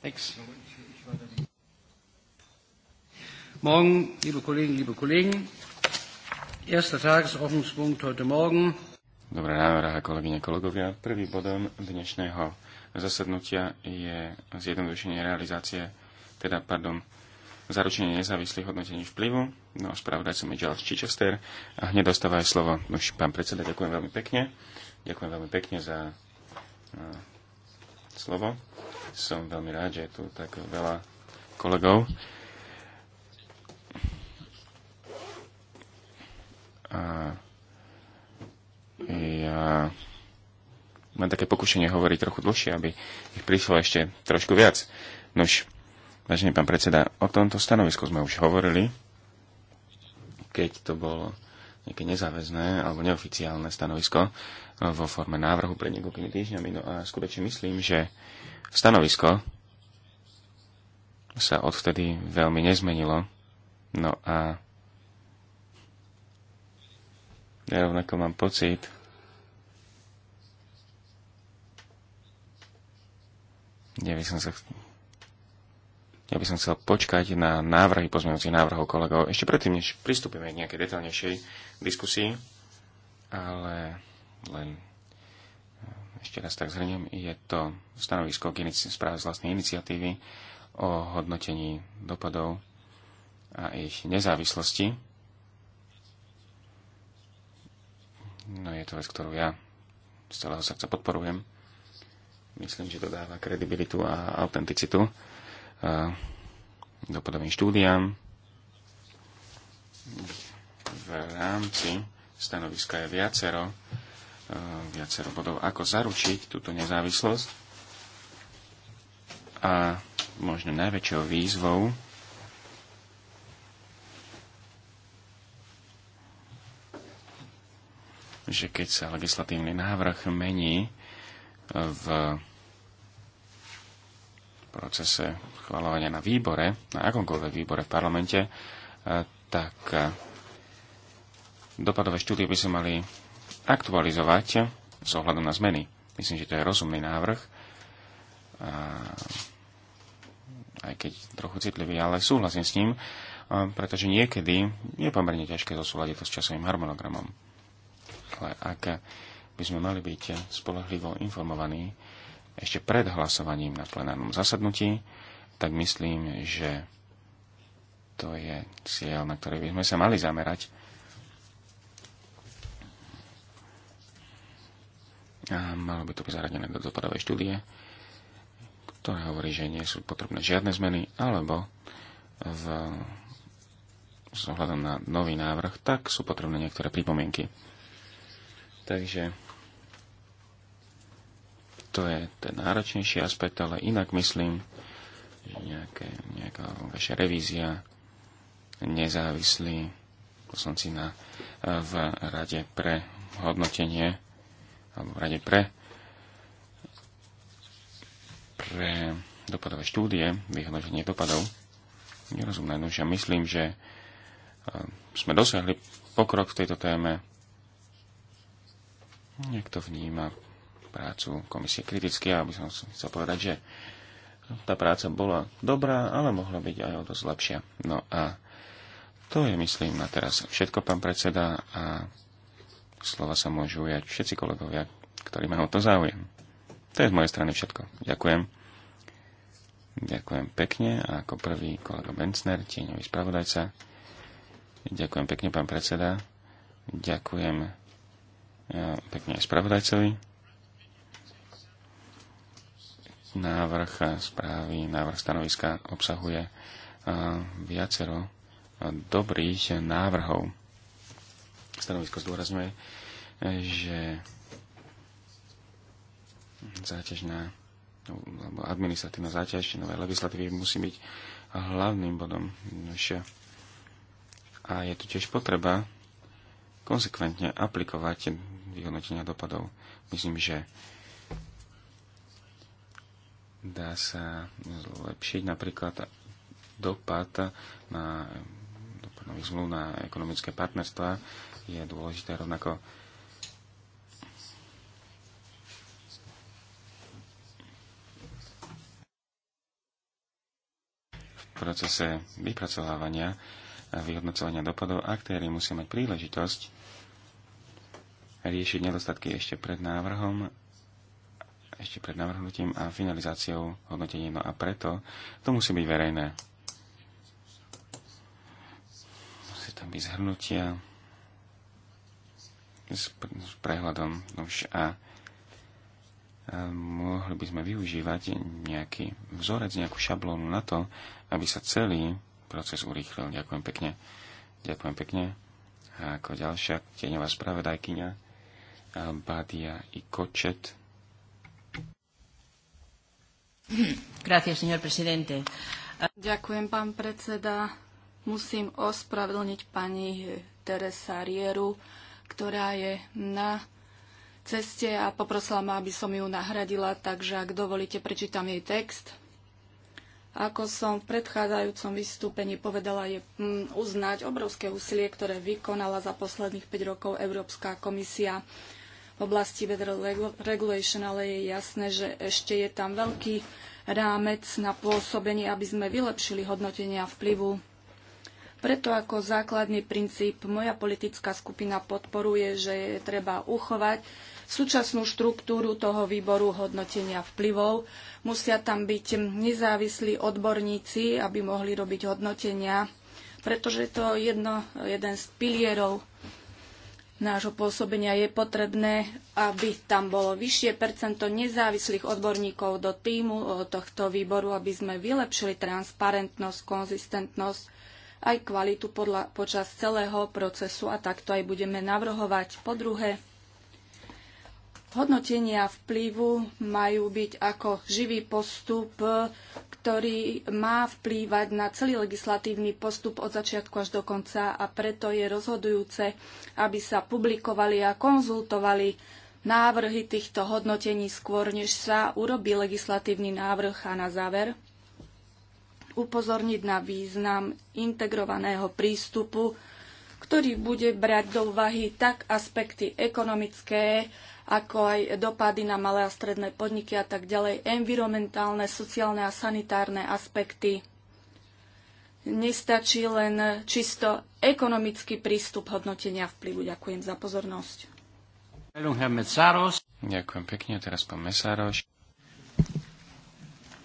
Thanks. Morgen, liebe Kollegen, liebe Kollegen. Erster Tagesordnungspunkt heute Morgen. Dobré ráno, drahé kolegyne, kolegovia. Prvý bodom dnešného zasadnutia je zjednodušenie realizácie, teda, pardon, zaručenie nezávislých hodnotení vplyvu. No a som je Charles Chichester. A hneď dostáva aj slovo. Už pán predseda, ďakujem veľmi pekne. Ďakujem veľmi pekne za a, eh, slovo. Som veľmi rád, že je tu tak veľa kolegov. A ja mám také pokušenie hovoriť trochu dlhšie, aby ich prišlo ešte trošku viac. Nož, vážený pán predseda, o tomto stanovisku sme už hovorili, keď to bolo nejaké nezáväzné alebo neoficiálne stanovisko e, vo forme návrhu pred niekoľkými týždňami. No a skutočne myslím, že stanovisko sa odvtedy veľmi nezmenilo. No a ja rovnako mám pocit, kde by som sa ja by som chcel počkať na návrhy pozmeňujúcich návrhov kolegov ešte predtým, než pristúpime k nejakej detaľnejšej diskusii, ale len eh, ešte raz tak zhrniem, je to stanovisko k správe z vlastnej iniciatívy o hodnotení dopadov a ich nezávislosti. No je to vec, ktorú ja z celého srdca podporujem. Myslím, že to dáva kredibilitu a autenticitu dopadovým štúdiám. V rámci stanoviska je viacero, e, viacero bodov, ako zaručiť túto nezávislosť. A možno najväčšou výzvou že keď sa legislatívny návrh mení v procese chvalovania na výbore, na akomkoľvek výbore v parlamente, e, tak e, dopadové štúdie by sa mali aktualizovať s ohľadom na zmeny. Myslím, že to je rozumný návrh, a, aj keď trochu citlivý, ale súhlasím s ním, e, pretože niekedy je pomerne ťažké zosúľadiť to s časovým harmonogramom. Ale ak by sme mali byť spolahlivo informovaní ešte pred hlasovaním na plenárnom zasadnutí, tak myslím, že to je cieľ, na ktorý by sme sa mali zamerať. A malo by to byť zaradené do dopadovej štúdie, ktorá hovorí, že nie sú potrebné žiadne zmeny, alebo v, s ohľadom na nový návrh, tak sú potrebné niektoré pripomienky. Takže to je ten náročnejší aspekt, ale inak myslím, že nejaké, nejaká vaša revízia nezávislí poslanci na, v Rade pre hodnotenie alebo v Rade pre pre dopadové štúdie, vyhodnotenie dopadov. Nerozumné, no že myslím, že eh, sme dosiahli pokrok v tejto téme. Niekto vníma prácu komisie kriticky, by som chcel povedať, že tá práca bola dobrá, ale mohla byť aj o dosť lepšia. No a to je, myslím, na teraz všetko, pán predseda, a slova sa môžu ujať všetci kolegovia, ktorí majú to záujem. To je z mojej strany všetko. Ďakujem. Ďakujem pekne a ako prvý kolega Bencner, tieňový spravodajca. Ďakujem pekne, pán predseda. Ďakujem e, pekne aj spravodajcovi. Návrh správy, návrh stanoviska obsahuje e, viacero e, dobrých návrhov. Stanovisko zdôrazňuje, e, že záťažná alebo administratívna záťaž novej legislatívy musí byť hlavným bodom. A je tu tiež potreba konsekventne aplikovať vyhodnotenia dopadov. Myslím, že dá sa zlepšiť napríklad dopad na dopad nových zmluv na ekonomické partnerstva je dôležité rovnako v procese vypracovávania a vyhodnocovania dopadov aktéry musia mať príležitosť riešiť nedostatky ešte pred návrhom ešte pred navrhnutím a finalizáciou hodnotenia. No a preto to musí byť verejné. Musí tam byť zhrnutia s, s prehľadom. No už a, mohli by sme využívať nejaký vzorec, nejakú šablónu na to, aby sa celý proces urýchlil. Ďakujem pekne. Ďakujem pekne. A ako ďalšia tieňová spravodajkyňa Badia i Kočet Gracias, señor presidente. Ďakujem, pán predseda. Musím ospravedlniť pani Teresa Rieru, ktorá je na ceste a poprosila ma, aby som ju nahradila, takže ak dovolíte, prečítam jej text. Ako som v predchádzajúcom vystúpení povedala, je mm, uznať obrovské úsilie, ktoré vykonala za posledných 5 rokov Európska komisia oblasti Weather Regulation, ale je jasné, že ešte je tam veľký rámec na pôsobenie, aby sme vylepšili hodnotenia vplyvu. Preto ako základný princíp moja politická skupina podporuje, že je treba uchovať súčasnú štruktúru toho výboru hodnotenia vplyvov. Musia tam byť nezávislí odborníci, aby mohli robiť hodnotenia, pretože to je jedno, jeden z pilierov nášho pôsobenia je potrebné, aby tam bolo vyššie percento nezávislých odborníkov do týmu tohto výboru, aby sme vylepšili transparentnosť, konzistentnosť, aj kvalitu podľa, počas celého procesu a takto aj budeme navrhovať. Po druhé, Hodnotenia vplyvu majú byť ako živý postup, ktorý má vplývať na celý legislatívny postup od začiatku až do konca a preto je rozhodujúce, aby sa publikovali a konzultovali návrhy týchto hodnotení skôr, než sa urobí legislatívny návrh a na záver upozorniť na význam integrovaného prístupu, ktorý bude brať do úvahy tak aspekty ekonomické, ako aj dopady na malé a stredné podniky a tak ďalej, environmentálne, sociálne a sanitárne aspekty. Nestačí len čisto ekonomický prístup hodnotenia vplyvu. Ďakujem za pozornosť. Ďakujem pekne, teraz pán Mesároš.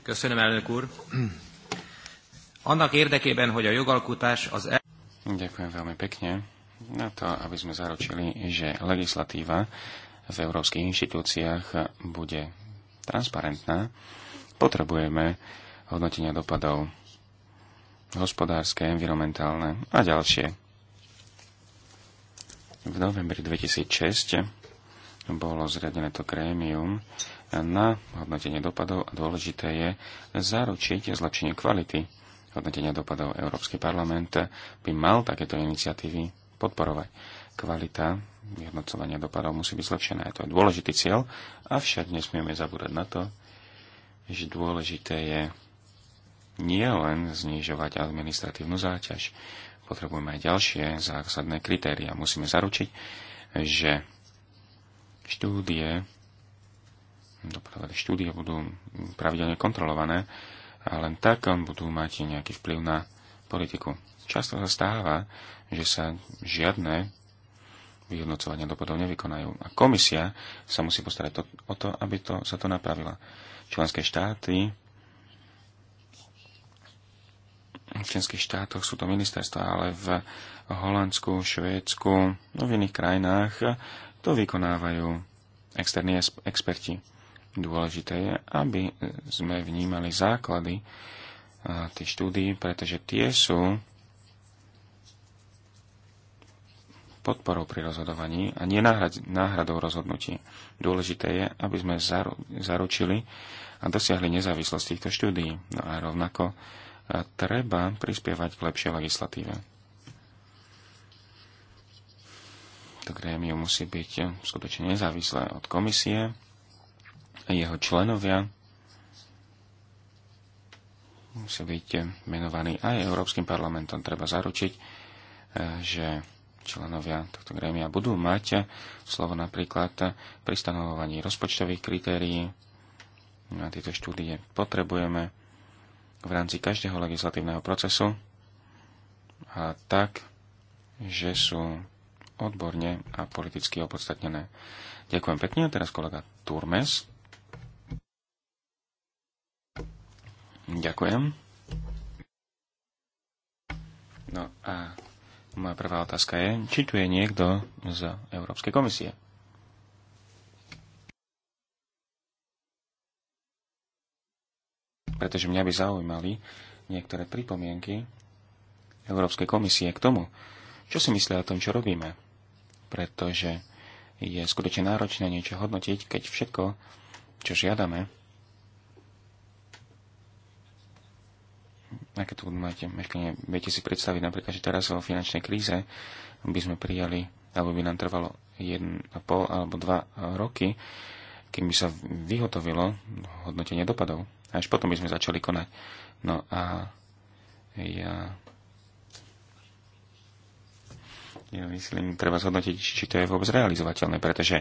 Köszönöm, elnök úr. Annak érdekében, hogy a jogalkotás az... El... Ďakujem veľmi pekne. Na to, aby sme zaručili, že legislatíva v európskych inštitúciách bude transparentná, potrebujeme hodnotenia dopadov hospodárske, environmentálne a ďalšie. V novembri 2006 bolo zriadené to krémium na hodnotenie dopadov a dôležité je zaručiť zlepšenie kvality hodnotenia dopadov. Európsky parlament by mal takéto iniciatívy podporovať. Kvalita vyhodnocovania dopadov musí byť zlepšené. To je dôležitý cieľ, avšak nesmieme zabúdať na to, že dôležité je nie len znižovať administratívnu záťaž. Potrebujeme aj ďalšie zásadné kritéria. Musíme zaručiť, že štúdie, dopadové štúdie budú pravidelne kontrolované a len tak budú mať nejaký vplyv na politiku. Často sa stáva, že sa žiadne vyhodnocovania dopadov nevykonajú. A komisia sa musí postarať to, o to, aby to, sa to napravila. Členské štáty v členských štátoch sú to ministerstva, ale v Holandsku, Švédsku, no v iných krajinách to vykonávajú externí experti. Dôležité je, aby sme vnímali základy tých štúdí, pretože tie sú podporou pri rozhodovaní a nie náhradou rozhodnutí. Dôležité je, aby sme zaručili a dosiahli nezávislosť týchto štúdií. No a rovnako a e, treba prispievať k lepšej legislatíve. To grémium musí byť e, skutočne nezávislé od komisie, jeho členovia Musí byť e, menovaní aj Európskym parlamentom. Treba zaručiť, že členovia tohto grémia budú mať slovo napríklad pri stanovovaní rozpočtových kritérií. Na tieto štúdie potrebujeme v rámci každého legislatívneho procesu a tak, že sú odborne a politicky opodstatnené. Ďakujem pekne. A teraz kolega Turmes. Ďakujem. No a moja prvá otázka je, či tu je niekto z Európskej komisie. Pretože mňa by zaujímali niektoré pripomienky Európskej komisie k tomu, čo si myslia o tom, čo robíme. Pretože je skutočne náročné niečo hodnotiť, keď všetko, čo žiadame, aké tu budú mať meškanie. Viete si predstaviť napríklad, že teraz o finančnej kríze by sme prijali, alebo by nám trvalo 1,5 alebo 2 roky, kým by sa vyhotovilo hodnotenie dopadov. A až potom by sme začali konať. No a ja... Ja myslím, treba zhodnotiť, či to je vôbec realizovateľné, pretože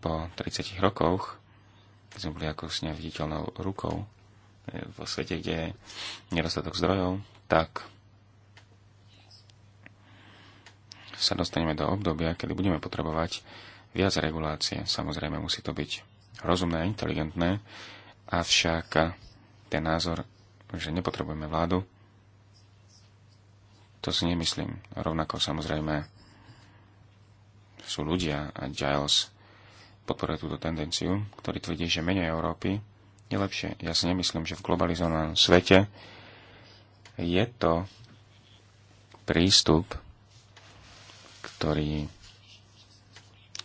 po 30 rokoch sme boli ako s neviditeľnou rukou vo svete, kde je nedostatok zdrojov, tak sa dostaneme do obdobia, kedy budeme potrebovať viac regulácie. Samozrejme, musí to byť rozumné, inteligentné, avšak ten názor, že nepotrebujeme vládu, to si nemyslím. Rovnako samozrejme sú ľudia a Giles podporuje túto tendenciu, ktorí tvrdí, že menej Európy je lepšie. Ja si nemyslím, že v globalizovanom svete je to prístup, ktorý,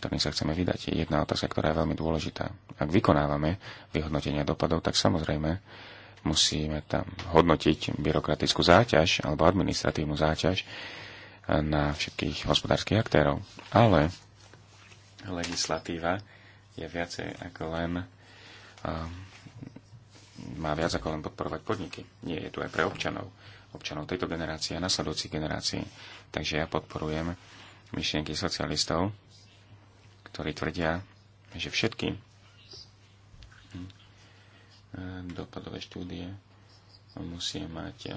ktorým sa chceme vydať. Je jedna otázka, ktorá je veľmi dôležitá. Ak vykonávame vyhodnotenia dopadov, tak samozrejme musíme tam hodnotiť byrokratickú záťaž alebo administratívnu záťaž na všetkých hospodárskych aktérov. Ale legislatíva je viacej ako len um, má viac ako len podporovať podniky. Nie, je tu aj pre občanov. Občanov tejto generácie a nasledujúcich generácií. Takže ja podporujem myšlienky socialistov, ktorí tvrdia, že všetky hm, eh, dopadové štúdie musia mať eh,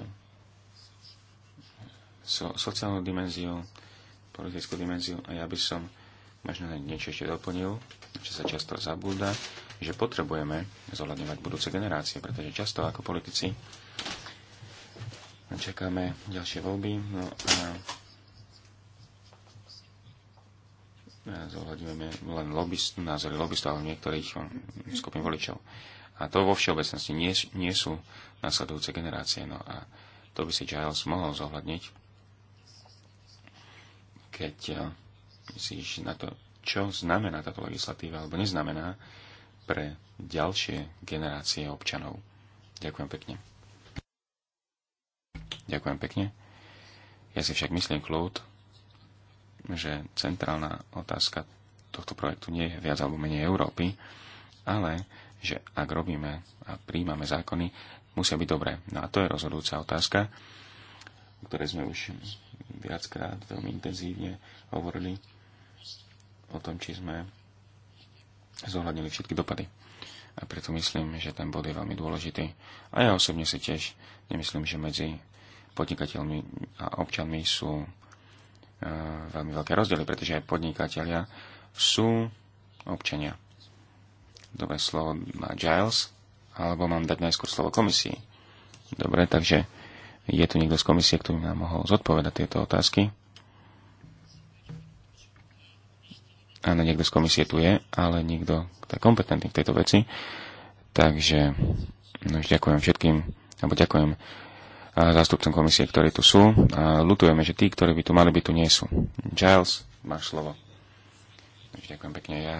so, sociálnu dimenziu, politickú dimenziu a ja by som možno niečo ešte doplnil, čo sa často zabúda že potrebujeme zohľadňovať budúce generácie, pretože často ako politici čakáme ďalšie voľby no a zohľadňujeme len lobbyst, názory lobbystov ale niektorých hm, skupín voličov. A to vo všeobecnosti nie, nie sú nasledujúce generácie. No a to by si Giles mohol zohľadniť, keď hm, myslíš na to, čo znamená táto legislatíva alebo neznamená, pre ďalšie generácie občanov. Ďakujem pekne. Ďakujem pekne. Ja si však myslím, Claude, že centrálna otázka tohto projektu nie je viac alebo menej Európy, ale že ak robíme a príjmame zákony, musia byť dobré. No a to je rozhodujúca otázka, o ktorej sme už viackrát veľmi intenzívne hovorili o tom, či sme zohľadnili všetky dopady. A preto myslím, že ten bod je veľmi dôležitý. A ja osobne si tiež nemyslím, že medzi podnikateľmi a občanmi sú e, veľmi veľké rozdiely, pretože aj podnikatelia sú občania. Dobre slovo má Giles, alebo mám dať najskôr slovo komisii. Dobre, takže je tu niekto z komisie, kto by nám mohol zodpovedať tieto otázky. áno, niekto z komisie tu je, ale niekto je kompetentný v tejto veci. Takže no, ďakujem všetkým, alebo ďakujem zástupcom komisie, ktorí tu sú. A lutujeme, že tí, ktorí by tu mali by tu nie sú. Giles, máš slovo. No, ďakujem pekne. Ja...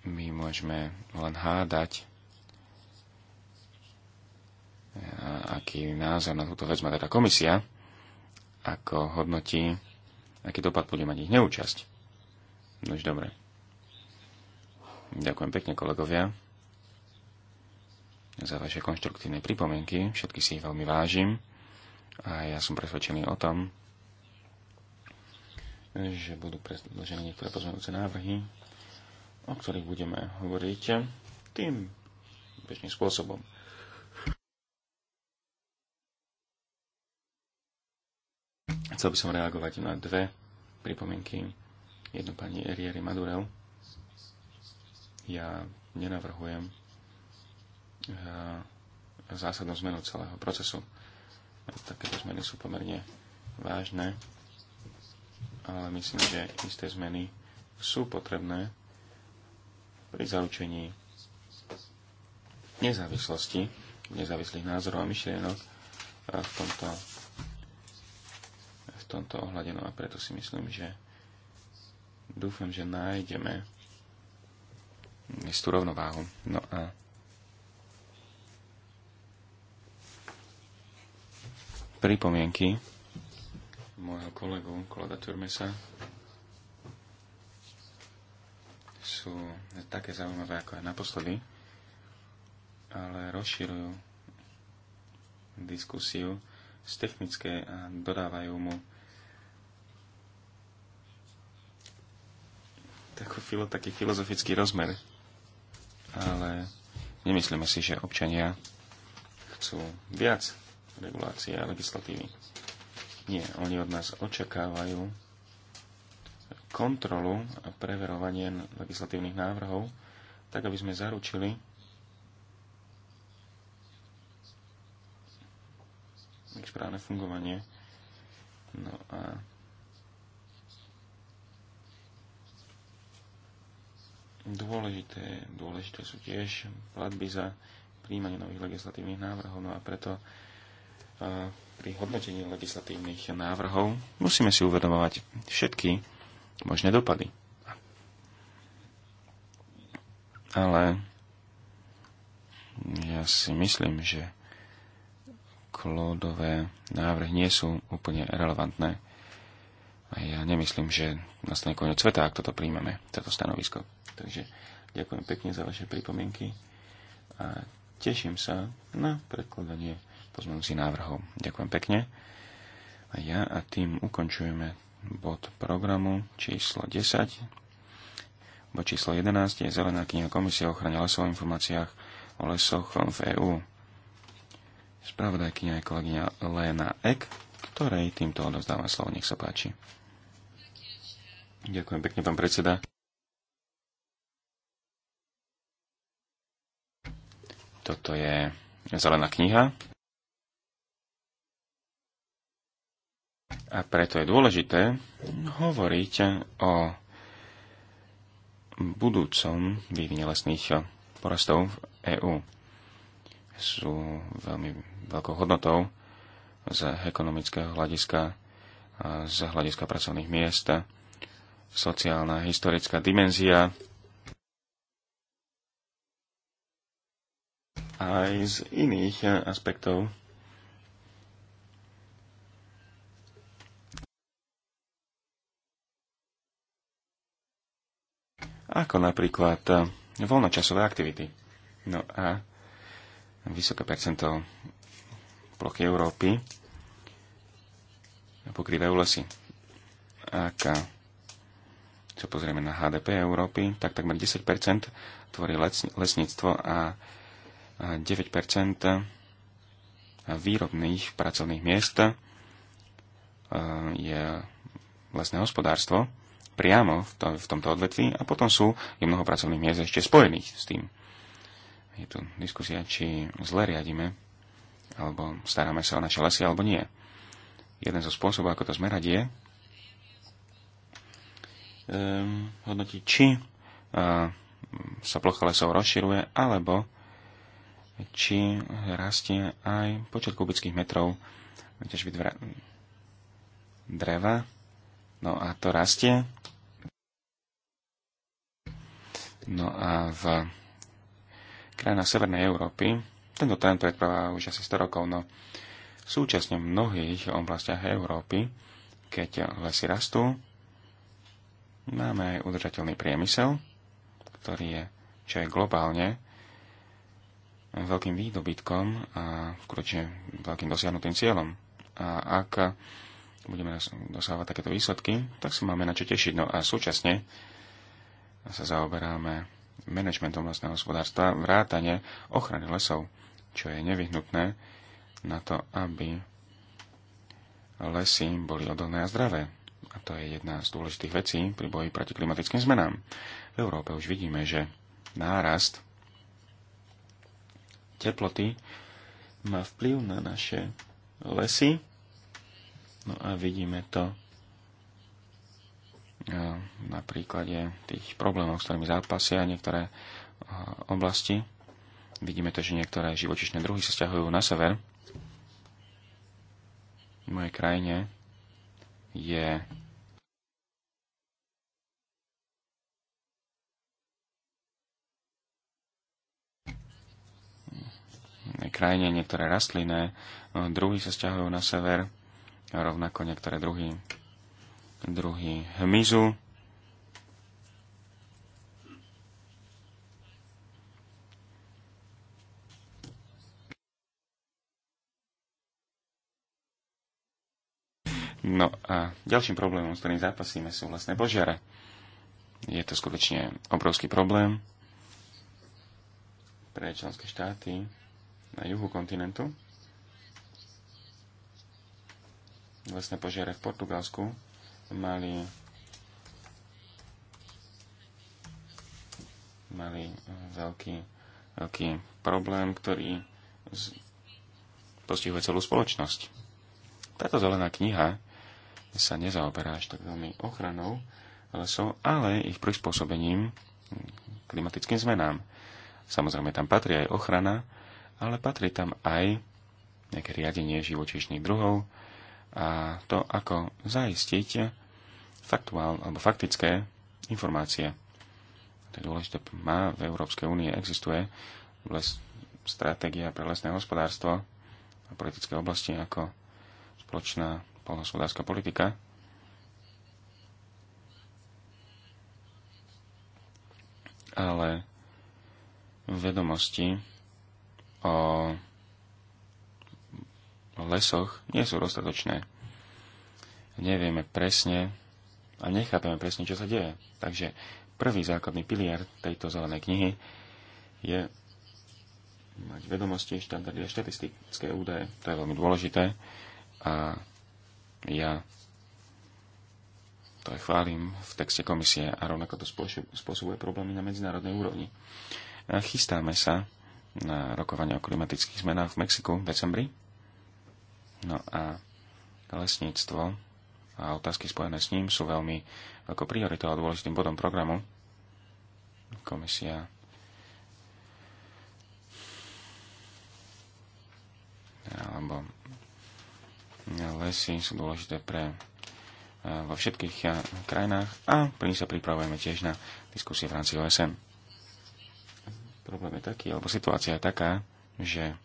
My môžeme len hádať, aký názor na túto vec má teda komisia, ako hodnotí aký dopad bude mať ich neúčasť. No už dobre. Ďakujem pekne, kolegovia, za vaše konštruktívne pripomienky. Všetky si ich veľmi vážim. A ja som presvedčený o tom, že budú predložené niektoré pozmeňujúce návrhy, o ktorých budeme hovoriť tým bežným spôsobom. Chcel by som reagovať na dve pripomienky. Jednu pani Erieri Madurel. Ja nenavrhujem eh, zásadnú zmenu celého procesu. Takéto zmeny sú pomerne vážne, ale myslím, že isté zmeny sú potrebné pri zaručení nezávislosti, nezávislých názorov a myšlienok eh, v tomto tomto ohľade. No a preto si myslím, že dúfam, že nájdeme istú rovnováhu. No a pripomienky môjho kolegu, kolega Turmesa, sú také zaujímavé ako aj naposledy, ale rozširujú diskusiu z technické a dodávajú mu takú, taký filozofický rozmer. Ale nemyslíme si, že občania chcú viac regulácie a legislatívy. Nie, oni od nás očakávajú kontrolu a preverovanie legislatívnych návrhov, tak aby sme zaručili, správne fungovanie. No a dôležité, dôležité sú tiež platby za príjmanie nových legislatívnych návrhov. No a preto pri hodnotení legislatívnych návrhov musíme si uvedomovať všetky možné dopady. Ale ja si myslím, že klódové návrhy nie sú úplne relevantné ja nemyslím, že nastane koniec sveta, ak toto príjmeme, toto stanovisko. Takže ďakujem pekne za vaše pripomienky a teším sa na predkladanie pozmenúcich návrhov. Ďakujem pekne. A ja a tým ukončujeme bod programu číslo 10. Bod číslo 11 je Zelená kniha Komisie o ochrane lesov a informáciách o lesoch v EÚ. Spravodajkynia je kolegyňa Léna Ek, ktorej týmto odovzdávam slovo. Nech sa páči. Ďakujem pekne, pán predseda. Toto je zelená kniha. A preto je dôležité hovoriť o budúcom vývine lesných porastov v EÚ. Sú veľmi veľkou hodnotou z ekonomického hľadiska, z hľadiska pracovných miest, sociálna, historická dimenzia aj z iných eh, aspektov. Ako napríklad eh, voľnočasové aktivity. No a vysoké percento plochy Európy pokrývajú lesy. Aká sa pozrieme na HDP Európy, tak takmer 10 tvorí lesníctvo a 9 výrobných pracovných miest e, je lesné hospodárstvo priamo v, to, v tomto odvetví a potom sú je mnoho pracovných miest ešte spojených s tým. Je tu diskusia, či zle riadime alebo staráme sa o naše lesy alebo nie. Jeden zo spôsobov, ako to zmerať je, Ehm, hodnotiť, či sa plocha lesov rozširuje, alebo či rastie aj počet kubických metrov ťažby dreva. No a to rastie. No a v krajinách Severnej Európy tento trend predpráva už asi 100 rokov, no súčasne v mnohých oblastiach Európy, keď lesy rastú, Máme aj udržateľný priemysel, ktorý je, čo je globálne veľkým výdobytkom a skutočne veľkým dosiahnutým cieľom. A ak budeme dosávať takéto výsledky, tak sa máme na čo tešiť. No a súčasne sa zaoberáme manažmentom vlastného hospodárstva, vrátane ochrany lesov, čo je nevyhnutné na to, aby lesy boli odolné a zdravé a to je jedna z dôležitých vecí pri boji proti klimatickým zmenám. V Európe už vidíme, že nárast teploty má vplyv na naše lesy. No a vidíme to na príklade tých problémov, s ktorými zápasia niektoré oblasti. Vidíme to, že niektoré živočišné druhy sa stiahujú na sever. V mojej krajine je krajine niektoré rastlinné e, druhy sa stiahujú na sever, rovnako niektoré druhy, druhy hmyzu. No a ďalším problémom, s ktorým zápasíme, sú vlastné požiare. Je to skutočne obrovský problém pre členské štáty, na juhu kontinentu. Lesné požiare v Portugalsku mali mali veľký, veľký problém, ktorý z, postihuje celú spoločnosť. Táto zelená kniha sa nezaoberá až tak veľmi ochranou lesov, ale ich prispôsobením klimatickým zmenám. Samozrejme, tam patrí aj ochrana ale patrí tam aj nejaké riadenie živočíšnych druhov a to, ako zaistiť faktuál, alebo faktické informácie. To je dôležité, má v Európskej únie existuje les, stratégia pre lesné hospodárstvo a politické oblasti ako spoločná polnohospodárska politika. Ale vedomosti o lesoch nie sú dostatočné. Nevieme presne a nechápeme presne, čo sa deje. Takže prvý základný pilier tejto zelenej knihy je mať vedomosti, štandardy a štatistické údaje. To je veľmi dôležité a ja to aj chválim v texte komisie a rovnako to spôsobuje problémy na medzinárodnej úrovni. Chystáme sa na rokovanie o klimatických zmenách v Mexiku v decembri. No a lesníctvo a otázky spojené s ním sú veľmi ako prioritou a dôležitým bodom programu. Komisia alebo lesy sú dôležité pre eh, vo všetkých eh, krajinách a plne sa pripravujeme tiež na diskusie v rámci OSN problém je taký, alebo situácia je taká, že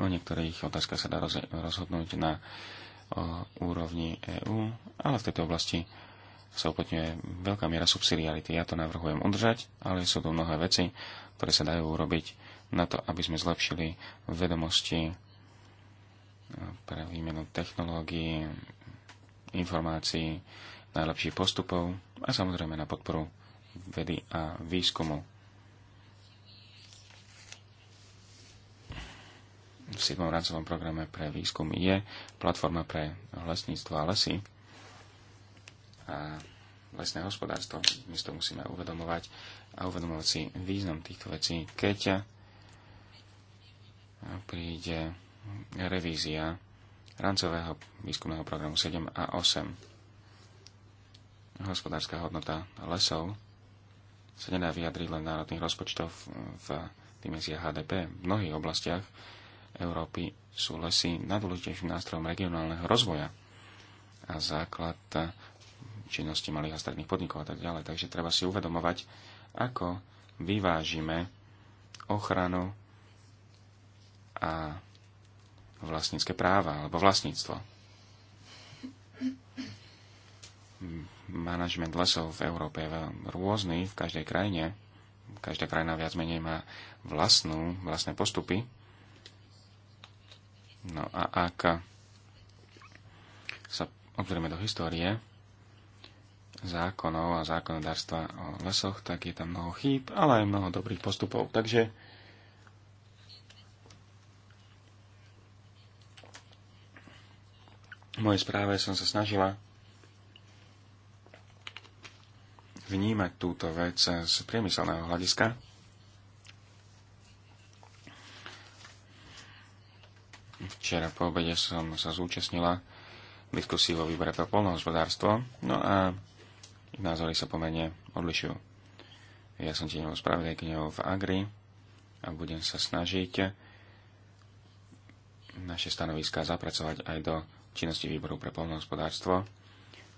o niektorých otázkach sa dá rozhodnúť na o, úrovni EÚ, ale v tejto oblasti sa uplatňuje veľká miera subsidiarity. Ja to navrhujem udržať, ale sú tu mnohé veci, ktoré sa dajú urobiť na to, aby sme zlepšili vedomosti e, pre výmenu technológií, informácií, najlepších postupov a samozrejme na podporu vedy a výskumu. v 7. rámcovom programe pre výskum je platforma pre lesníctvo a lesy a lesné hospodárstvo. My si to musíme uvedomovať a uvedomovať si význam týchto vecí, keď príde revízia rámcového výskumného programu 7 a 8. Hospodárska hodnota lesov sa nedá vyjadriť len národných rozpočtov v dimenziách HDP. V mnohých oblastiach Európy sú lesy najdôležitejším nástrojom regionálneho rozvoja a základ činnosti malých a stredných podnikov a tak ďalej. Takže treba si uvedomovať, ako vyvážime ochranu a vlastnícke práva alebo vlastníctvo. Manažment lesov v Európe je rôzny v každej krajine. Každá krajina viac menej má vlastnú, vlastné postupy No a ak sa obzrieme do histórie zákonov a zákonodárstva o lesoch, tak je tam mnoho chýb, ale aj mnoho dobrých postupov. Takže v mojej správe som sa snažila vnímať túto vec z priemyselného hľadiska Včera po obede som sa zúčastnila v diskusii vo výbore pre polnohospodárstvo, no a ich názory sa pomerne odlišujú. Ja som tieňou knihov v Agri a budem sa snažiť naše stanoviská zapracovať aj do činnosti výboru pre polnohospodárstvo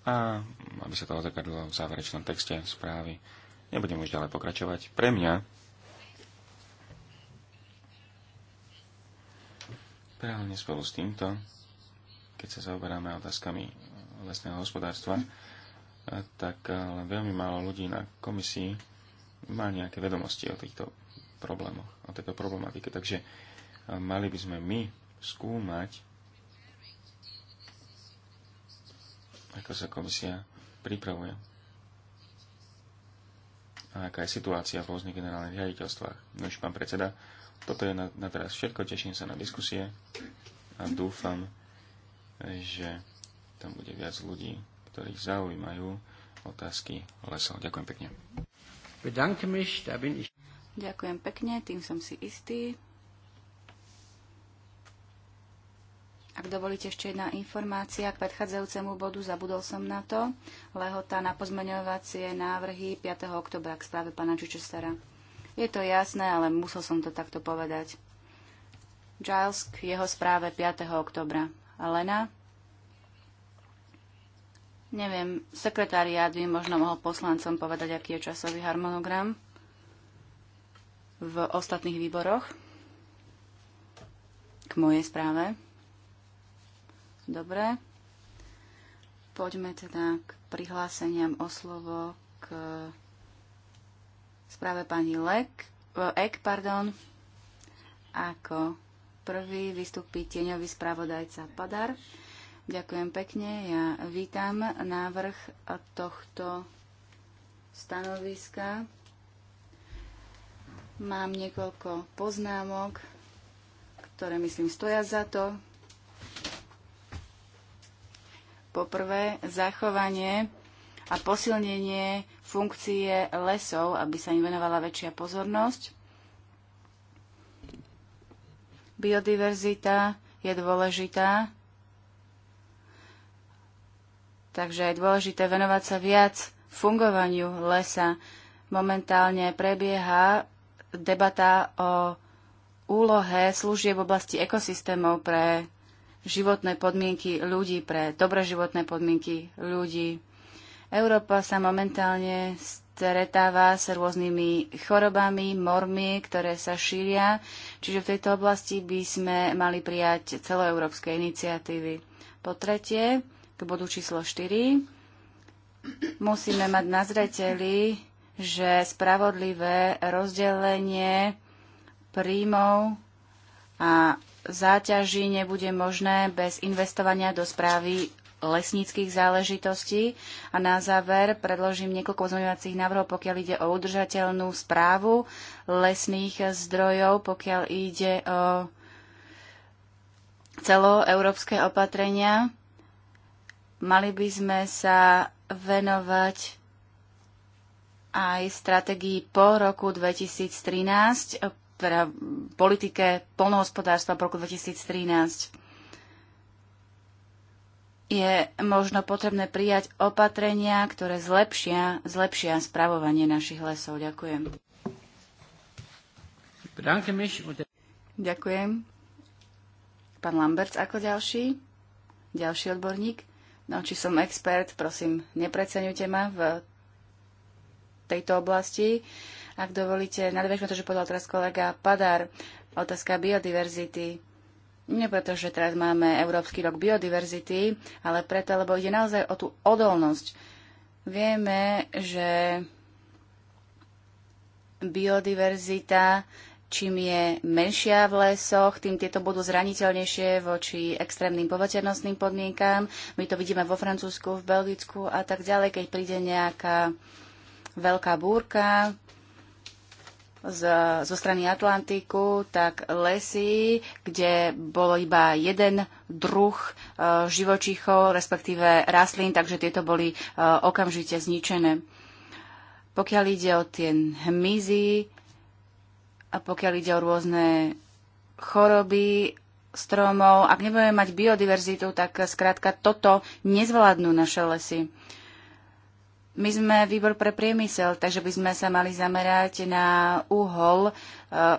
a aby sa to odzrkadlo v záverečnom texte správy. Nebudem už ďalej pokračovať. Pre mňa Paralelne spolu s týmto, keď sa zaoberáme otázkami lesného hospodárstva, eh, tak eh, len veľmi málo ľudí na komisii má nejaké vedomosti o týchto problémoch, o tejto problematike. Takže eh, mali by sme my skúmať, ako sa komisia pripravuje a aká je situácia v rôznych generálnych riaditeľstvách. No už pán predseda, toto je na, na teraz všetko. Teším sa na diskusie a dúfam, že tam bude viac ľudí, ktorých zaujímajú otázky lesov. Ďakujem pekne. Ďakujem pekne, tým som si istý. Ak dovolíte ešte jedna informácia k predchádzajúcemu bodu, zabudol som na to. Lehota na pozmeňovacie návrhy 5. oktobra k správe pána Čičestara. Je to jasné, ale musel som to takto povedať. Giles k jeho správe 5. oktobra. Lena? Neviem, sekretariát by možno mohol poslancom povedať, aký je časový harmonogram v ostatných výboroch k mojej správe. Dobre. Poďme teda k prihláseniam o slovo k správe pani Lek, e, Ek, pardon, ako prvý vystúpi tieňový spravodajca Padar. Ďakujem pekne, ja vítam návrh tohto stanoviska. Mám niekoľko poznámok, ktoré myslím stoja za to. Poprvé, zachovanie a posilnenie funkcie lesov, aby sa im venovala väčšia pozornosť. Biodiverzita je dôležitá, takže je dôležité venovať sa viac fungovaniu lesa. Momentálne prebieha debata o úlohe služie v oblasti ekosystémov pre životné podmienky ľudí, pre dobré životné podmienky ľudí. Európa sa momentálne stretáva s rôznymi chorobami, mormi, ktoré sa šíria, čiže v tejto oblasti by sme mali prijať celoeurópske iniciatívy. Po tretie, k bodu číslo 4, musíme mať na zreteli, že spravodlivé rozdelenie príjmov a záťaží nebude možné bez investovania do správy lesníckých záležitostí. A na záver predložím niekoľko pozmeňovacích návrhov, pokiaľ ide o udržateľnú správu lesných zdrojov, pokiaľ ide o celoeurópske opatrenia. Mali by sme sa venovať aj stratégii po roku 2013, teda politike polnohospodárstva po roku 2013 je možno potrebné prijať opatrenia, ktoré zlepšia, zlepšia spravovanie našich lesov. Ďakujem. Ďakujem. Pán Lamberts ako ďalší, ďalší odborník. No, či som expert, prosím, nepreceňujte ma v tejto oblasti. Ak dovolíte, nadviežme to, že povedal teraz kolega Padar, otázka biodiverzity nie preto, že teraz máme Európsky rok biodiverzity, ale preto, lebo ide naozaj o tú odolnosť. Vieme, že biodiverzita, čím je menšia v lesoch, tým tieto budú zraniteľnejšie voči extrémnym poveternostným podmienkám. My to vidíme vo Francúzsku, v Belgicku a tak ďalej, keď príde nejaká veľká búrka, z, zo strany Atlantiku, tak lesy, kde bolo iba jeden druh e, živočíchov, respektíve rastlín, takže tieto boli e, okamžite zničené. Pokiaľ ide o tie hmyzy a pokiaľ ide o rôzne choroby stromov, ak nebudeme mať biodiverzitu, tak skrátka toto nezvládnu naše lesy. E, my sme výbor pre priemysel, takže by sme sa mali zamerať na úhol e,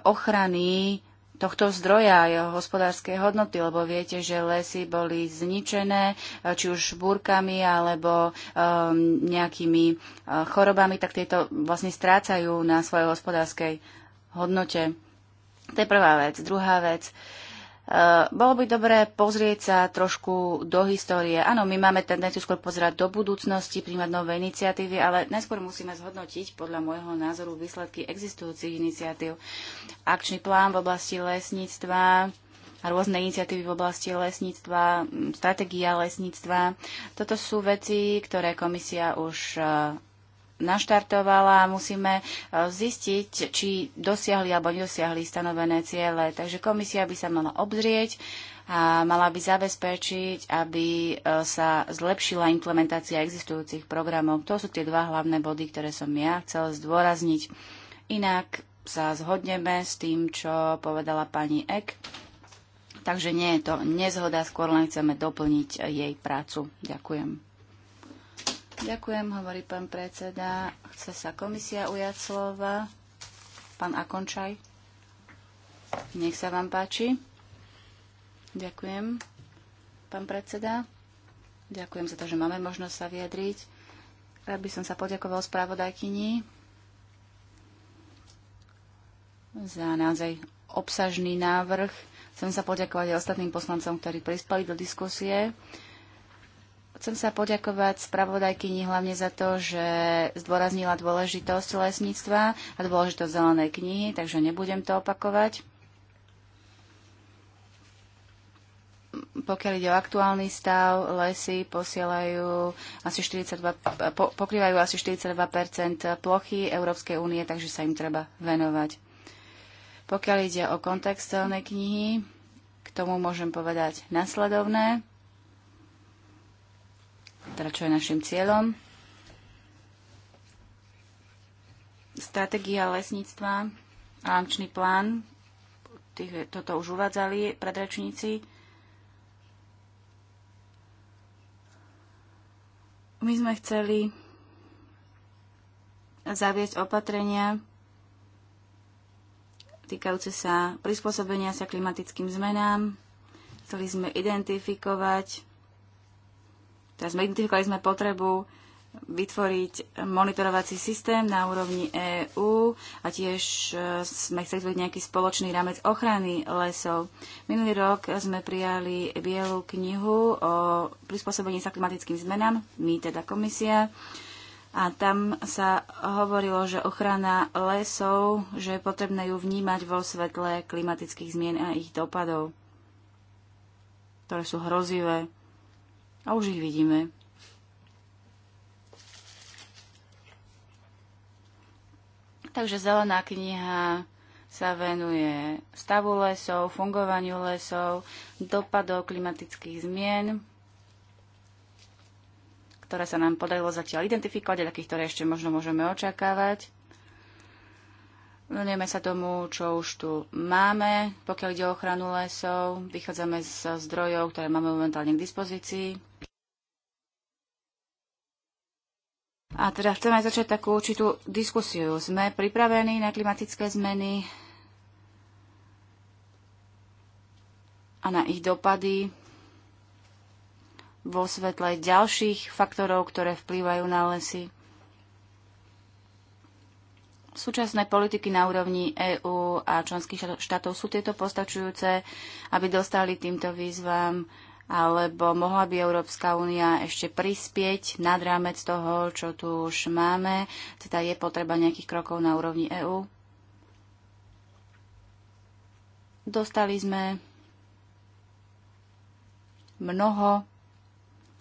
ochrany tohto zdroja a jeho hospodárskej hodnoty, lebo viete, že lesy boli zničené, e, či už búrkami alebo um, nejakými uh, chorobami, tak tieto vlastne strácajú na svojej hospodárskej hodnote. To je prvá vec. Druhá vec. Uh, Eh, bolo by dobré pozrieť sa trošku do histórie. Áno, my máme tendenciu skôr pozerať do budúcnosti, príjmať nové iniciatívy, ale najskôr musíme zhodnotiť podľa môjho názoru výsledky existujúcich iniciatív. Akčný plán v oblasti lesníctva, a rôzne iniciatívy v oblasti lesníctva, stratégia lesníctva. Toto sú veci, ktoré komisia už eh, naštartovala a musíme e, zistiť, či dosiahli alebo nedosiahli stanovené ciele. Takže komisia by sa mala obzrieť a mala by zabezpečiť, aby e, sa zlepšila implementácia existujúcich programov. To sú tie dva hlavné body, ktoré som ja chcel zdôrazniť. Inak sa zhodneme s tým, čo povedala pani Ek. Takže nie je to nezhoda, skôr len chceme doplniť jej prácu. Ďakujem. Ďakujem, hovorí pán predseda. Chce sa komisia ujať slova. Pán Akončaj. Nech sa vám páči. Ďakujem, pán predseda. Ďakujem za to, že máme možnosť sa vyjadriť. Rád by som sa poďakoval spravodajkyni za naozaj obsažný návrh. Chcem sa poďakovať aj ostatným poslancom, ktorí prispali do diskusie. Chcem sa poďakovať spravodajkyni hlavne za to, že zdôraznila dôležitosť lesníctva a dôležitosť zelenej knihy, takže nebudem to opakovať. Pokiaľ ide o aktuálny stav, lesy posielajú asi 42, po, pokrývajú asi 42 plochy Európskej únie, takže sa im treba venovať. Pokiaľ ide o kontext celnej knihy, k tomu môžem povedať nasledovné teda čo je našim cieľom. Stratégia lesníctva a akčný plán, tých, toto už uvádzali predrečníci. My sme chceli zaviesť opatrenia týkajúce sa prispôsobenia sa klimatickým zmenám. Chceli sme identifikovať Teraz sme identifikovali sme potrebu vytvoriť monitorovací systém na úrovni EÚ a tiež e, sme chceli vytvoriť nejaký spoločný rámec ochrany lesov. Minulý rok sme prijali bielu knihu o prispôsobení sa klimatickým zmenám, my teda komisia, a tam sa hovorilo, že ochrana lesov, že je potrebné ju vnímať vo svetle klimatických zmien a ich dopadov, ktoré sú hrozivé a už ich vidíme. Takže zelená kniha sa venuje stavu lesov, fungovaniu lesov, dopadov klimatických zmien, ktoré sa nám podarilo zatiaľ identifikovať a takých, ktoré ešte možno môžeme očakávať. Venujeme sa tomu, čo už tu máme. Pokiaľ ide o ochranu lesov, vychádzame z zdrojov, ktoré máme momentálne k dispozícii. A teda chceme začať takú určitú diskusiu. Sme pripravení na klimatické zmeny a na ich dopady vo svetle ďalších faktorov, ktoré vplývajú na lesy súčasné politiky na úrovni EÚ a členských štátov sú tieto postačujúce, aby dostali týmto výzvam, alebo mohla by Európska únia ešte prispieť nad rámec toho, čo tu už máme, teda je potreba nejakých krokov na úrovni EÚ? Dostali sme mnoho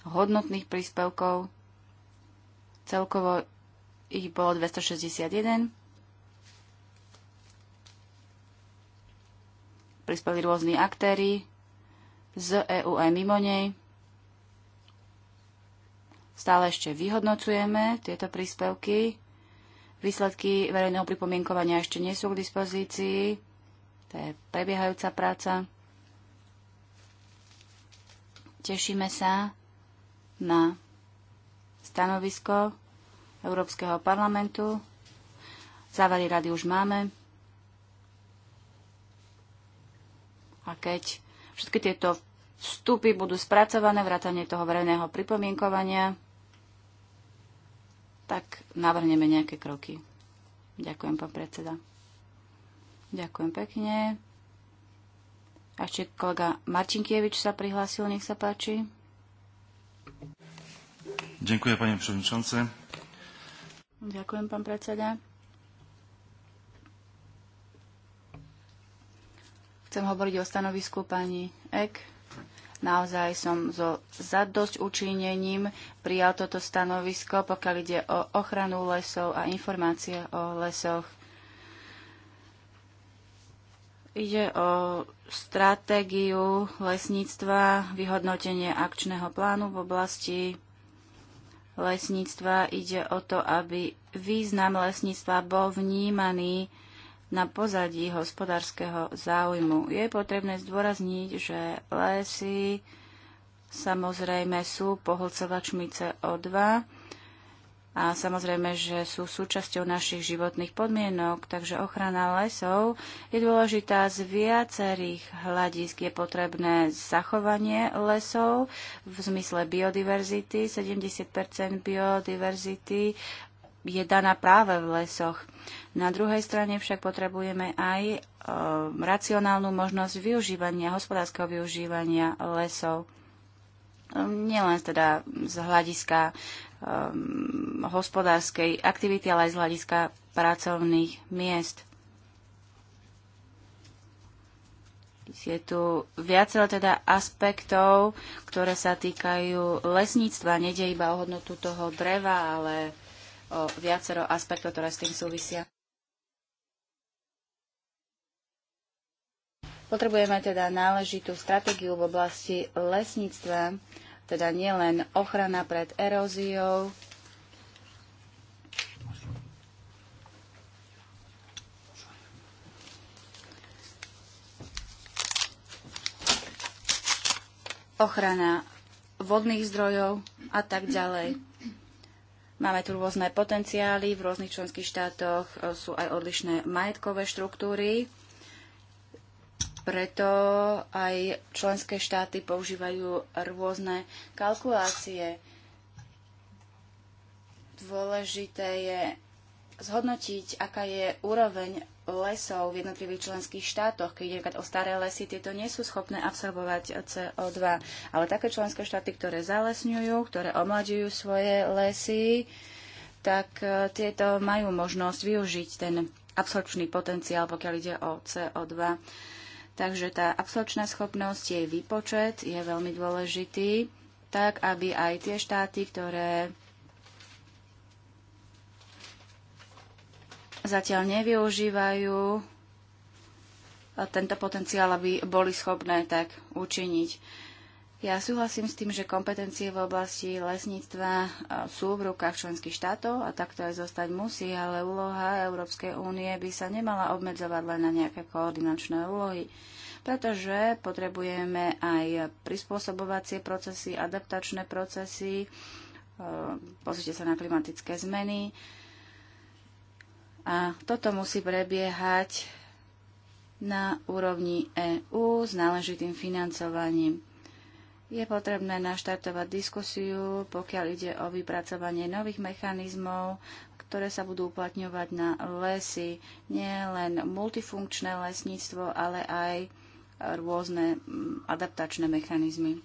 hodnotných príspevkov. Celkovo ich bolo 261. prispeli rôzni aktéry z EU aj mimo nej. Stále ešte vyhodnocujeme tieto príspevky. Výsledky verejného pripomienkovania ešte nie sú k dispozícii. To je prebiehajúca práca. Tešíme sa na stanovisko Európskeho parlamentu. Závery rady už máme. A keď všetky tieto vstupy budú spracované, vrátanie toho verejného pripomienkovania, tak navrhneme nejaké kroky. Ďakujem, pán predseda. Ďakujem pekne. A ešte kolega Marčinkievič sa prihlásil, nech sa páči. Ďakujem, pani predsedničance. Ďakujem, pán predseda. Chcem hovoriť o stanovisku pani Ek. Naozaj som so zadosť učinením prijal toto stanovisko, pokiaľ ide o ochranu lesov a informácie o lesoch. Ide o stratégiu lesníctva, vyhodnotenie akčného plánu v oblasti lesníctva. Ide o to, aby význam lesníctva bol vnímaný na pozadí hospodárskeho záujmu. Je potrebné zdôrazniť, že lesy samozrejme sú pohlcovačmi CO2 a samozrejme, že sú súčasťou našich životných podmienok, takže ochrana lesov je dôležitá z viacerých hľadisk. Je potrebné zachovanie lesov v zmysle biodiverzity. 70 biodiverzity je daná práve v lesoch. Na druhej strane však potrebujeme aj e, racionálnu možnosť využívania, hospodárskeho využívania lesov. E, nielen teda z hľadiska um, hospodárskej aktivity, ale aj z hľadiska pracovných miest. Je tu viacero teda aspektov, ktoré sa týkajú lesníctva. Nede iba o hodnotu toho dreva, ale o viacero aspektov, ktoré s tým súvisia. Potrebujeme teda náležitú stratégiu v oblasti lesníctva, teda nielen ochrana pred eróziou, ochrana vodných zdrojov a tak ďalej. Máme tu rôzne potenciály, v rôznych členských štátoch e, sú aj odlišné majetkové štruktúry, preto aj členské štáty používajú rôzne kalkulácie. Dôležité je zhodnotiť, aká je úroveň lesov v jednotlivých členských štátoch. Keď ide o staré lesy, tieto nie sú schopné absorbovať CO2. Ale také členské štáty, ktoré zalesňujú, ktoré omladujú svoje lesy, tak e, tieto majú možnosť využiť ten absorpčný potenciál, pokiaľ ide o CO2. Takže tá absorpčná schopnosť, jej výpočet je veľmi dôležitý, tak aby aj tie štáty, ktoré zatiaľ nevyužívajú tento potenciál, aby boli schopné tak učiniť. Ja súhlasím s tým, že kompetencie v oblasti lesníctva sú v rukách členských štátov a takto aj zostať musí, ale úloha Európskej únie by sa nemala obmedzovať len na nejaké koordinačné úlohy, pretože potrebujeme aj prispôsobovacie procesy, adaptačné procesy, pozrite sa na klimatické zmeny, a toto musí prebiehať na úrovni EÚ s náležitým financovaním. Je potrebné naštartovať diskusiu, pokiaľ ide o vypracovanie nových mechanizmov, ktoré sa budú uplatňovať na lesy. Nie len multifunkčné lesníctvo, ale aj rôzne mm, adaptačné mechanizmy.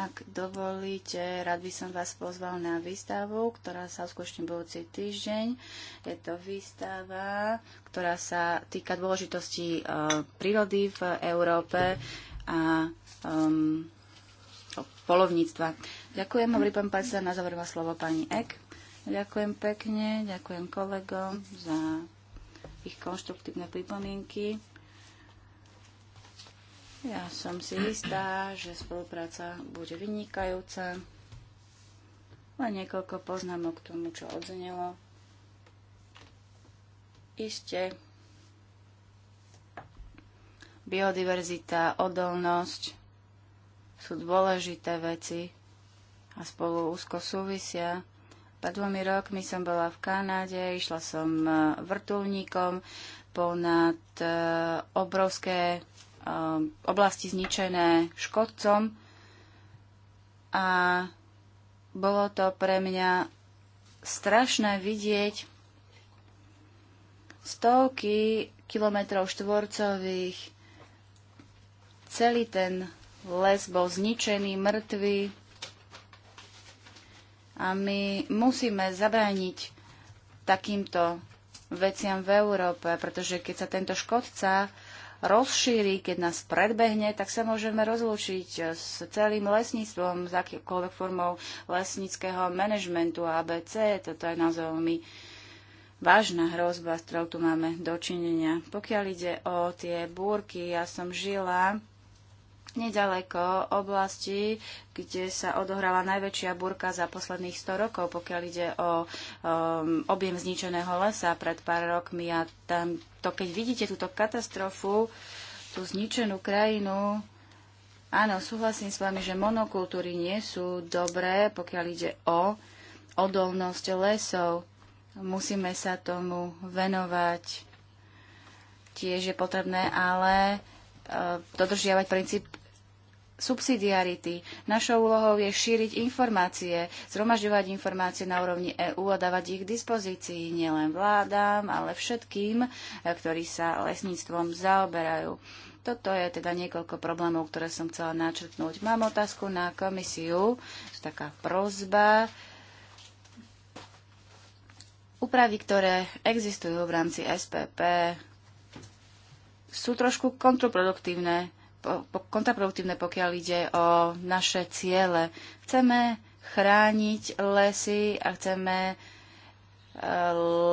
Ak dovolíte, rád by som vás pozval na výstavu, ktorá sa uskutoční budúci týždeň. Je to výstava, ktorá sa týka dôležitosti uh, prírody v Európe a um, polovníctva. Ďakujem, hovorí pán Pajsa, na záver vás slovo pani Ek. Ďakujem pekne, ďakujem kolegom za ich konštruktívne pripomienky. Ja som si istá, že spolupráca bude vynikajúca. Len niekoľko poznámok k tomu, čo odznelo. Iste biodiverzita, odolnosť sú dôležité veci a spolu úzko súvisia. Pred dvomi rokmi som bola v Kanáde, išla som e, vrtulníkom ponad e, obrovské Um, oblasti zničené škodcom a bolo to pre mňa strašné vidieť stovky kilometrov štvorcových. Celý ten les bol zničený, mŕtvy. A my musíme zabrániť takýmto veciam v Európe, pretože keď sa tento škodca rozšíri, keď nás predbehne, tak sa môžeme rozlúčiť eh, s celým lesníctvom, s akýkoľvek formou lesníckého manažmentu ABC. Toto je naozaj veľmi vážna hrozba, s ktorou tu máme dočinenia. Pokiaľ ide o tie búrky, ja som žila nedaleko oblasti, kde sa odohrala najväčšia burka za posledných 100 rokov, pokiaľ ide o um, objem zničeného lesa pred pár rokmi. A tam, to, keď vidíte túto katastrofu, tú zničenú krajinu, áno, súhlasím s vami, že monokultúry nie sú dobré, pokiaľ ide o odolnosť lesov. Musíme sa tomu venovať. Tiež je potrebné ale uh, dodržiavať princíp subsidiarity. Našou úlohou je šíriť informácie, zhromažďovať informácie na úrovni EÚ a dávať ich k dispozícii nielen vládám, ale všetkým, e, ktorí sa lesníctvom zaoberajú. Toto je teda niekoľko problémov, ktoré som chcela načrtnúť. Mám otázku na komisiu, taká prozba. Úpravy, ktoré existujú v rámci SPP, sú trošku kontraproduktívne kontraproduktívne, pokiaľ ide o naše ciele. Chceme chrániť lesy a chceme e,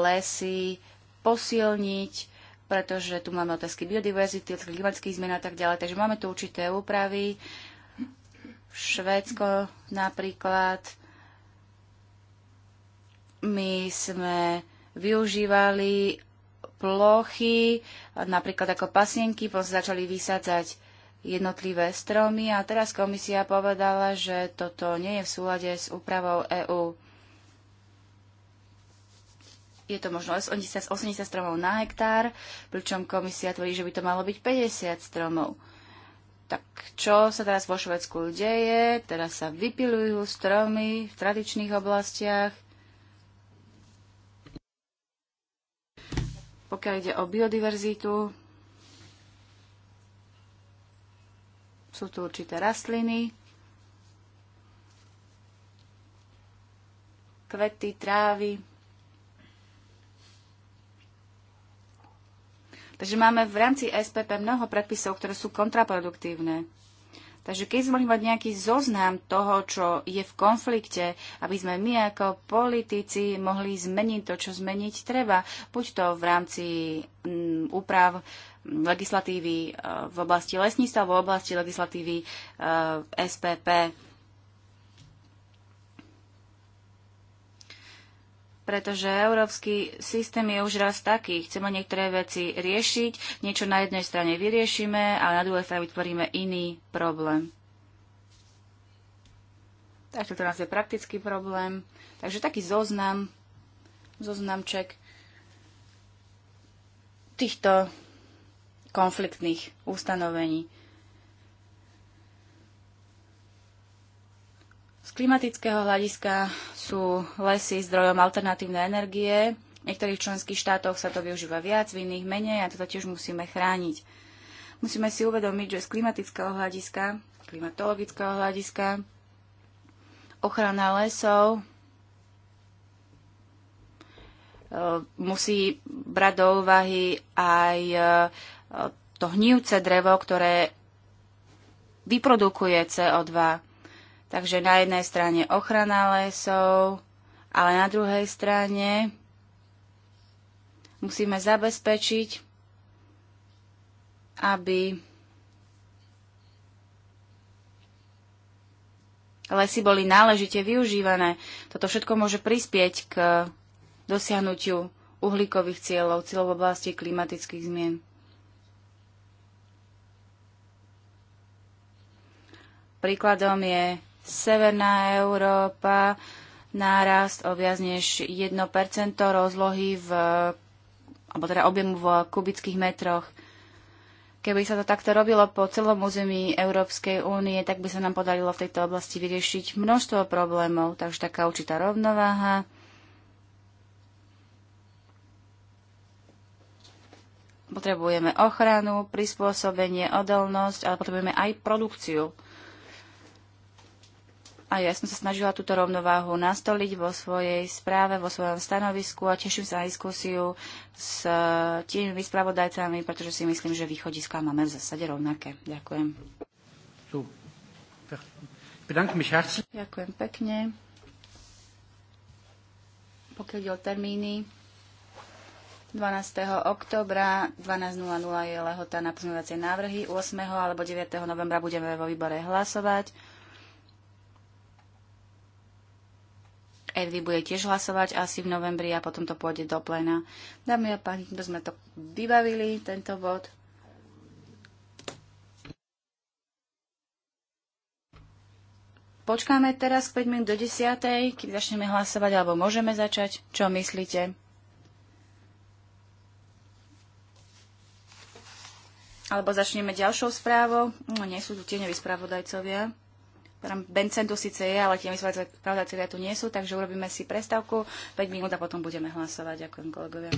lesy posilniť, pretože tu máme otázky biodiverzity, otázky klimatických zmien a tak ďalej. Takže máme tu určité úpravy. Švédsko napríklad. My sme využívali plochy, napríklad ako pasienky, potom sa začali vysádzať jednotlivé stromy a teraz komisia povedala, že toto nie je v súlade s úpravou EÚ. Je to možno 80, 80 stromov na hektár, pričom komisia tvrdí, že by to malo byť 50 stromov. Tak čo sa teraz vo Švedsku deje? Teraz sa vypilujú stromy v tradičných oblastiach. Pokiaľ ide o biodiverzitu, Sú tu určité rastliny, kvety, trávy. Takže máme v rámci SPP mnoho predpisov, ktoré sú kontraproduktívne. Takže keď sme mohli mať nejaký zoznam toho, čo je v konflikte, aby sme my ako politici mohli zmeniť to, čo zmeniť treba, buď to v rámci mm, úprav legislatívy eh, v oblasti lesníctva, v oblasti legislatívy eh, SPP. pretože európsky systém je už raz taký. Chceme niektoré veci riešiť, niečo na jednej strane vyriešime, ale na druhej strane vytvoríme iný problém. Takže to nás je praktický problém. Takže taký zoznam, zoznamček týchto konfliktných ustanovení. Z klimatického hľadiska sú lesy zdrojom alternatívnej energie. V niektorých členských štátoch sa to využíva viac, v iných menej a to tiež musíme chrániť. Musíme si uvedomiť, že z klimatického hľadiska, klimatologického hľadiska, ochrana lesov e, musí brať do úvahy aj e, to hnívce drevo, ktoré vyprodukuje CO2. Takže na jednej strane ochrana lesov, ale na druhej strane musíme zabezpečiť, aby lesy boli náležite využívané. Toto všetko môže prispieť k dosiahnutiu uhlíkových cieľov, cieľov v oblasti klimatických zmien. Príkladom je Severná Európa, nárast o viac než 1% rozlohy v, alebo teda objemu v kubických metroch. Keby sa to takto robilo po celom území Európskej únie, tak by sa nám podarilo v tejto oblasti vyriešiť množstvo problémov, takže taká určitá rovnováha. Potrebujeme ochranu, prispôsobenie, odolnosť, ale potrebujeme aj produkciu a ja som sa snažila túto rovnováhu nastoliť vo svojej správe, vo svojom stanovisku a teším sa na diskusiu s e, tými spravodajcami, pretože si myslím, že východiska máme v zásade rovnaké. Ďakujem. Ďakujem pekne. Pokiaľ ide o termíny, 12. oktobra 12.00 je lehota na pozmeňovacie návrhy. 8. alebo 9. novembra budeme vo výbore hlasovať. Envy bude tiež hlasovať asi v novembri a potom to pôjde do plena. Dámy a páni, týmto sme to vybavili, tento bod. Počkáme teraz 5 minút do 10, keď začneme hlasovať, alebo môžeme začať. Čo myslíte? Alebo začneme ďalšou správou. No, nie sú tu tieňoví spravodajcovia. Tam Bencen tu síce je, ale tie spravodajcovia tu nie sú, takže urobíme si prestávku. 5 minút a potom budeme hlasovať. Ďakujem kolegovia.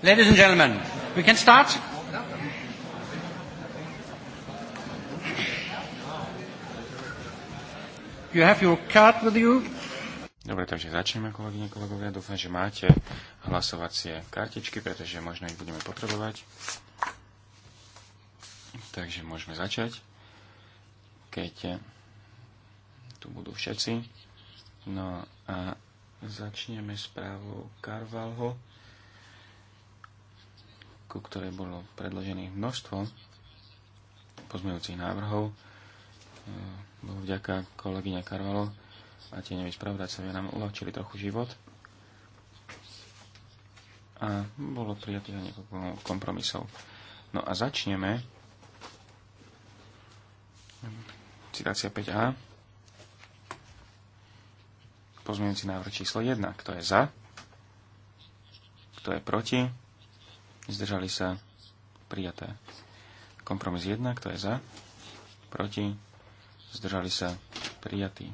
Ladies and gentlemen, we can start. You have your card with you. Dobre, takže začneme, kolegyne, kolegovia. Dúfam, že máte hlasovacie kartičky, pretože možno ich budeme potrebovať. Takže môžeme začať, keď tu budú všetci. No a začneme správou Carvalho ku ktorej bolo predložených množstvo pozmeňujúcich návrhov. E, Bohu vďaka kolegyňa Karvalo a tie nevyspravodajcovia nám uľahčili trochu život. A bolo prijatých niekoľko kompromisov. No a začneme. Citácia 5a. Pozmeňujúci návrh číslo 1. Kto je za? Kto je proti? zdržali sa, prijaté. Kompromis 1, kto je za, proti, zdržali sa, prijatí.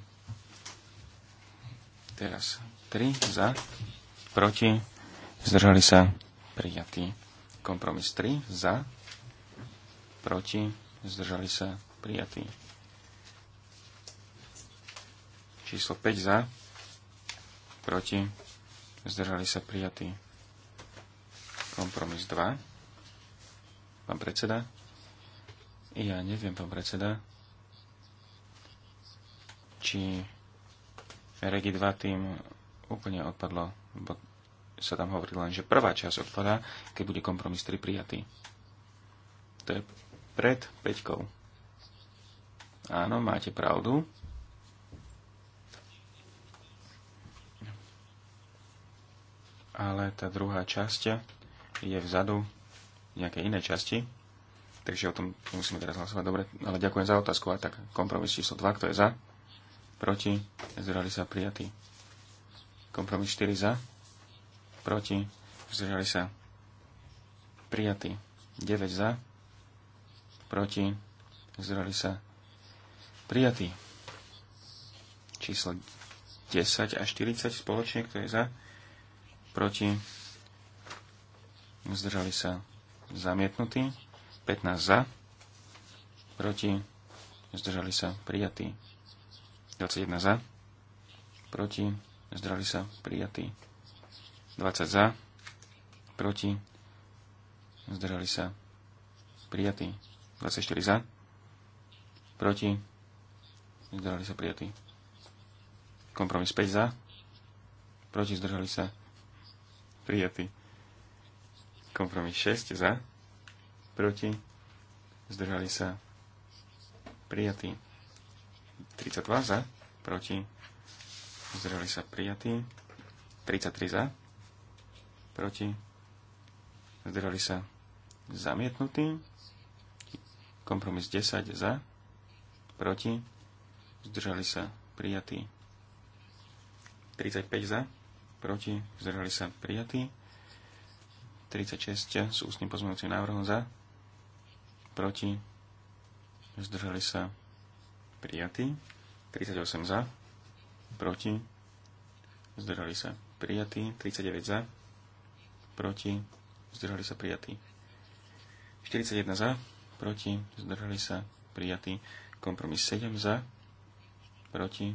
Teraz 3 za, proti, zdržali sa, prijatí, Kompromis 3 za, proti, zdržali sa, prijatí Číslo 5 za, proti, zdržali sa, prijatí. Kompromis 2. Pán predseda? Ja neviem, pán predseda, či Regi 2 tým úplne odpadlo, bo sa tam hovorí len, že prvá časť odpadá, keď bude kompromis 3 prijatý. To je pred 5. Áno, máte pravdu. ale tá druhá časť je vzadu nejaké iné časti, takže o tom musíme teraz hlasovať. Dobre, ale ďakujem za otázku. A tak kompromis číslo 2, kto je za? Proti? Zdržali sa prijatí. Kompromis 4 za? Proti? Zdržali sa prijatí. 9 za? Proti? Zdržali sa prijatí. Číslo 10 a 40 spoločne, kto je za? Proti? zdržali sa zamietnutí, 15 za, proti, zdržali sa prijatí, 21 za, proti, zdržali sa prijatí, 20 za, proti, zdržali sa prijatí, 24 za, proti, zdržali sa prijatí, kompromis 5 za, proti, zdržali sa prijatí. Kompromis 6 za, proti, zdržali sa prijatí. 32 za, proti, zdržali sa prijatí. 33 za, proti, zdržali sa zamietnutí. Kompromis 10 za, proti, zdržali sa prijatí. 35 za, proti, zdržali sa prijatí. 36 s ústnym pozmeňujúcim návrhom za, proti, zdržali sa prijatí, 38 za, proti, zdržali sa prijatí, 39 za, proti, zdržali sa prijatí, 41 za, proti, zdržali sa prijatí, kompromis 7 za, proti,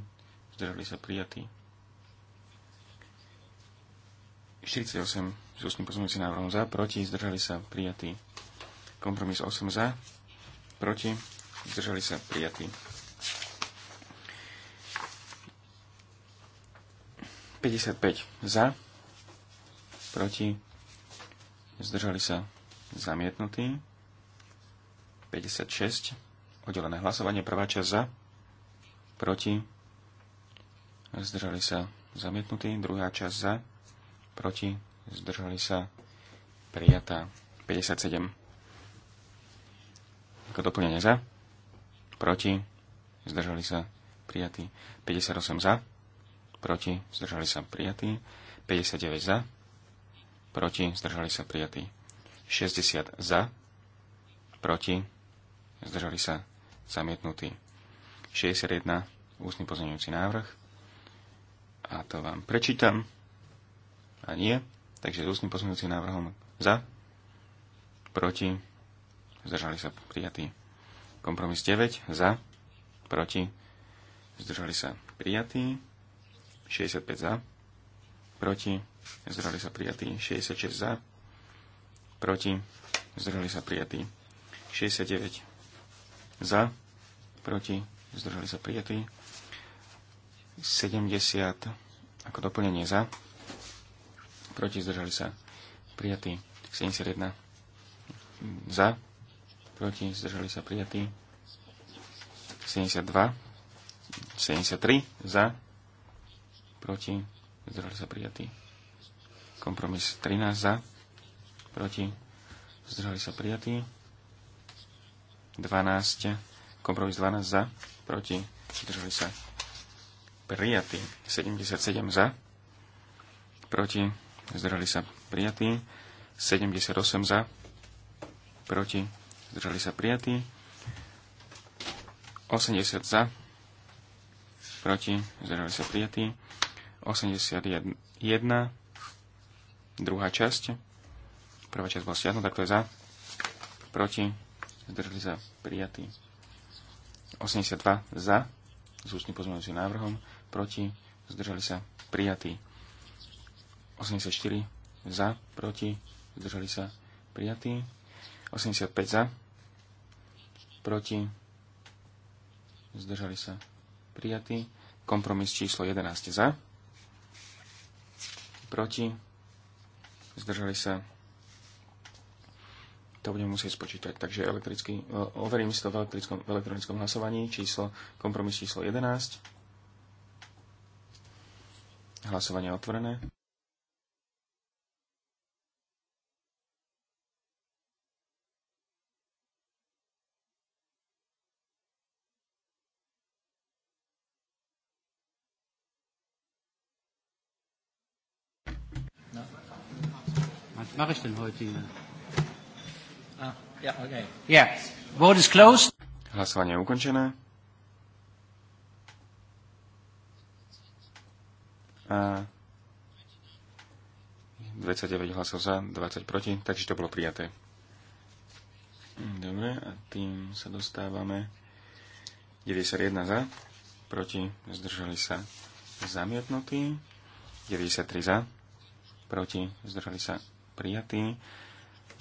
zdržali sa prijatí, 48 s ústnym pozmeňujúcim návrhom za, proti, zdržali sa prijatí. Kompromis 8 za, proti, zdržali sa prijatí. 55 za, proti, zdržali sa zamietnutí. 56, oddelené hlasovanie, prvá časť za, proti, zdržali sa zamietnutí, druhá časť za, proti, zdržali sa, prijatá 57. Ako doplnenie za, proti, zdržali sa, prijatí 58 za, proti, zdržali sa, prijatí 59 za, proti, zdržali sa, prijatí 60 za, proti, zdržali sa, zamietnutí 61 ústny pozmeňujúci návrh a to vám prečítam a nie. Takže s ústnym pozmeňujúcim návrhom za, proti, zdržali sa prijatí. Kompromis 9 za, proti, zdržali sa prijatí. 65 za, proti, zdržali sa prijatí. 66 za, proti, zdržali sa prijatí. 69 za, proti, zdržali sa prijatí. 70 ako doplnenie za, proti, zdržali sa prijatí. 71 za, proti, zdržali sa prijatí. 72, 73 za, proti, zdržali sa prijatí. Kompromis 13 za, proti, zdržali sa prijatí. 12, kompromis 12 za, proti, zdržali sa prijatí. 77 za, proti, zdržali sa prijatí, 78 za, proti, zdržali sa prijatí, 80 za, proti, zdržali sa prijatí, 81, druhá časť, prvá časť bola stiahnutá, to je za, proti, zdržali sa prijatí, 82 za, s ústnym pozmeňujúcim návrhom, proti, zdržali sa prijatí. 84 za, proti, zdržali sa prijatí. 85 za, proti, zdržali sa prijatí. Kompromis číslo 11 za, proti, zdržali sa to budem musieť spočítať. Takže elektrický, e, overím si to v, elektrickom, v elektronickom hlasovaní. Číslo, kompromis číslo 11. Hlasovanie otvorené. mache ich denn heute hier? Ah, ja, okay. Yeah. Vote is closed. Hlasovanie je ukončené. A 29 hlasov za, 20 proti, takže to bolo prijaté. Dobre, a tým sa dostávame 91 za, proti, zdržali sa zamietnutí, 93 za, proti, zdržali sa prijatý.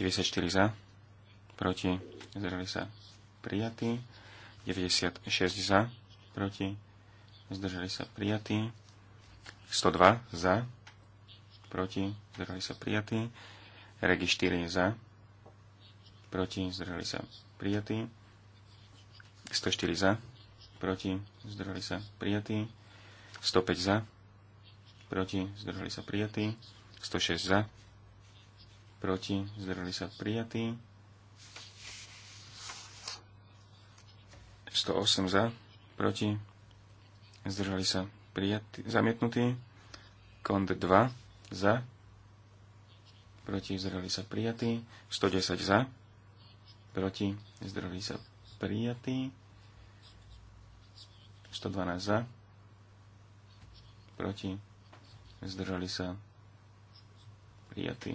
94 za, proti, zdržali sa prijatý. 96 za, proti, zdržali sa prijatý. 102 za, proti, zdržali sa prijatí. Regi 4 za, proti, zdržali sa prijatí. 104 za, proti, zdržali sa prijatí. 105 za, proti, zdržali sa prijatí. 106 za, proti, zdržali sa prijatí. 108 za, proti, zdržali sa prijatí, zamietnutí. Kond 2 za, proti, zdržali sa prijatí. 110 za, proti, zdržali sa prijatí. 112 za, proti, zdržali sa prijatí.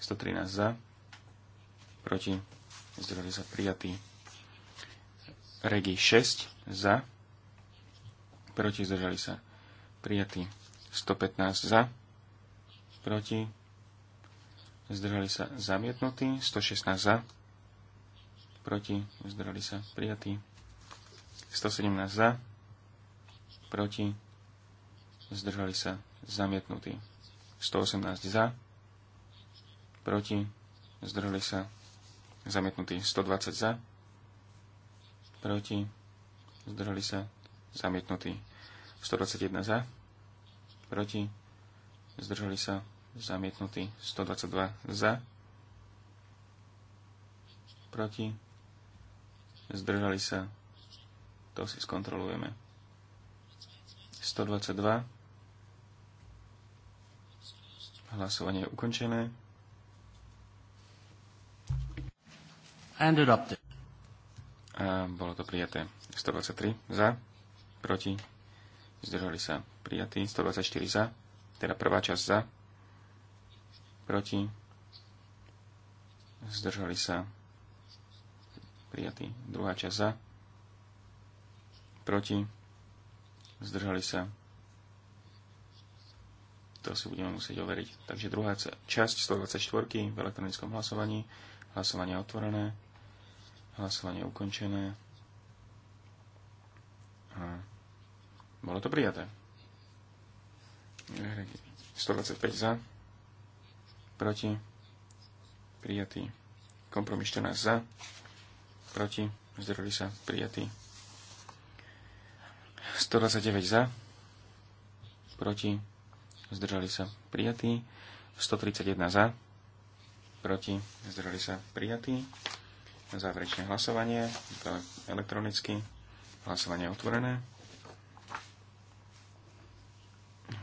113 za, proti, zdržali sa prijatí. Regi 6 za, proti, zdržali sa prijatí. 115 za, proti, zdržali sa zamietnutí. 116 za, proti, zdržali sa prijatí. 117 za, proti, zdržali sa zamietnutí. 118 za, proti, zdrhli sa, zamietnutý 120 za, proti, zdrhli sa, zamietnutý 121 za, proti, zdržali sa, zamietnutý 122 za, proti, zdržali sa, to si skontrolujeme. 122, hlasovanie je ukončené, and adopted. A bolo to prijaté 123 za, proti, zdržali sa prijatí 124 za, teda prvá časť za, proti, zdržali sa prijatí druhá časť za, proti, zdržali sa to si budeme musieť overiť. Takže druhá časť 124 v elektronickom hlasovaní. Hlasovanie otvorené. Hlasovanie ukončené. A bolo to prijaté. 125 za. Proti. Prijatý. Kompromis 14 za. Proti. Zdržali sa. Prijatý. 129 za. Proti. Zdržali sa. Prijatý. 131 za. Proti. Zdržali sa. Prijatý záverečné hlasovanie elektronicky. Hlasovanie je otvorené.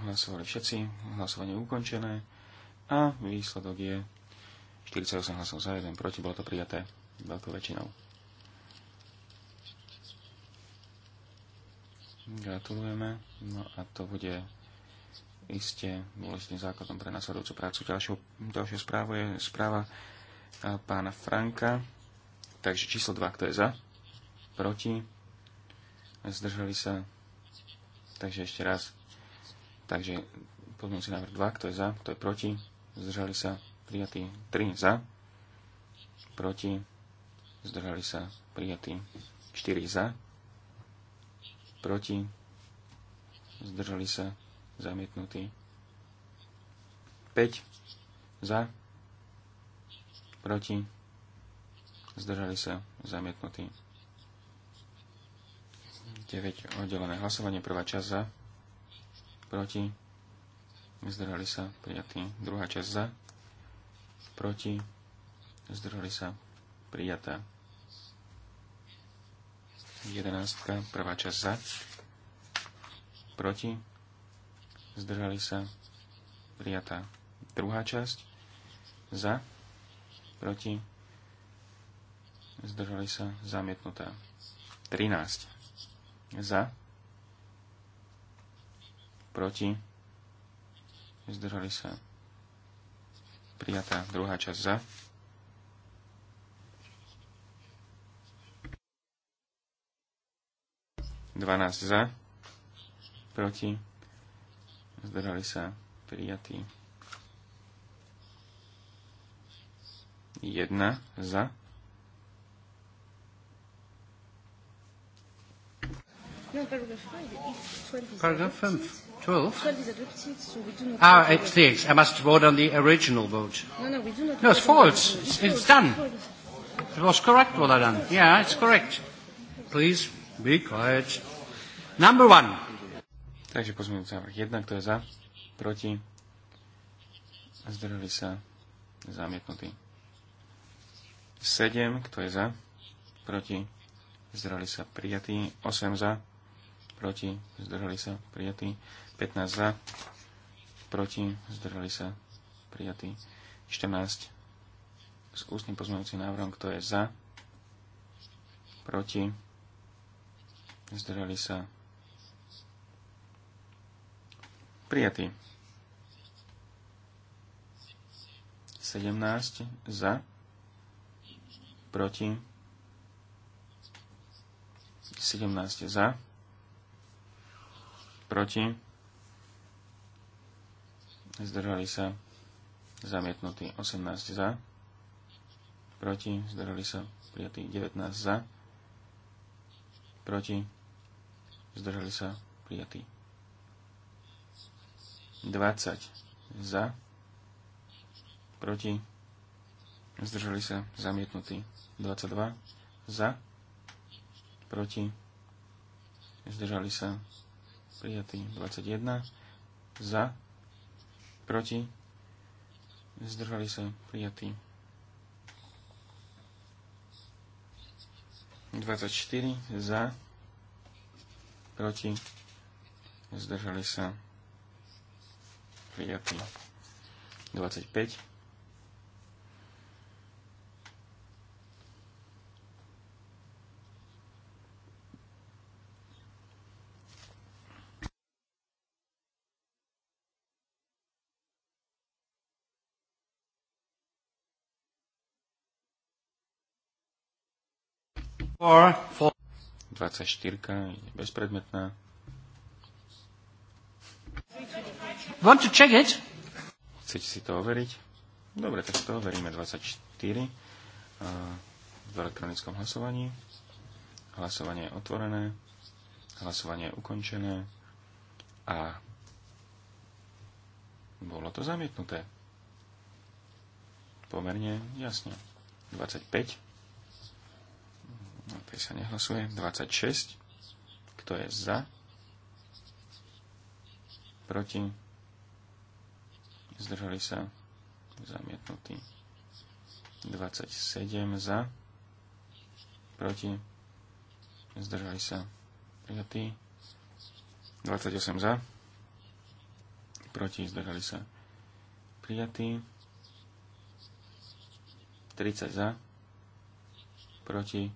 Hlasovali všetci. Hlasovanie je ukončené. A výsledok je 48 hlasov za 1 proti. Bolo to prijaté veľkou väčšinou. Gratulujeme. No a to bude iste dôležitým základom pre nasledujúcu prácu. Ďalšou, ďalšou správou je správa pána Franka. Takže číslo 2, kto je za? Proti? Zdržali sa? Takže ešte raz. Takže pozmúci návrh 2, kto je za? Kto je proti? Zdržali sa? Prijatý 3 za? Proti? Zdržali sa? Prijatý 4 za? Proti? Zdržali sa? Zamietnutý 5 za? Proti? zdržali sa zamietnutí. 9 oddelené hlasovanie, prvá časť za, proti, zdržali sa prijatí, druhá časť za, proti, zdržali sa prijatá. 11. prvá časť za, proti, zdržali sa prijatá. Druhá časť za, proti, zdržali sa, zamietnuté. 13 za, proti, zdržali sa, prijatá druhá časť za. Dvanásť za, proti, zdržali sa, prijatí. Jedna za, paragraph 5. 12? 12 is adopted, so we do not... Ah, it takes. I must vote on the original vote. No, no, we do not... No, it's false. It's, it's done. It was correct what I done. Yeah, it's correct. Please, be quiet. Number one. Takže pozmeňujúci návrh 1, kto je za, proti, zdržali sa, zamietnutý. 7, kto je za, proti, zdržali sa, prijatý, 8 za, proti, zdržali sa, prijatí. 15 za, proti, zdržali sa, prijatí. 14 s ústnym pozmeňujúcim návrhom, kto je za, proti, zdržali sa, prijatí. 17 za, proti, 17 za, proti, zdržali sa, zamietnutí 18 za, proti, zdržali sa, prijatí 19 za, proti, zdržali sa, prijatí 20 za, proti, zdržali sa, zamietnutí 22 za, proti, zdržali sa, prijatý 21 za, proti, zdržali sa prijatý 24 za, proti, zdržali sa prijatý 25 24 je bezpredmetná. Want to check it? Chcete si to overiť? Dobre, tak to overíme 24 v elektronickom hlasovaní. Hlasovanie je otvorené, hlasovanie je ukončené a bolo to zamietnuté. Pomerne jasne. 25 No, tej sa nehlasuje. 26. Kto je za? Proti? Zdržali sa? Zamietnutý. 27 za. Proti? Zdržali sa? Prijatý. 28 za. Proti? Zdržali sa? Prijatý. 30 za. Proti?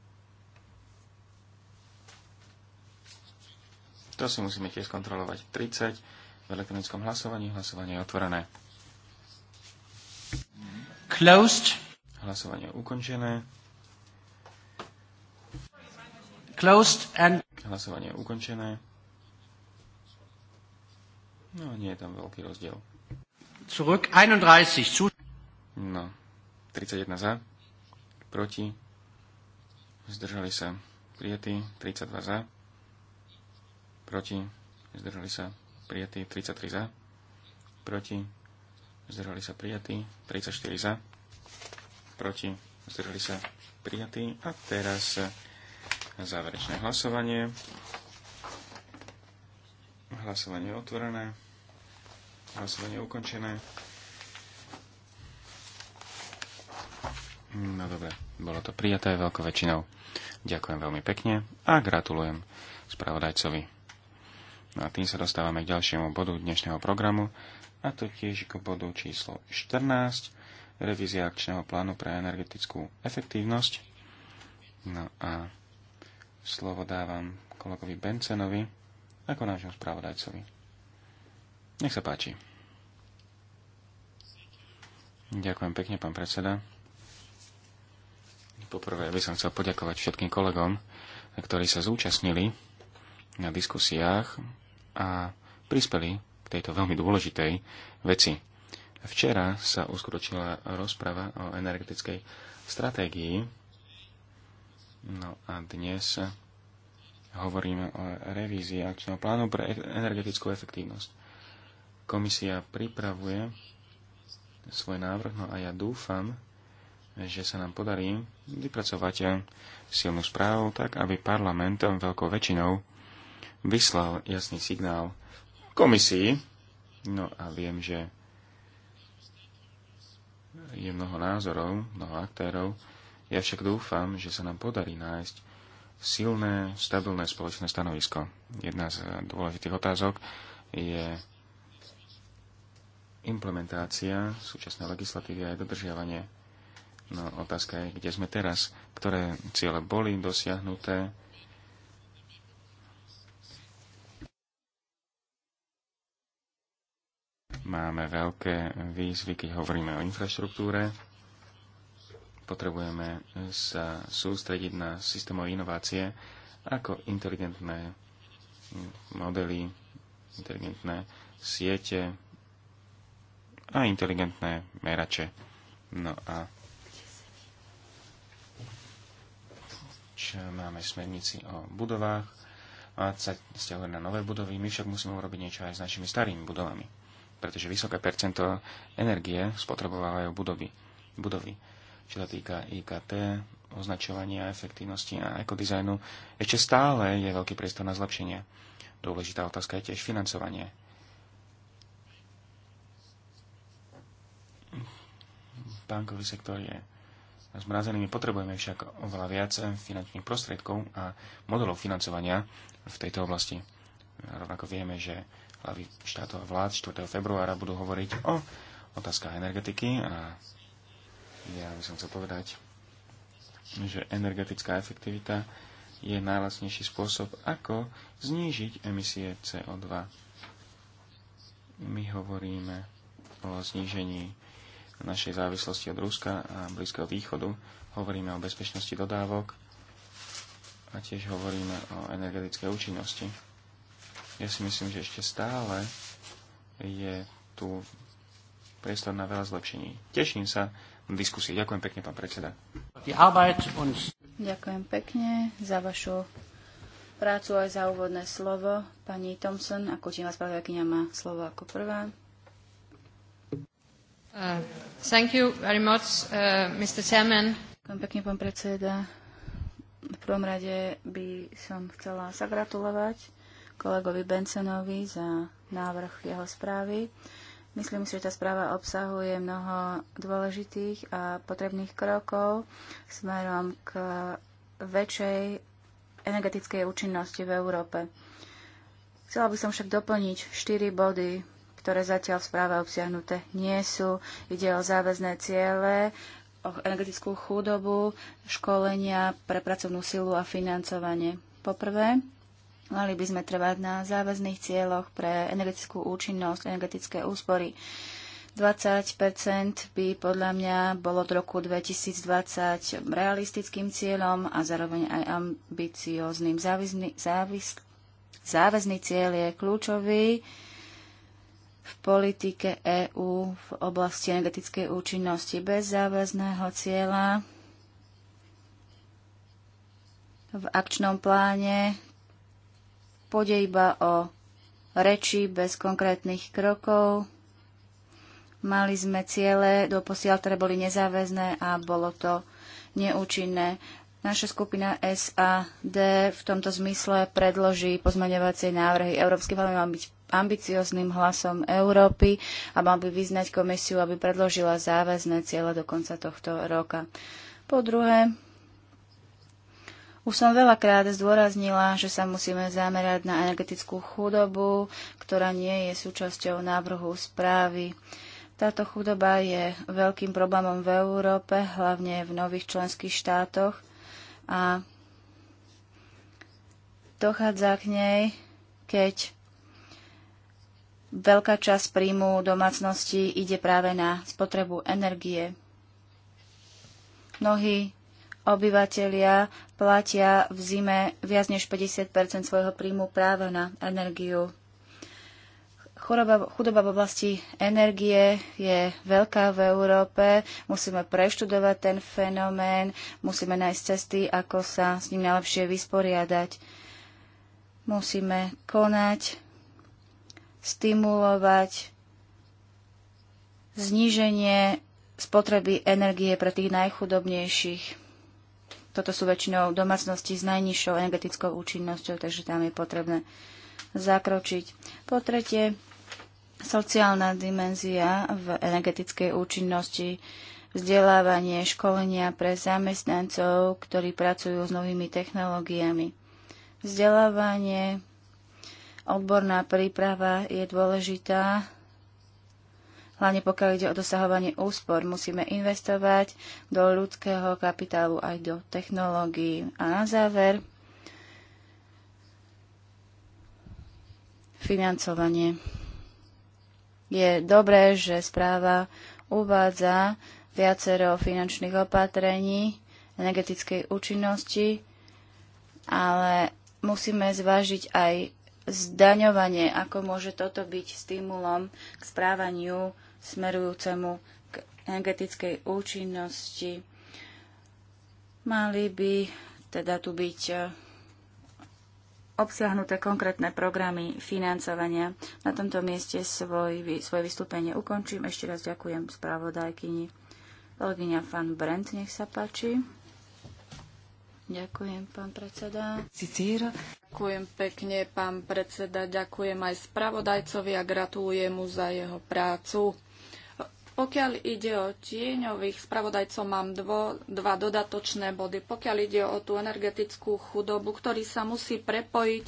To si musíme tiež kontrolovať. 30 v elektronickom hlasovaní. Hlasovanie je otvorené. Closed. Hlasovanie je ukončené. Closed and... Hlasovanie je ukončené. No, nie je tam veľký rozdiel. Zurück 31 zu... No, 31 za, proti, zdržali sa prijatí, 32 za proti, zdržali sa prijatí 33 za, proti, zdržali sa prijatí 34 za, proti, zdržali sa prijatí. A teraz záverečné hlasovanie. Hlasovanie je otvorené. Hlasovanie je ukončené. No dobre, bolo to prijaté veľkou väčšinou. Ďakujem veľmi pekne a gratulujem spravodajcovi. No a tým sa dostávame k ďalšiemu bodu dnešného programu, a to tiež k bodu číslo 14, revízia akčného plánu pre energetickú efektívnosť. No a slovo dávam kolegovi Bencenovi ako nášmu spravodajcovi. Nech sa páči. Ďakujem pekne, pán predseda. Poprvé by som chcel poďakovať všetkým kolegom, ktorí sa zúčastnili na diskusiách a prispeli k tejto veľmi dôležitej veci. Včera sa uskutočila rozprava o energetickej stratégii. No a dnes hovoríme o revízii akčného plánu pre energetickú efektívnosť. Komisia pripravuje svoj návrh, no a ja dúfam, že sa nám podarí vypracovať silnú správu tak, aby parlament veľkou väčšinou vyslal jasný signál komisii. No a viem, že je mnoho názorov, mnoho aktérov. Ja však dúfam, že sa nám podarí nájsť silné, stabilné spoločné stanovisko. Jedna z dôležitých otázok je implementácia súčasnej legislatívy a aj dodržiavanie. No, otázka je, kde sme teraz, ktoré ciele boli dosiahnuté, Máme veľké výzvy, keď hovoríme o infraštruktúre. Potrebujeme sa sústrediť na systémové inovácie ako inteligentné modely, inteligentné siete a inteligentné merače. No a čo máme v smernici o budovách a sa stiahuje na nové budovy. My však musíme urobiť niečo aj s našimi starými budovami pretože vysoké percento energie spotrebovávajú budovy. budovy. Čo sa týka IKT, označovania, efektívnosti a ekodizajnu, ešte stále je veľký priestor na zlepšenie. Dôležitá otázka je tiež financovanie. Bankový sektor je zmrazený. My potrebujeme však oveľa viac finančných prostriedkov a modelov financovania v tejto oblasti. Rovnako vieme, že hlavy štátov a vlád 4. februára budú hovoriť o otázkach energetiky a ja by som chcel povedať, že energetická efektivita je najlacnejší spôsob, ako znížiť emisie CO2. My hovoríme o znížení našej závislosti od Ruska a Blízkeho východu, hovoríme o bezpečnosti dodávok a tiež hovoríme o energetickej účinnosti. Ja si myslím, že ešte stále je tu priestor na veľa zlepšení. Teším sa na diskusie. Ďakujem pekne, pán predseda. Ďakujem pekne za vašu prácu aj za úvodné slovo. Pani Thompson, ako činná spravodajkynia má slovo ako prvá. Uh, thank you very much, uh, Mr. Chairman. Ďakujem pekne, pán predseda. V prvom rade by som chcela sa gratulovať kolegovi Bensonovi za návrh jeho správy. Myslím si, že tá správa obsahuje mnoho dôležitých a potrebných krokov smerom k väčšej energetickej účinnosti v Európe. Chcela by som však doplniť štyri body, ktoré zatiaľ v správe obsiahnuté nie sú. Ide o záväzné ciele, o energetickú chudobu, školenia pre pracovnú silu a financovanie. Poprvé, Mali by sme trvať na záväzných cieľoch pre energetickú účinnosť, energetické úspory. 20 by podľa mňa bolo od roku 2020 realistickým cieľom a zároveň aj ambiciozným. Závisný, závis, záväzný cieľ je kľúčový v politike EÚ v oblasti energetickej účinnosti bez záväzného cieľa v akčnom pláne Pôjde iba o reči bez konkrétnych krokov. Mali sme ciele, doposiaľ, ktoré boli nezáväzné a bolo to neúčinné. Naša skupina SAD v tomto zmysle predloží pozmaňovacie návrhy. Európsky parlament má byť ambiciozným hlasom Európy a mal by vyznať komisiu, aby predložila záväzné ciele do konca tohto roka. Po druhé, už som veľakrát zdôraznila, že sa musíme zamerať na energetickú chudobu, ktorá nie je súčasťou návrhu správy. Táto chudoba je veľkým problémom v Európe, hlavne v nových členských štátoch a dochádza k nej, keď veľká časť príjmu domácnosti ide práve na spotrebu energie. Mnohí obyvateľia platia v zime viac než 50 svojho príjmu práve na energiu. Chudoba, chudoba v oblasti energie je veľká v Európe. Musíme preštudovať ten fenomén, musíme nájsť cesty, ako sa s ním najlepšie vysporiadať. Musíme konať, stimulovať zníženie spotreby energie pre tých najchudobnejších. Toto sú väčšinou domácnosti s najnižšou energetickou účinnosťou, takže tam je potrebné zakročiť. Po tretie, sociálna dimenzia v energetickej účinnosti, vzdelávanie, školenia pre zamestnancov, ktorí pracujú s novými technológiami. Vzdelávanie, odborná príprava je dôležitá hlavne pokiaľ ide o dosahovanie úspor. Musíme investovať do ľudského kapitálu aj do technológií. A na záver financovanie. Je dobré, že správa uvádza viacero finančných opatrení energetickej účinnosti, ale musíme zvážiť aj zdaňovanie, ako môže toto byť stimulom k správaniu smerujúcemu k energetickej účinnosti. Mali by teda tu byť e, obsiahnuté konkrétne programy financovania. Na tomto mieste svoj, svoje vystúpenie ukončím. Ešte raz ďakujem spravodajkyni. Kolegyňa Fan Brent, nech sa páči. Ďakujem, pán predseda. Cicíra. Ďakujem pekne, pán predseda. Ďakujem aj spravodajcovi a gratulujem mu za jeho prácu. Pokiaľ ide o tieňových spravodajcov, mám dvo, dva dodatočné body. Pokiaľ ide o tú energetickú chudobu, ktorý sa musí prepojiť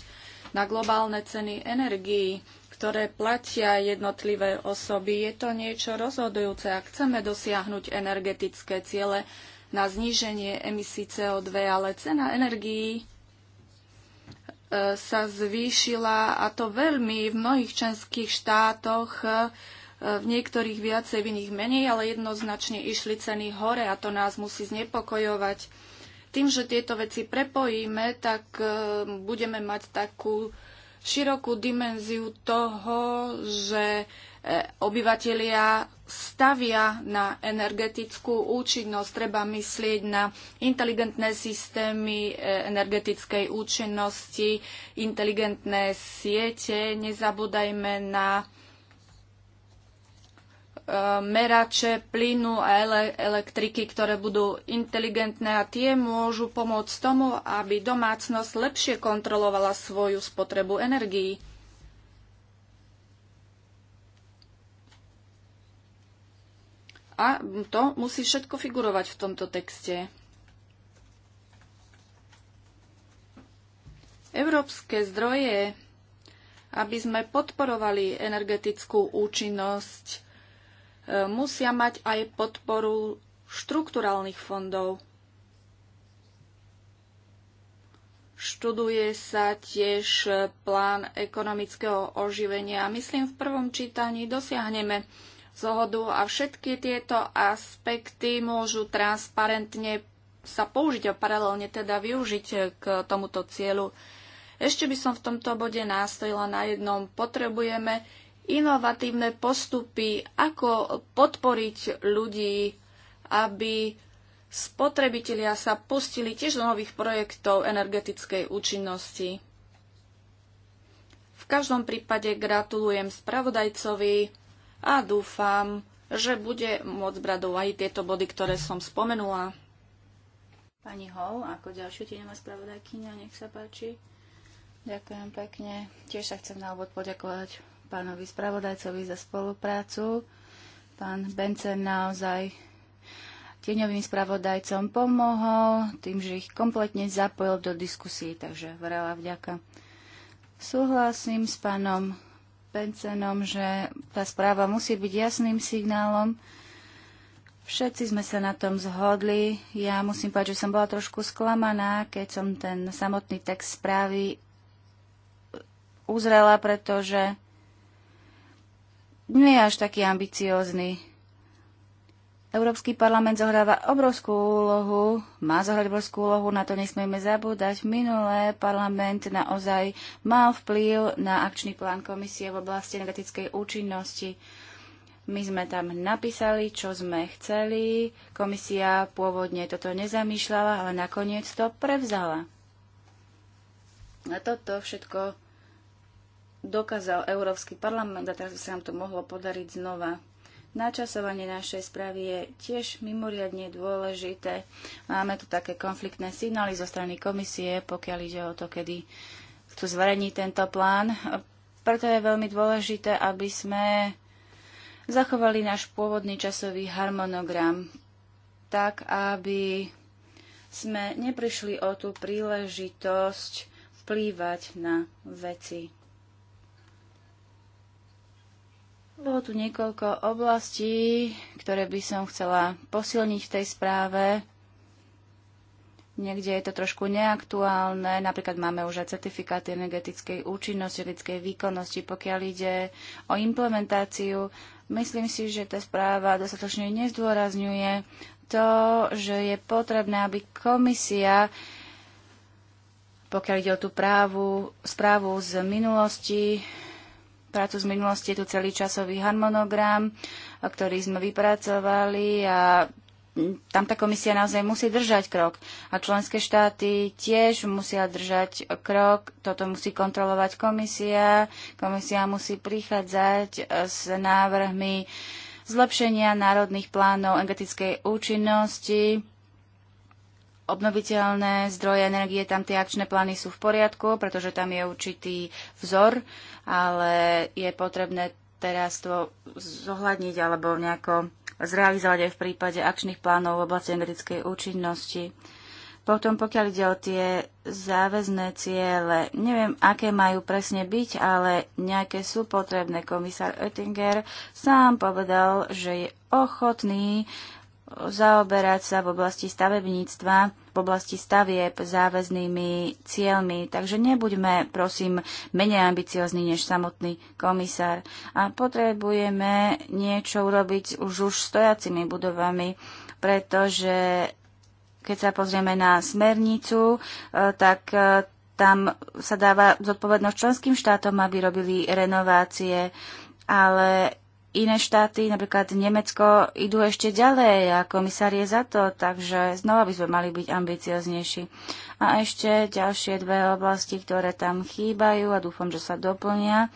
na globálne ceny energií, ktoré platia jednotlivé osoby, je to niečo rozhodujúce. Ak chceme dosiahnuť energetické ciele na zníženie emisí CO2, ale cena energií e, sa zvýšila a to veľmi v mnohých členských štátoch e, v niektorých viacej, v iných menej, ale jednoznačne išli ceny hore a to nás musí znepokojovať. Tým, že tieto veci prepojíme, tak e, budeme mať takú širokú dimenziu toho, že e, obyvatelia stavia na energetickú účinnosť. Treba myslieť na inteligentné systémy e, energetickej účinnosti, inteligentné siete. Nezabúdajme na E, merače plynu a ele- elektriky, ktoré budú inteligentné a tie môžu pomôcť tomu, aby domácnosť lepšie kontrolovala svoju spotrebu energií. A to musí všetko figurovať v tomto texte. Európske zdroje, aby sme podporovali energetickú účinnosť, E, musia mať aj podporu štrukturálnych fondov. Študuje sa tiež plán ekonomického oživenia a myslím v prvom čítaní dosiahneme zhodu a všetky tieto aspekty môžu transparentne sa použiť a paralelne teda využiť k tomuto cieľu. Ešte by som v tomto bode nástojila na jednom. Potrebujeme inovatívne postupy, ako podporiť ľudí, aby spotrebitelia sa pustili tiež do nových projektov energetickej účinnosti. V každom prípade gratulujem spravodajcovi a dúfam, že bude môcť brať do aj tieto body, ktoré som spomenula. Pani Hol, ako ďalšiu tieňová spravodajkyňa, nech sa páči. Ďakujem pekne. Tiež sa chcem na úvod poďakovať pánovi spravodajcovi za spoluprácu. Pán Bencen naozaj tieňovým spravodajcom pomohol tým, že ich kompletne zapojil do diskusí, takže veľa vďaka. Súhlasím s pánom Bencenom, že tá správa musí byť jasným signálom. Všetci sme sa na tom zhodli. Ja musím povedať, že som bola trošku sklamaná, keď som ten samotný text správy uzrela, pretože nie je až taký ambiciózny. Európsky parlament zohráva obrovskú úlohu, má zohrať obrovskú úlohu, na to nesmieme zabúdať. Minulé parlament naozaj mal vplyv na akčný plán komisie v oblasti energetickej účinnosti. My sme tam napísali, čo sme chceli. Komisia pôvodne toto nezamýšľala, ale nakoniec to prevzala. A toto všetko dokázal Európsky parlament a teraz sa nám to mohlo podariť znova. Načasovanie našej správy je tiež mimoriadne dôležité. Máme tu také konfliktné signály zo strany komisie, pokiaľ ide o to, kedy chcú zverejniť tento plán. Preto je veľmi dôležité, aby sme zachovali náš pôvodný časový harmonogram tak, aby sme neprišli o tú príležitosť vplývať na veci Bolo tu niekoľko oblastí, ktoré by som chcela posilniť v tej správe. Niekde je to trošku neaktuálne, napríklad máme už aj certifikát energetickej účinnosti, lidskej výkonnosti, pokiaľ ide o implementáciu. Myslím si, že tá správa dostatočne nezdôrazňuje to, že je potrebné, aby komisia pokiaľ ide o tú právu, správu z minulosti, prácu z minulosti, je tu celý časový harmonogram, ktorý sme vypracovali a tam tá komisia naozaj musí držať krok. A členské štáty tiež musia držať krok. Toto musí kontrolovať komisia. Komisia musí prichádzať s návrhmi zlepšenia národných plánov energetickej účinnosti obnoviteľné zdroje energie, tam tie akčné plány sú v poriadku, pretože tam je určitý vzor, ale je potrebné teraz to zohľadniť alebo nejako zrealizovať aj v prípade akčných plánov v oblasti energetickej účinnosti. Potom, pokiaľ ide o tie záväzné ciele, neviem, aké majú presne byť, ale nejaké sú potrebné. Komisár Oettinger sám povedal, že je ochotný zaoberať sa v oblasti stavebníctva, v oblasti stavieb záväznými cieľmi. Takže nebuďme, prosím, menej ambiciozní než samotný komisár. A potrebujeme niečo urobiť už už stojacimi budovami, pretože keď sa pozrieme na smernicu, e, tak e, tam sa dáva zodpovednosť členským štátom, aby robili renovácie, ale iné štáty, napríklad Nemecko, idú ešte ďalej a komisár je za to, takže znova by sme mali byť ambicioznejší. A ešte ďalšie dve oblasti, ktoré tam chýbajú a dúfam, že sa doplnia.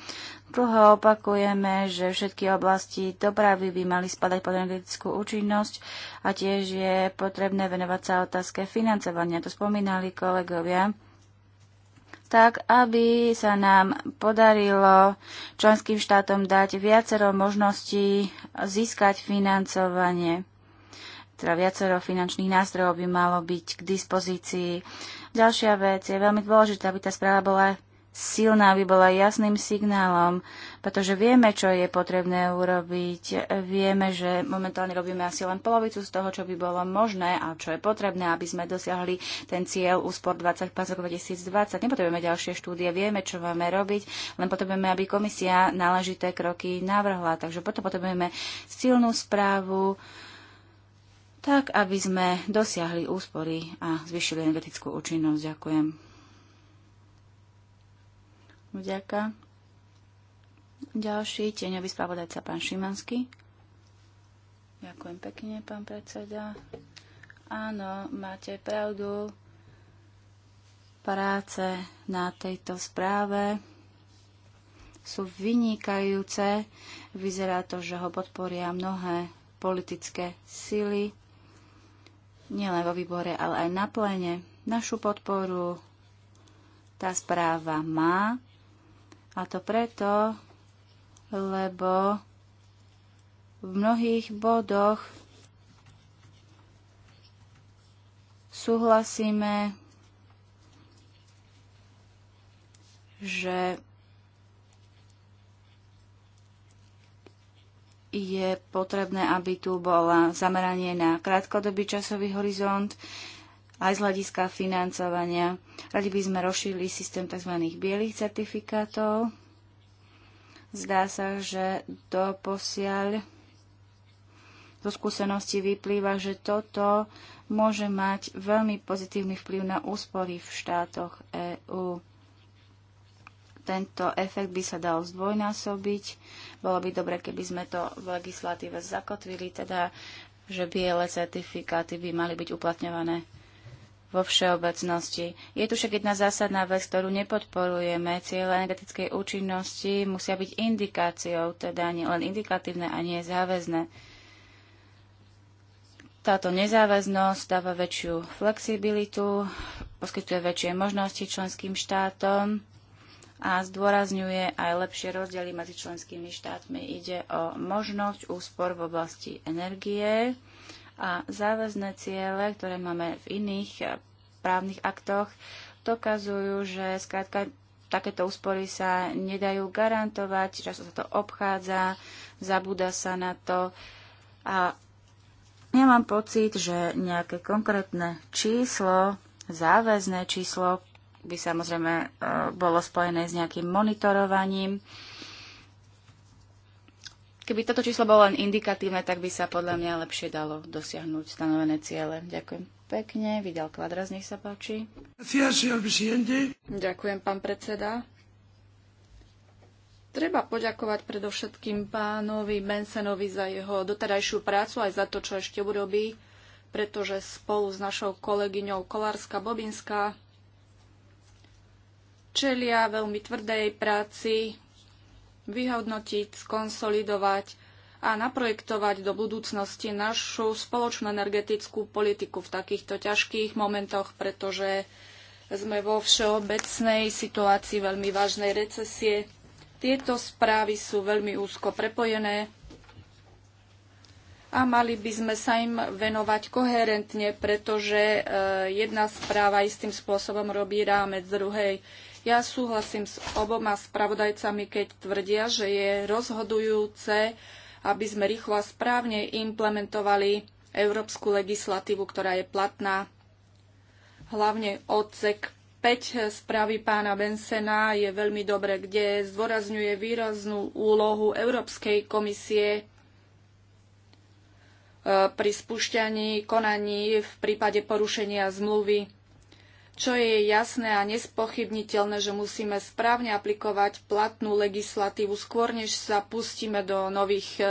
Dlho opakujeme, že všetky oblasti dopravy by mali spadať pod energetickú účinnosť a tiež je potrebné venovať sa otázke financovania. To spomínali kolegovia tak aby sa nám podarilo členským štátom dať viacero možností získať financovanie. Teda viacero finančných nástrojov by malo byť k dispozícii. Ďalšia vec je veľmi dôležitá, aby tá správa bola silná, aby bola jasným signálom, pretože vieme, čo je potrebné urobiť. Vieme, že momentálne robíme asi len polovicu z toho, čo by bolo možné a čo je potrebné, aby sme dosiahli ten cieľ úspor 20 z 2020. Nepotrebujeme ďalšie štúdie, vieme, čo máme robiť, len potrebujeme, aby komisia náležité kroky navrhla. Takže potom potrebujeme silnú správu, tak aby sme dosiahli úspory a zvyšili energetickú účinnosť. Ďakujem. Vďaka. Ďalší tieňový spravodajca pán Šimanský. Ďakujem pekne, pán predseda. Áno, máte pravdu. Práce na tejto správe sú vynikajúce. Vyzerá to, že ho podporia mnohé politické síly, nielen vo výbore, ale aj na plene. Našu podporu tá správa má a to preto, lebo v mnohých bodoch súhlasíme, že je potrebné, aby tu bola zameranie na krátkodobý časový horizont, aj z hľadiska financovania. Radi by sme rozšírili systém tzv. bielých certifikátov. Zdá sa, že doposiaľ zo skúsenosti vyplýva, že toto môže mať veľmi pozitívny vplyv na úspory v štátoch EÚ. Tento efekt by sa dal zdvojnásobiť. Bolo by dobre, keby sme to v legislatíve zakotvili, teda že biele certifikáty by mali byť uplatňované vo všeobecnosti. Je tu však jedna zásadná vec, ktorú nepodporujeme. Ciele energetickej účinnosti musia byť indikáciou, teda nie len indikatívne a nie záväzné. Táto nezáväznosť dáva väčšiu flexibilitu, poskytuje väčšie možnosti členským štátom a zdôrazňuje aj lepšie rozdiely medzi členskými štátmi. Ide o možnosť úspor v oblasti energie, a záväzné ciele, ktoré máme v iných eh, právnych aktoch, dokazujú, že skrátka takéto úspory sa nedajú garantovať, často sa to obchádza, zabúda sa na to. A ja mám pocit, že nejaké konkrétne číslo, záväzné číslo, by samozrejme eh, bolo spojené s nejakým monitorovaním, Keby toto číslo bolo len indikatívne, tak by sa podľa mňa lepšie dalo dosiahnuť stanovené ciele. Ďakujem pekne. Videl kvadraz, nech sa páči. Ďakujem, pán predseda. Treba poďakovať predovšetkým pánovi Bensenovi za jeho doterajšiu prácu aj za to, čo ešte urobí, pretože spolu s našou kolegyňou Kolárska Bobinská čelia veľmi tvrdej práci vyhodnotiť, skonsolidovať a naprojektovať do budúcnosti našu spoločnú energetickú politiku v takýchto ťažkých momentoch, pretože sme vo všeobecnej situácii veľmi vážnej recesie. Tieto správy sú veľmi úzko prepojené a mali by sme sa im venovať koherentne, pretože e, jedna správa istým spôsobom robí rámec druhej. Ja súhlasím s oboma spravodajcami, keď tvrdia, že je rozhodujúce, aby sme rýchlo a správne implementovali európsku legislatívu, ktorá je platná. Hlavne odsek 5 správy pána Bensena je veľmi dobre, kde zdôrazňuje výraznú úlohu Európskej komisie e, pri spúšťaní konaní v prípade porušenia zmluvy. Čo je jasné a nespochybniteľné, že musíme správne aplikovať platnú legislatívu skôr, než sa pustíme do nových eh,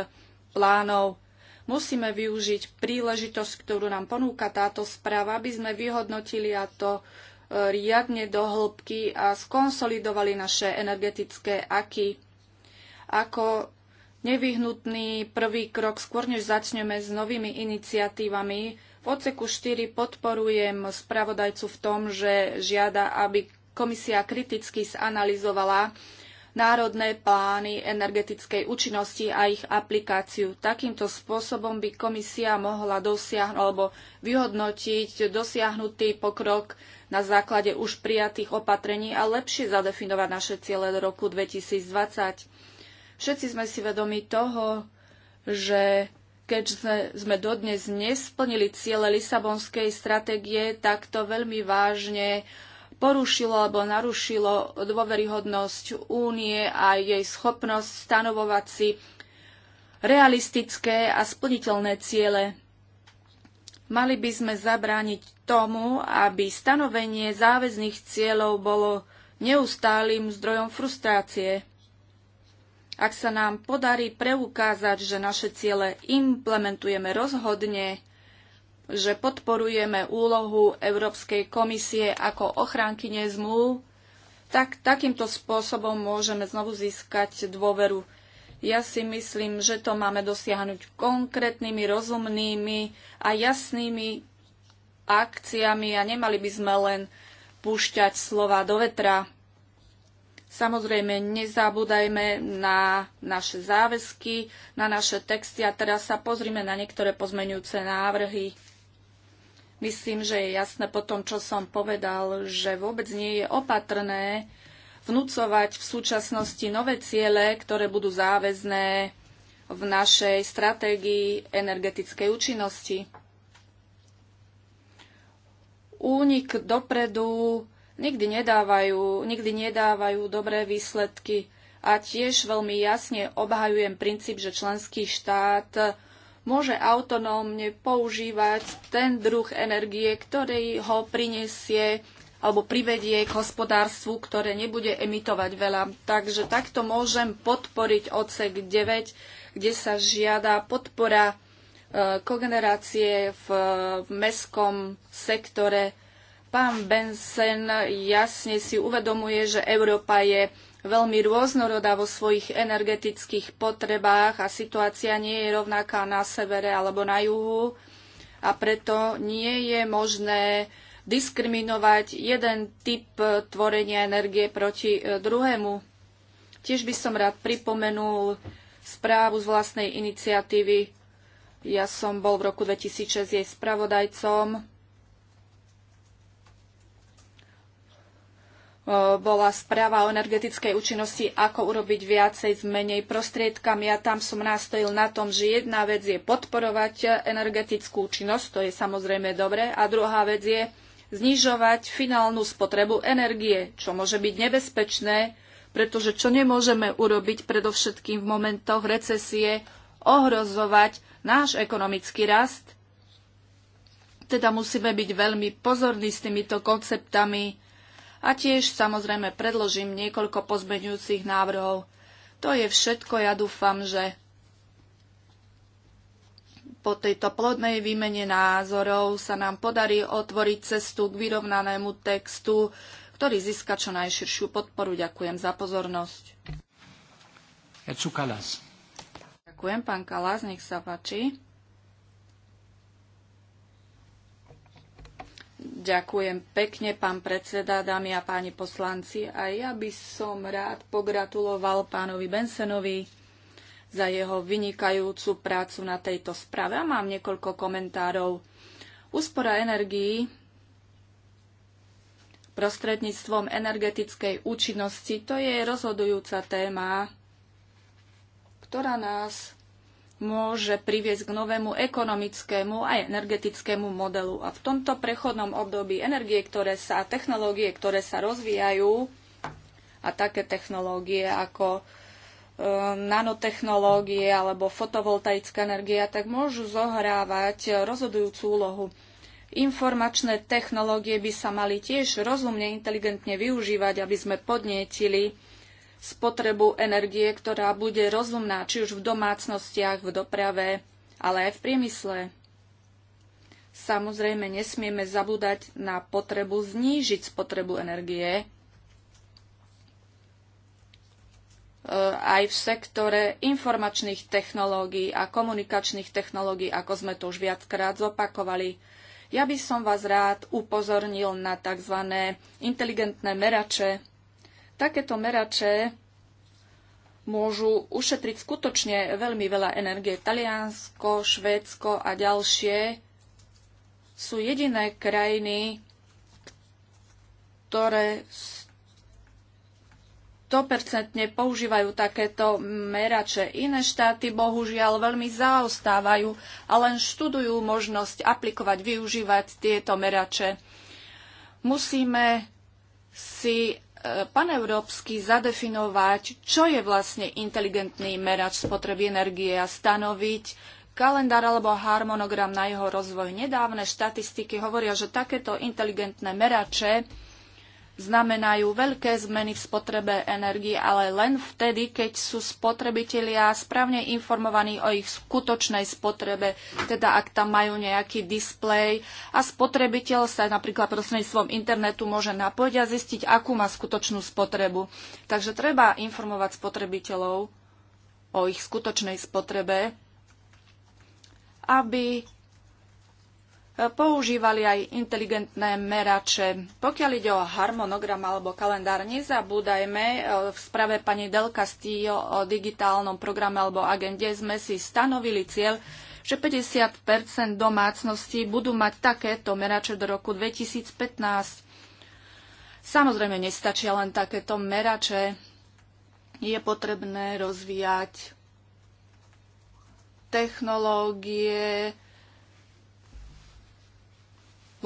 plánov. Musíme využiť príležitosť, ktorú nám ponúka táto správa, aby sme vyhodnotili a to eh, riadne do hĺbky a skonsolidovali naše energetické aky. Ako nevyhnutný prvý krok, skôr než začneme s novými iniciatívami, v odseku 4 podporujem spravodajcu v tom, že žiada, aby komisia kriticky zanalizovala národné plány energetickej účinnosti a ich aplikáciu. Takýmto spôsobom by komisia mohla dosiahnuť alebo vyhodnotiť dosiahnutý pokrok na základe už prijatých opatrení a lepšie zadefinovať naše ciele do roku 2020. Všetci sme si vedomi toho, že Keďže sme dodnes nesplnili ciele Lisabonskej stratégie, tak to veľmi vážne porušilo alebo narušilo dôveryhodnosť únie a jej schopnosť stanovovať si realistické a splniteľné ciele. Mali by sme zabrániť tomu, aby stanovenie záväzných cieľov bolo neustálým zdrojom frustrácie. Ak sa nám podarí preukázať, že naše ciele implementujeme rozhodne, že podporujeme úlohu Európskej komisie ako ochránky zmluv, tak takýmto spôsobom môžeme znovu získať dôveru. Ja si myslím, že to máme dosiahnuť konkrétnymi, rozumnými a jasnými akciami a nemali by sme len púšťať slova do vetra. Samozrejme, nezabúdajme na naše záväzky, na naše texty a teraz sa pozrime na niektoré pozmenujúce návrhy. Myslím, že je jasné po tom, čo som povedal, že vôbec nie je opatrné vnúcovať v súčasnosti nové ciele, ktoré budú záväzné v našej stratégii energetickej účinnosti. Únik dopredu nikdy nedávajú, nikdy nedávajú dobré výsledky. A tiež veľmi jasne obhajujem princíp, že členský štát môže autonómne používať ten druh energie, ktorý ho prinesie alebo privedie k hospodárstvu, ktoré nebude emitovať veľa. Takže takto môžem podporiť odsek 9, kde sa žiada podpora e, kogenerácie v, v sektore Pán Benson jasne si uvedomuje, že Európa je veľmi rôznorodá vo svojich energetických potrebách a situácia nie je rovnaká na severe alebo na juhu a preto nie je možné diskriminovať jeden typ tvorenia energie proti e, druhému. Tiež by som rád pripomenul správu z vlastnej iniciatívy. Ja som bol v roku 2006 jej spravodajcom bola správa o energetickej účinnosti, ako urobiť viacej s menej prostriedkami. Ja tam som nastojil na tom, že jedna vec je podporovať energetickú účinnosť, to je samozrejme dobré, a druhá vec je znižovať finálnu spotrebu energie, čo môže byť nebezpečné, pretože čo nemôžeme urobiť predovšetkým v momentoch recesie, ohrozovať náš ekonomický rast. Teda musíme byť veľmi pozorní s týmito konceptami, a tiež samozrejme predložím niekoľko pozmeňujúcich návrhov. To je všetko. Ja dúfam, že po tejto plodnej výmene názorov sa nám podarí otvoriť cestu k vyrovnanému textu, ktorý získa čo najširšiu podporu. Ďakujem za pozornosť. Ďakujem, pán Kalas, nech sa páči. Ďakujem pekne, pán predseda, dámy a páni poslanci. A ja by som rád pogratuloval pánovi Bensenovi za jeho vynikajúcu prácu na tejto správe. A mám niekoľko komentárov. Úspora energií prostredníctvom energetickej účinnosti, to je rozhodujúca téma, ktorá nás môže priviesť k novému ekonomickému a energetickému modelu. A v tomto prechodnom období energie, ktoré sa, technológie, ktoré sa rozvíjajú, a také technológie ako e, nanotechnológie alebo fotovoltaická energia, tak môžu zohrávať rozhodujúcu úlohu. Informačné technológie by sa mali tiež rozumne, inteligentne využívať, aby sme podnietili spotrebu energie, ktorá bude rozumná, či už v domácnostiach, v doprave, ale aj v priemysle. Samozrejme, nesmieme zabúdať na potrebu znížiť spotrebu energie e, aj v sektore informačných technológií a komunikačných technológií, ako sme to už viackrát zopakovali. Ja by som vás rád upozornil na tzv. inteligentné merače, Takéto merače môžu ušetriť skutočne veľmi veľa energie. Taliansko, Švédsko a ďalšie sú jediné krajiny, ktoré 100% používajú takéto merače. Iné štáty bohužiaľ veľmi zaostávajú a len študujú možnosť aplikovať, využívať tieto merače. Musíme si paneurópsky zadefinovať, čo je vlastne inteligentný merač spotreby energie a stanoviť kalendár alebo harmonogram na jeho rozvoj. Nedávne štatistiky hovoria, že takéto inteligentné merače znamenajú veľké zmeny v spotrebe energie, ale len vtedy, keď sú spotrebitelia správne informovaní o ich skutočnej spotrebe, teda ak tam majú nejaký displej a spotrebiteľ sa napríklad prostredníctvom internetu môže napojiť a zistiť, akú má skutočnú spotrebu. Takže treba informovať spotrebiteľov o ich skutočnej spotrebe, aby používali aj inteligentné merače. Pokiaľ ide o harmonogram alebo kalendár, nezabúdajme, e, v sprave pani Del Castillo o digitálnom programe alebo agende sme si stanovili cieľ, že 50 domácností budú mať takéto merače do roku 2015. Samozrejme, nestačia len takéto merače. Je potrebné rozvíjať technológie,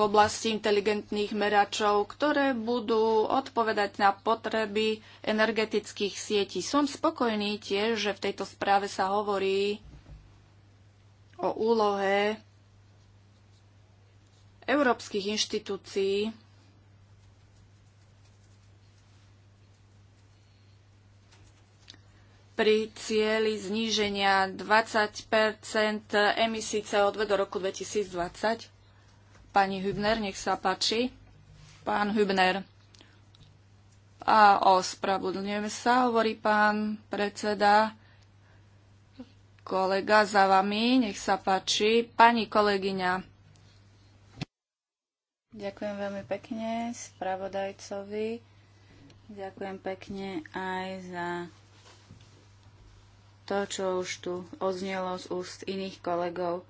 v oblasti inteligentných meračov, ktoré budú odpovedať na potreby energetických sietí. Som spokojný tiež, že v tejto správe sa hovorí o úlohe európskych inštitúcií pri cieli zníženia 20 emisí CO2 do roku 2020 Pani Hübner, nech sa páči. Pán Hübner. A ospravedlňujem sa, hovorí pán predseda. Kolega za vami, nech sa páči. Pani kolegyňa. Ďakujem veľmi pekne spravodajcovi. Ďakujem pekne aj za to, čo už tu oznelo z úst iných kolegov.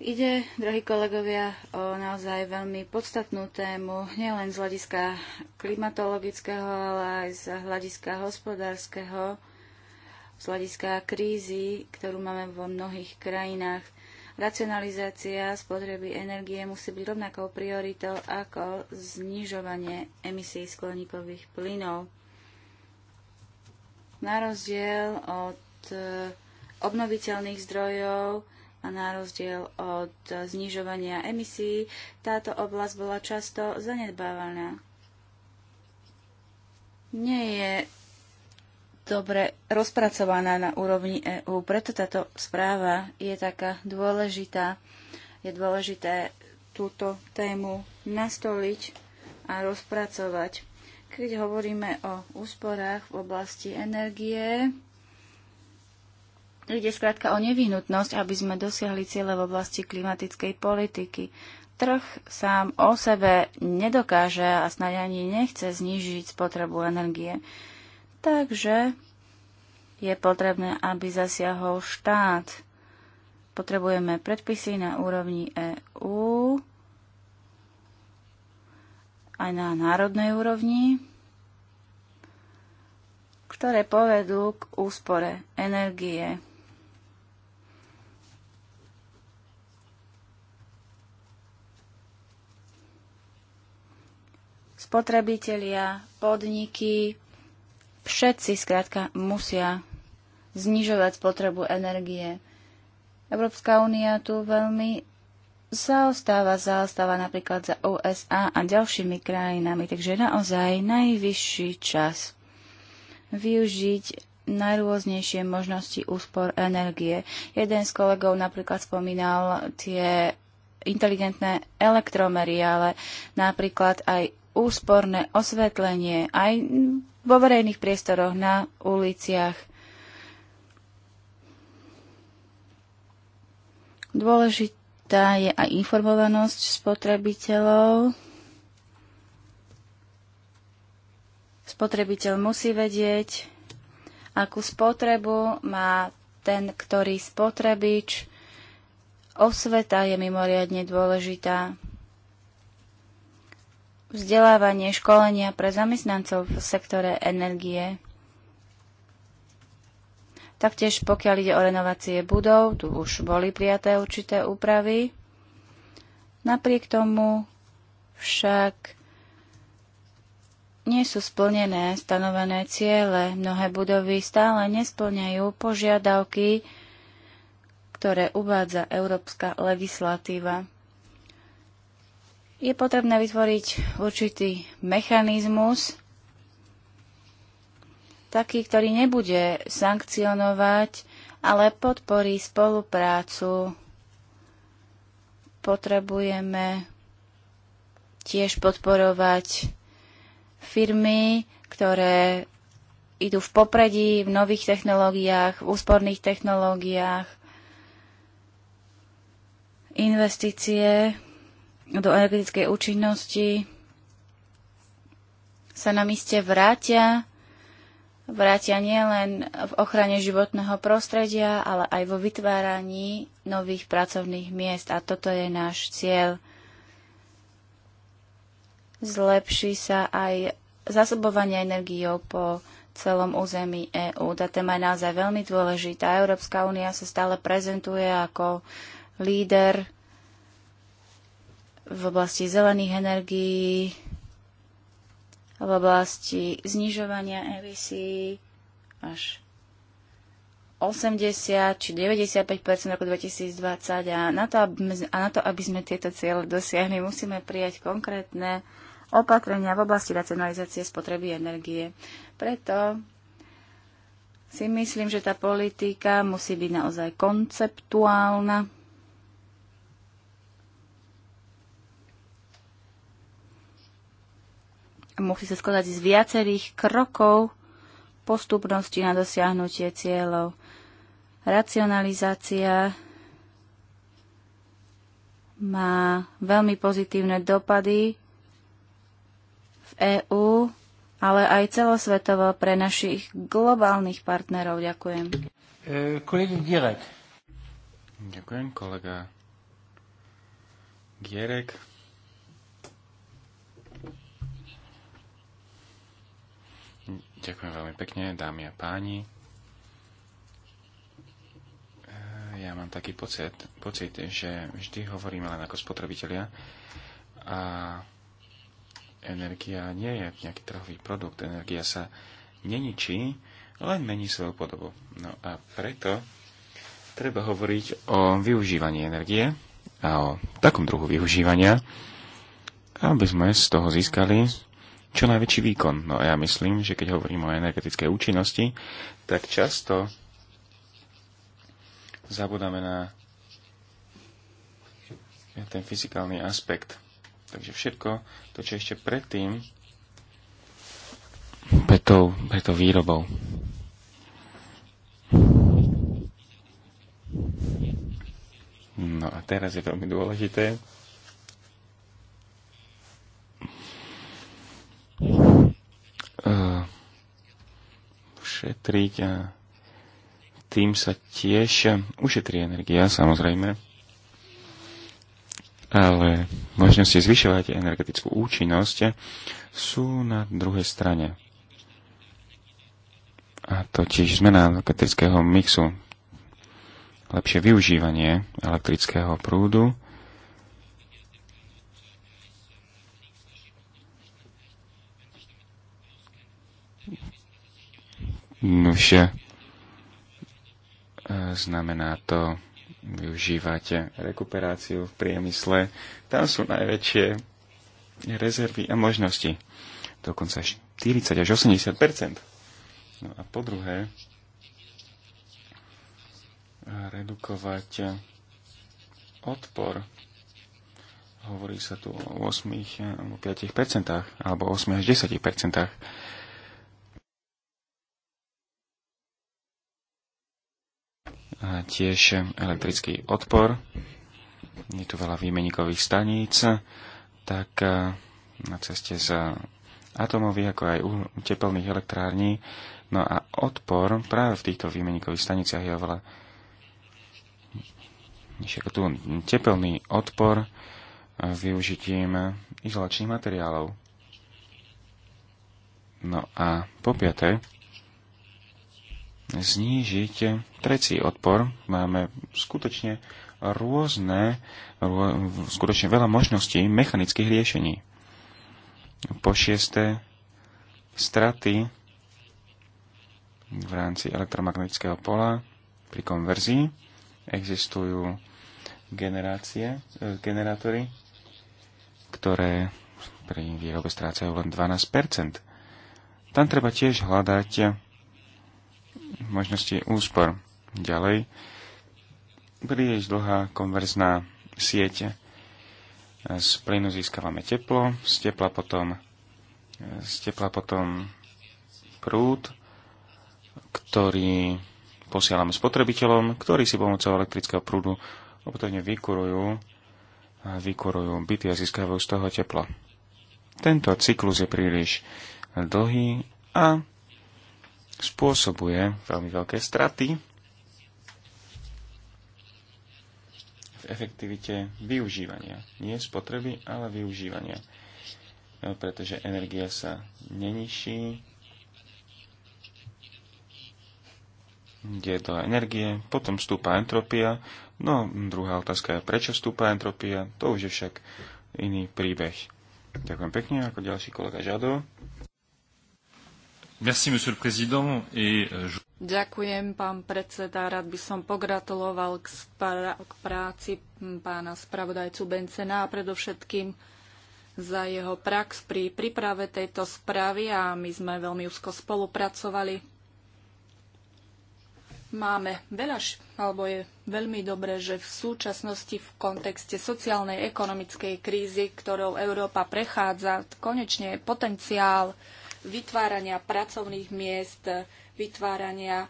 Ide, drahí kolegovia, o naozaj veľmi podstatnú tému, nielen z hľadiska klimatologického, ale aj z hľadiska hospodárskeho, z hľadiska krízy, ktorú máme vo mnohých krajinách. Racionalizácia spotreby energie musí byť rovnakou prioritou ako znižovanie emisí skleníkových plynov. Na rozdiel od eh, obnoviteľných zdrojov, a na rozdiel od znižovania emisí táto oblasť bola často zanedbávaná. Nie je dobre rozpracovaná na úrovni EÚ, preto táto správa je taká dôležitá. Je dôležité túto tému nastoliť a rozpracovať. Keď hovoríme o úsporách v oblasti energie, Ide skrátka o nevyhnutnosť, aby sme dosiahli ciele v oblasti klimatickej politiky. Trh sám o sebe nedokáže a snáď ani nechce znižiť spotrebu energie. Takže je potrebné, aby zasiahol štát. Potrebujeme predpisy na úrovni EÚ aj na národnej úrovni ktoré povedú k úspore energie. spotrebitelia, podniky, všetci skrátka musia znižovať spotrebu energie. Európska únia tu veľmi zaostáva, zaostáva napríklad za USA a ďalšími krajinami, takže naozaj najvyšší čas využiť najrôznejšie možnosti úspor energie. Jeden z kolegov napríklad spomínal tie inteligentné elektromery, ale napríklad aj úsporné osvetlenie aj vo verejných priestoroch, na uliciach. Dôležitá je aj informovanosť spotrebiteľov. Spotrebiteľ musí vedieť, akú spotrebu má ten, ktorý spotrebič. Osveta je mimoriadne dôležitá vzdelávanie, školenia pre zamestnancov v sektore energie. Taktiež pokiaľ ide o renovácie budov, tu už boli prijaté určité úpravy. Napriek tomu však nie sú splnené stanovené ciele. Mnohé budovy stále nesplňajú požiadavky, ktoré uvádza európska legislatíva je potrebné vytvoriť určitý mechanizmus, taký, ktorý nebude sankcionovať, ale podporí spoluprácu. Potrebujeme tiež podporovať firmy, ktoré idú v popredí v nových technológiách, v úsporných technológiách, investície do energetickej účinnosti sa na iste vrátia. Vrátia nielen v ochrane životného prostredia, ale aj vo vytváraní nových pracovných miest. A toto je náš cieľ. Zlepší sa aj zasobovanie energiou po celom území EÚ. Tá téma je naozaj veľmi dôležitá. Európska únia sa stále prezentuje ako líder v oblasti zelených energií, v oblasti znižovania emisí až 80 či 95 roku 2020 a na, to, aby, a na to, aby sme tieto cieľe dosiahli, musíme prijať konkrétne opatrenia v oblasti racionalizácie spotreby energie. Preto si myslím, že tá politika musí byť naozaj konceptuálna, musí sa skladať z viacerých krokov postupnosti na dosiahnutie cieľov. Racionalizácia má veľmi pozitívne dopady v EÚ, ale aj celosvetovo pre našich globálnych partnerov. Ďakujem. E, kolega Gierek. Ďakujem, kolega Gierek. Ďakujem veľmi pekne, dámy a páni. Ja mám taký pocit, pocit že vždy hovoríme len ako spotrebitelia a energia nie je nejaký trhový produkt. Energia sa neničí, len mení svoju podobu. No a preto treba hovoriť o využívaní energie a o takom druhu využívania, aby sme z toho získali čo najväčší výkon. No a ja myslím, že keď hovorím o energetickej účinnosti, tak často zabudáme na ten fyzikálny aspekt. Takže všetko to, čo ešte predtým, pred tou, pred tou výrobou. No a teraz je veľmi dôležité, šetriť a tým sa tiež ušetrí energia, samozrejme. Ale možnosti zvyšovať energetickú účinnosť sú na druhej strane. A totiž zmena elektrického mixu, lepšie využívanie elektrického prúdu, Nuž, e, znamená to využívať rekuperáciu v priemysle. Tam sú najväčšie rezervy a možnosti. Dokonca 40 až 80 No a po druhé, redukovať odpor. Hovorí sa tu o 8 alebo 5 alebo 8 až 10 a tiež elektrický odpor. Je tu veľa výmenikových staníc, tak e, na ceste z atomových, ako aj u tepelných elektrární. No a odpor práve v týchto výmenikových staniciach je oveľa ako tu tepelný odpor e, využitím izolačných materiálov. No a po piaté, znížiť trecí odpor. Máme skutočne rôzne, rô, skutočne veľa možností mechanických riešení. Po šiesté, straty v rámci elektromagnetického pola pri konverzii existujú generácie, e, generátory, ktoré pri výrobe strácajú len 12 Tam treba tiež hľadať možnosti úspor. Ďalej, príliš dlhá konverzná sieť. Z plynu získavame teplo, z tepla potom, z tepla potom prúd, ktorý posielame spotrebiteľom, ktorí si pomocou elektrického prúdu opätovne vykurujú, vykurujú byty a získavajú z toho teplo. Tento cyklus je príliš dlhý a spôsobuje veľmi veľké straty v efektivite využívania. Nie spotreby, ale využívania. No, pretože energia sa neniší, ide do energie, potom stúpa entropia. No, druhá otázka je, prečo stúpa entropia? To už je však iný príbeh. Ďakujem pekne, ako ďalší kolega Žado. Merci, monsieur le président. Et, euh, je... Ďakujem, pán predseda. Rád by som pogratuloval k, spra- k práci pána spravodajcu Bencena a predovšetkým za jeho prax pri príprave tejto správy a my sme veľmi úzko spolupracovali. Máme veľa, alebo je veľmi dobré, že v súčasnosti v kontexte sociálnej ekonomickej krízy, ktorou Európa prechádza, konečne je potenciál vytvárania pracovných miest, vytvárania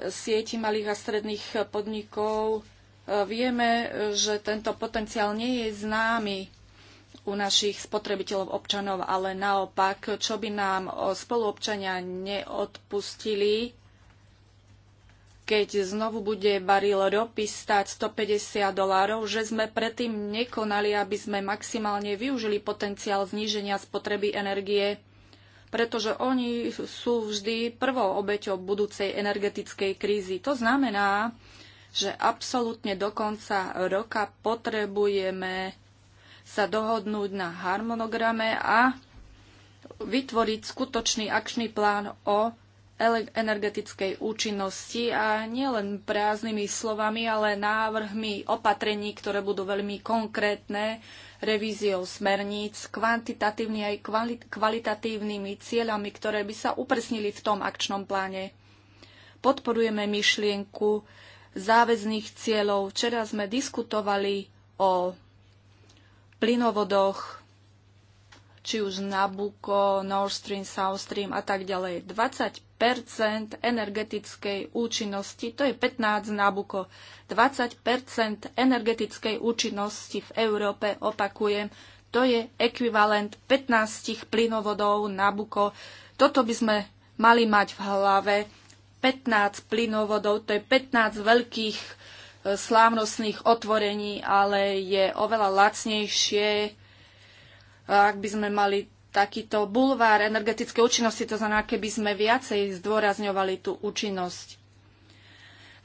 eh, sieti malých a stredných eh, podnikov. Eh, vieme, že tento potenciál nie je známy u našich spotrebiteľov občanov, ale naopak, čo by nám spoluobčania neodpustili, keď znovu bude baril ropy stať 150 dolárov, že sme predtým nekonali, aby sme maximálne využili potenciál zníženia spotreby energie pretože oni sú vždy prvou obeťou budúcej energetickej krízy. To znamená, že absolútne do konca roka potrebujeme sa dohodnúť na harmonograme a vytvoriť skutočný akčný plán o energetickej účinnosti a nielen prázdnymi slovami, ale návrhmi opatrení, ktoré budú veľmi konkrétne, revíziou smerníc, kvantitatívnymi aj kvalitatívnymi cieľami, ktoré by sa upresnili v tom akčnom pláne. Podporujeme myšlienku záväzných cieľov. Včera sme diskutovali o plynovodoch, či už Nabucco, Nord Stream, South Stream a tak ďalej. 20 energetickej účinnosti, to je 15 Nabucco. 20 energetickej účinnosti v Európe, opakujem, to je ekvivalent 15 plynovodov Nabucco. Toto by sme mali mať v hlave. 15 plynovodov, to je 15 veľkých e, slávnostných otvorení, ale je oveľa lacnejšie ak by sme mali takýto bulvár energetické účinnosti, to znamená, keby sme viacej zdôrazňovali tú účinnosť.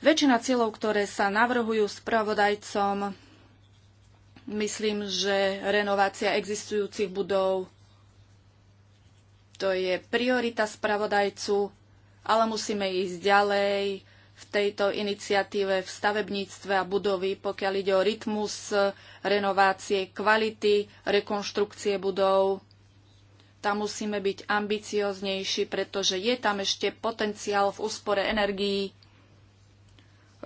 Väčšina cieľov, ktoré sa navrhujú spravodajcom, myslím, že renovácia existujúcich budov, to je priorita spravodajcu, ale musíme ísť ďalej, v tejto iniciatíve v stavebníctve a budovy, pokiaľ ide o rytmus renovácie, kvality, rekonštrukcie budov. Tam musíme byť ambicioznejší, pretože je tam ešte potenciál v úspore energií e,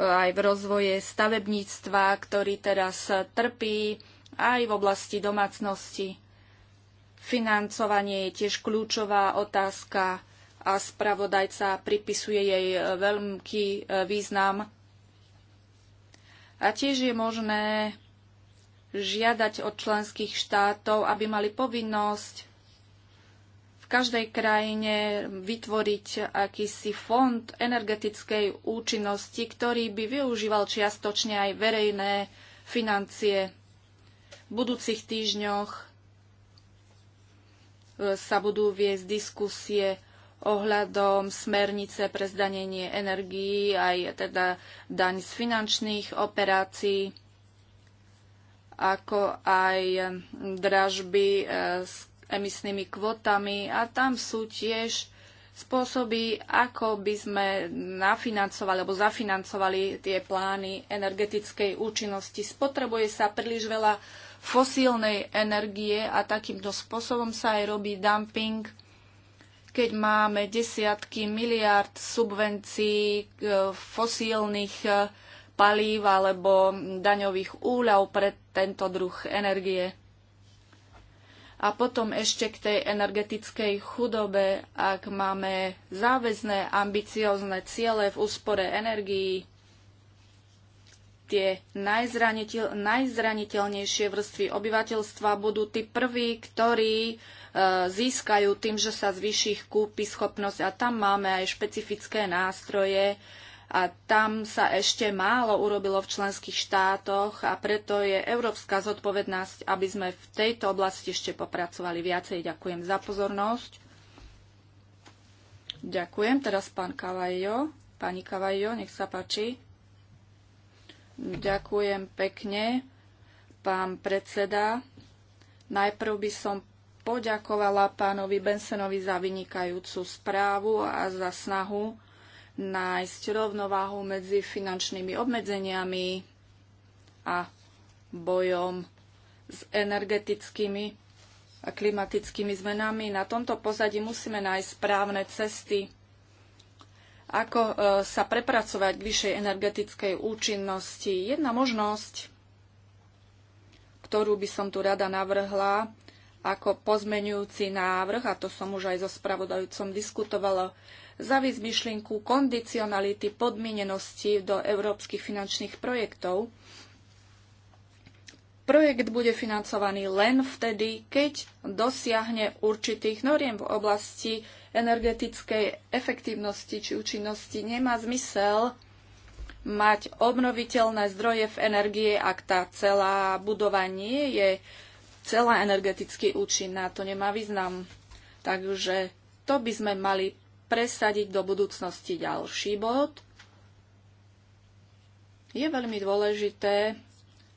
aj v rozvoje stavebníctva, ktorý teraz trpí aj v oblasti domácnosti. Financovanie je tiež kľúčová otázka a spravodajca pripisuje jej e, veľký e, význam. A tiež je možné žiadať od členských štátov, aby mali povinnosť v každej krajine vytvoriť akýsi fond energetickej účinnosti, ktorý by využíval čiastočne aj verejné financie. V budúcich týždňoch e, sa budú viesť diskusie ohľadom smernice pre zdanenie energií, aj teda daň z finančných operácií, ako aj dražby e, s emisnými kvotami a tam sú tiež spôsoby, ako by sme nafinancovali alebo zafinancovali tie plány energetickej účinnosti. Spotrebuje sa príliš veľa fosílnej energie a takýmto spôsobom sa aj robí dumping keď máme desiatky miliard subvencií e, fosílnych e, palív alebo daňových úľav pre tento druh energie. A potom ešte k tej energetickej chudobe, ak máme záväzné ambiciozne ciele v úspore energií, tie najzraniteľ, najzraniteľnejšie vrstvy obyvateľstva budú tí prví, ktorí uh, E, získajú tým, že sa zvýši ich kúpy schopnosť a tam máme aj špecifické nástroje a tam sa ešte málo urobilo v členských štátoch a preto je európska zodpovednosť, aby sme v tejto oblasti ešte popracovali viacej. Ďakujem za pozornosť. Ďakujem. Teraz pán Kavajo. Pani Kavajo, nech sa páči. Ďakujem pekne, pán predseda. Najprv by som poďakovala pánovi Bensonovi za vynikajúcu správu a za snahu nájsť rovnováhu medzi finančnými obmedzeniami a bojom s energetickými a klimatickými zmenami. Na tomto pozadí musíme nájsť správne cesty, ako e, sa prepracovať k vyššej energetickej účinnosti. Jedna možnosť, ktorú by som tu rada navrhla, ako pozmenujúci návrh, a to som už aj so spravodajúcom diskutovala, zaviesť myšlienku kondicionality podmienenosti do európskych finančných projektov. Projekt bude financovaný len vtedy, keď dosiahne určitých noriem v oblasti energetickej efektívnosti či účinnosti. Nemá zmysel mať obnoviteľné zdroje v energie, ak tá celá budova nie je celá energeticky účinná. To nemá význam. Takže to by sme mali presadiť do budúcnosti ďalší bod. Je veľmi dôležité,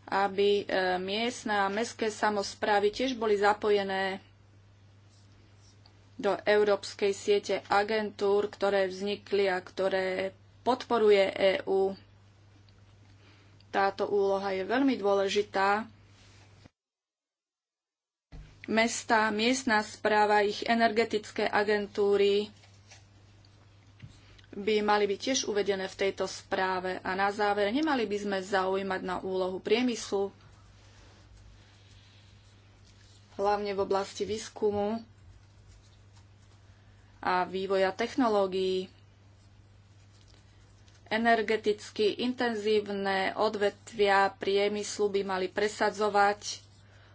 aby e, miestne a mestské samozprávy tiež boli zapojené do európskej siete agentúr, ktoré vznikli a ktoré podporuje EÚ. Táto úloha je veľmi dôležitá mesta, miestna správa, ich energetické agentúry by mali byť tiež uvedené v tejto správe. A na záver, nemali by sme zaujímať na úlohu priemyslu, hlavne v oblasti výskumu a vývoja technológií. Energeticky intenzívne odvetvia priemyslu by mali presadzovať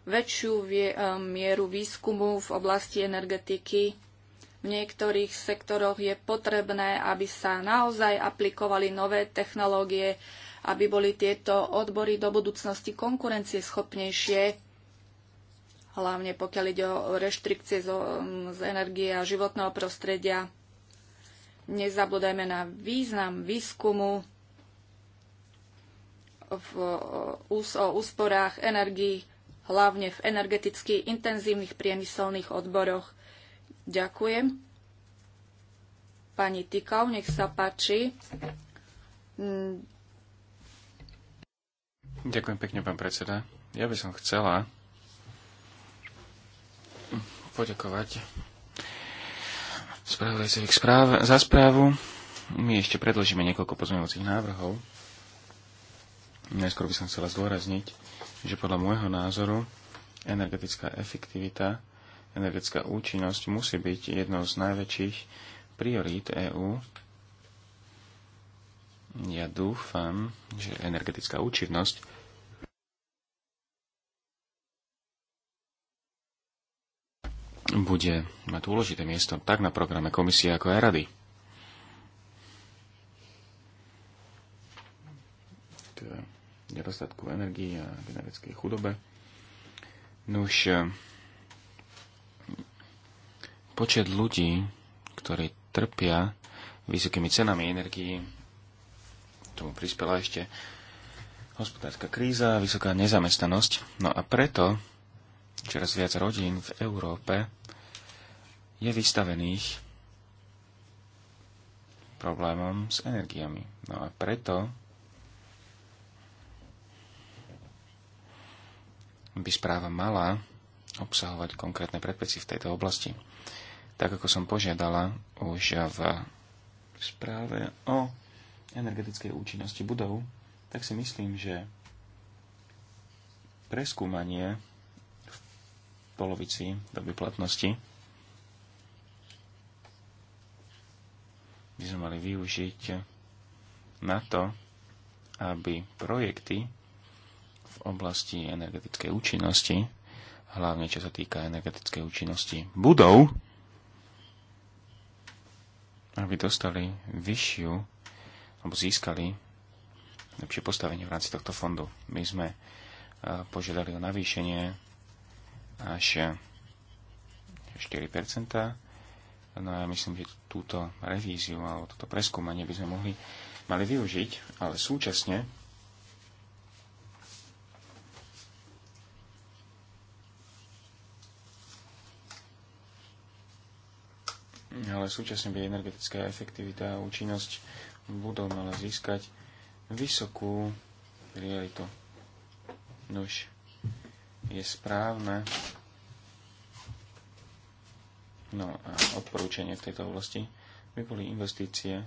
väčšiu eh, mieru výskumu v oblasti energetiky. V niektorých sektoroch je potrebné, aby sa naozaj aplikovali nové technológie, aby boli tieto odbory do budúcnosti konkurencieschopnejšie, hlavne pokiaľ ide o reštrikcie z, mm, z energie a životného prostredia. Nezabúdajme na význam výskumu v, o úsporách energii hlavne v energeticky intenzívnych priemyselných odboroch. Ďakujem. Pani Tikau, nech sa páči. Ďakujem pekne, pán predseda. Ja by som chcela poďakovať spravodajcovi správ- za správu. My ešte predložíme niekoľko pozmeňovacích návrhov. Najskôr by som chcela zdôrazniť, Čiže podľa môjho názoru energetická efektivita, energetická účinnosť musí byť jednou z najväčších priorít EÚ. Ja dúfam, že energetická účinnosť bude mať dôležité miesto tak na programe komisie ako aj rady. nedostatku energii a genetickej chudobe. Nuž, eh, počet ľudí, ktorí trpia vysokými cenami energii, tomu prispela ešte hospodárska kríza, vysoká nezamestnanosť. No a preto čoraz viac rodín v Európe je vystavených problémom s energiami. No a preto by správa mala obsahovať konkrétne predpisy v tejto oblasti. Tak ako som požiadala už v správe o energetickej účinnosti budov, tak si myslím, že preskúmanie v polovici doby platnosti by sme mali využiť na to, aby projekty v oblasti energetickej účinnosti, hlavne čo sa týka energetickej účinnosti budov, aby dostali vyššiu, alebo získali lepšie postavenie v rámci tohto fondu. My sme e, požiadali o navýšenie až 4%. No a ja myslím, že túto revíziu alebo toto preskúmanie by sme mohli mali využiť, ale súčasne ale súčasne by energetická efektivita a účinnosť budov mala získať vysokú prioritu. Nož je správne. No a odporúčanie v tejto oblasti by boli investície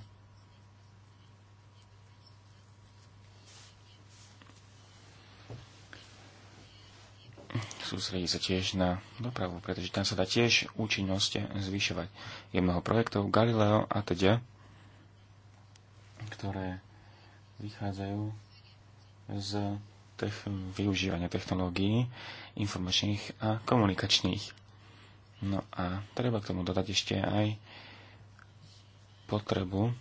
sústrediť sa tiež na dopravu, pretože tam sa dá tiež účinnosť zvyšovať. Je mnoho projektov, Galileo a teda, ktoré vychádzajú z tech, využívania technológií informačných a komunikačných. No a treba k tomu dodať ešte aj potrebu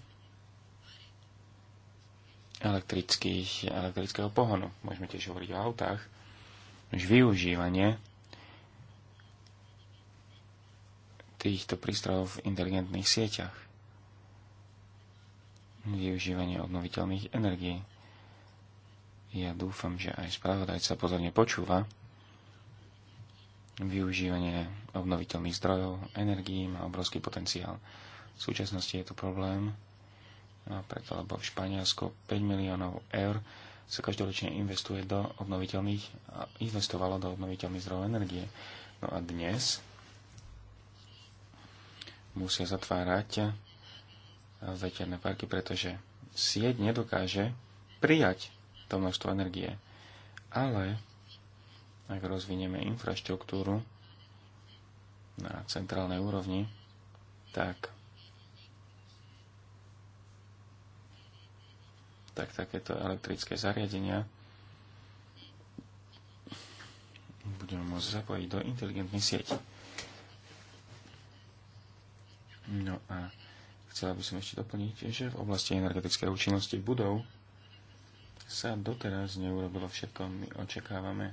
elektrických, elektrického pohonu. Môžeme tiež hovoriť o autách, už využívanie týchto prístrojov v inteligentných sieťach, využívanie obnoviteľných energií. Ja dúfam, že aj spravodajca pozorne počúva využívanie obnoviteľných zdrojov energií má obrovský potenciál. V súčasnosti je to problém, preto lebo v Španielsku 5 miliónov eur sa každoročne investuje do obnoviteľných, investovalo do obnoviteľných zdrojov energie. No a dnes musia zatvárať eh, veterné parky, pretože sieť nedokáže prijať to množstvo energie. Ale ak rozvinieme infraštruktúru na centrálnej úrovni, tak tak takéto elektrické zariadenia budeme môcť zapojiť do inteligentných sieti. No a chcela by som ešte doplniť, že v oblasti energetickej účinnosti budov sa doteraz neurobilo všetko. My očakávame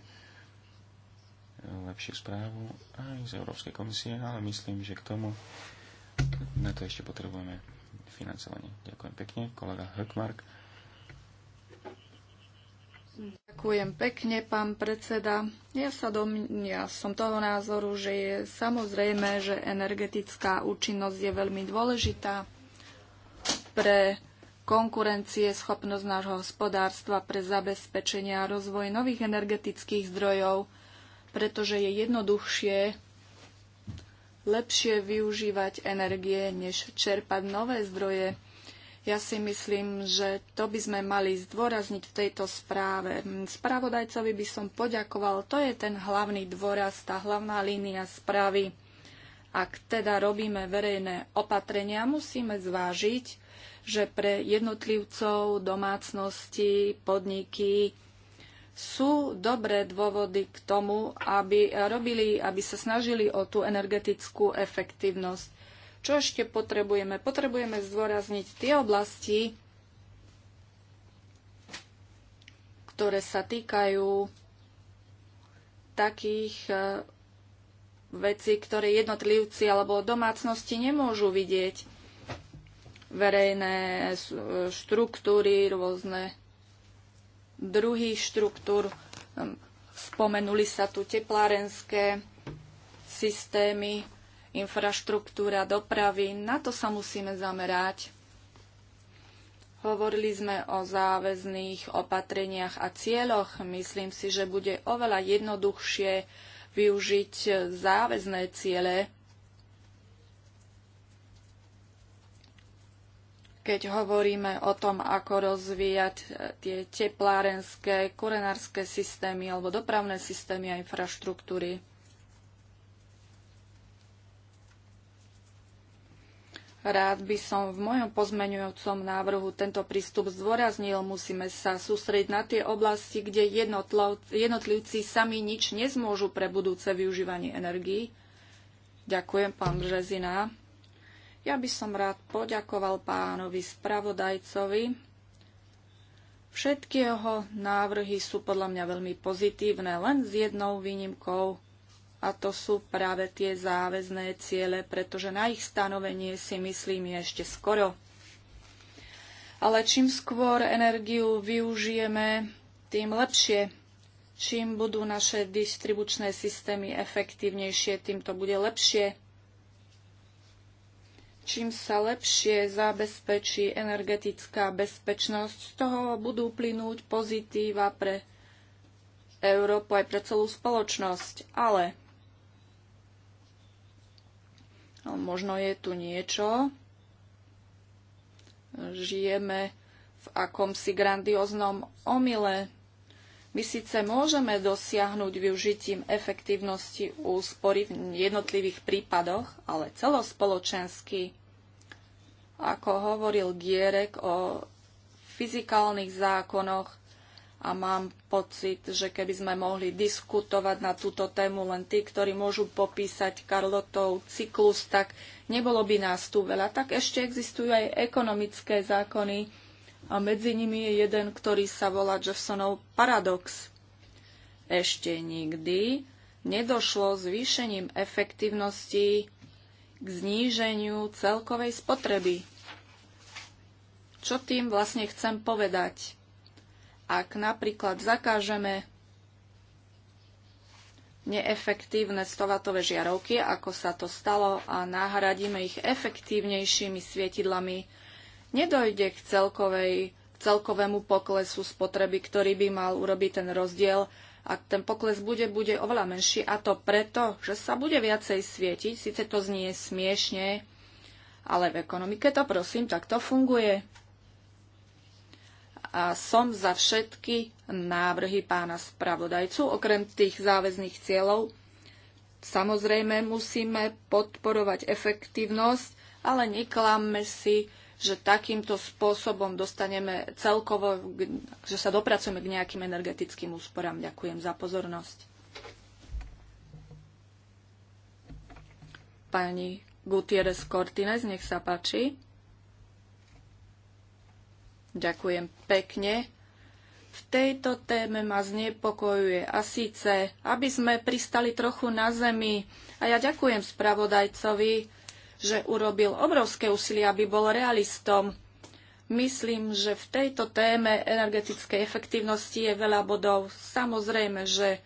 lepšiu správu aj z Európskej komisie, ale myslím, že k tomu na to ešte potrebujeme financovanie. Ďakujem pekne, kolega Hökmark. Ďakujem pekne, pán predseda. Ja, sa dom, ja som toho názoru, že je samozrejme, že energetická účinnosť je veľmi dôležitá pre konkurencie, schopnosť nášho hospodárstva, pre zabezpečenie a rozvoj nových energetických zdrojov, pretože je jednoduchšie lepšie využívať energie, než čerpať nové zdroje ja si myslím, že to by sme mali zdôrazniť v tejto správe. Spravodajcovi by som poďakoval. To je ten hlavný dôraz, tá hlavná línia správy. Ak teda robíme verejné opatrenia, musíme zvážiť, že pre jednotlivcov, domácnosti, podniky sú dobré dôvody k tomu, aby, robili, aby sa snažili o tú energetickú efektívnosť. Čo ešte potrebujeme? Potrebujeme zdôrazniť tie oblasti, ktoré sa týkajú takých e, vecí, ktoré jednotlivci alebo domácnosti nemôžu vidieť. Verejné e, štruktúry, rôzne druhy štruktúr. Ehm, spomenuli sa tu teplárenské systémy, infraštruktúra dopravy. Na to sa musíme zamerať. Hovorili sme o záväzných opatreniach a cieľoch. Myslím si, že bude oveľa jednoduchšie využiť záväzné ciele, keď hovoríme o tom, ako rozvíjať e, tie teplárenské, kurenárske systémy alebo dopravné systémy a infraštruktúry. Rád by som v mojom pozmeňujúcom návrhu tento prístup zdôraznil. Musíme sa sústrediť na tie oblasti, kde jednotlivci sami nič nezmôžu pre budúce využívanie energií. Ďakujem, pán Březina. Ja by som rád poďakoval pánovi spravodajcovi. Všetky jeho návrhy sú podľa mňa veľmi pozitívne, len s jednou výnimkou – a to sú práve tie záväzné ciele, pretože na ich stanovenie si myslím je ešte skoro. Ale čím skôr energiu využijeme, tým lepšie. Čím budú naše distribučné systémy efektívnejšie, tým to bude lepšie. Čím sa lepšie zabezpečí energetická bezpečnosť, z toho budú plynúť pozitíva pre Európu aj pre celú spoločnosť. Ale No, možno je tu niečo. Žijeme v akomsi grandióznom omyle. My síce môžeme dosiahnuť využitím efektívnosti úspory v jednotlivých prípadoch, ale celospoločensky, ako hovoril Gierek o fyzikálnych zákonoch, a mám pocit, že keby sme mohli diskutovať na túto tému len tí, ktorí môžu popísať Karlotov cyklus, tak nebolo by nás tu veľa. Tak ešte existujú aj ekonomické zákony a medzi nimi je jeden, ktorý sa volá Jeffsonov paradox. Ešte nikdy nedošlo zvýšením efektívnosti k zníženiu celkovej spotreby. Čo tým vlastne chcem povedať? Ak napríklad zakážeme neefektívne stovatové žiarovky, ako sa to stalo, a nahradíme ich efektívnejšími svietidlami, nedojde k, celkovej, k celkovému poklesu spotreby, ktorý by mal urobiť ten rozdiel. Ak ten pokles bude, bude oveľa menší a to preto, že sa bude viacej svietiť, síce to znie smiešne, ale v ekonomike to prosím takto funguje a som za všetky návrhy pána spravodajcu, okrem tých záväzných cieľov. Samozrejme, musíme podporovať efektívnosť, ale neklamme si, že takýmto spôsobom dostaneme celkovo, že sa dopracujeme k nejakým energetickým úsporám. Ďakujem za pozornosť. Pani Gutierrez Cortines, nech sa páči. Ďakujem pekne. V tejto téme ma znepokojuje a síce, aby sme pristali trochu na zemi. A ja ďakujem spravodajcovi, že urobil obrovské úsilie, aby bol realistom. Myslím, že v tejto téme energetickej efektívnosti je veľa bodov. Samozrejme, že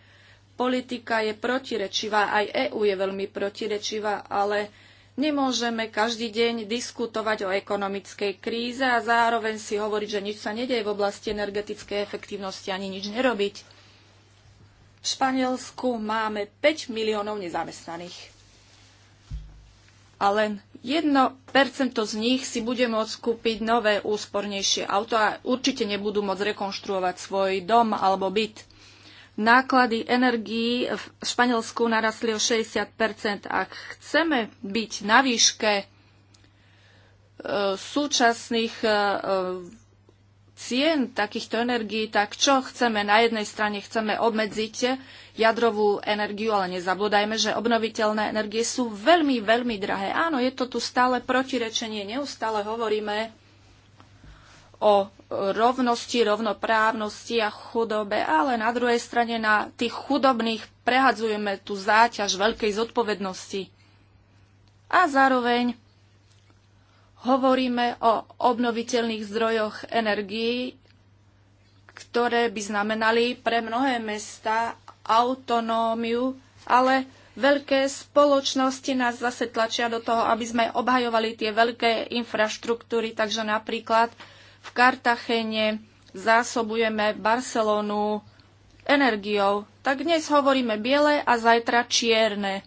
politika je protirečivá, aj EÚ je veľmi protirečivá, ale Nemôžeme každý deň diskutovať o ekonomickej kríze a zároveň si hovoriť, že nič sa nedeje v oblasti energetickej efektívnosti ani nič nerobiť. V Španielsku máme 5 miliónov nezamestnaných. A len 1% z nich si bude môcť kúpiť nové úspornejšie auto a určite nebudú môcť rekonštruovať svoj dom alebo byt náklady energií v Španielsku narastli o 60 Ak chceme byť na výške e, súčasných e, cien takýchto energií, tak čo chceme? Na jednej strane chceme obmedziť jadrovú energiu, ale nezabúdajme, že obnoviteľné energie sú veľmi, veľmi drahé. Áno, je to tu stále protirečenie. Neustále hovoríme o rovnosti, rovnoprávnosti a chudobe, ale na druhej strane na tých chudobných prehadzujeme tú záťaž veľkej zodpovednosti. A zároveň hovoríme o obnoviteľných zdrojoch energií, ktoré by znamenali pre mnohé mesta autonómiu, ale veľké spoločnosti nás zase tlačia do toho, aby sme obhajovali tie veľké infraštruktúry, takže napríklad v Kartachene zásobujeme Barcelonu energiou, tak dnes hovoríme biele a zajtra čierne.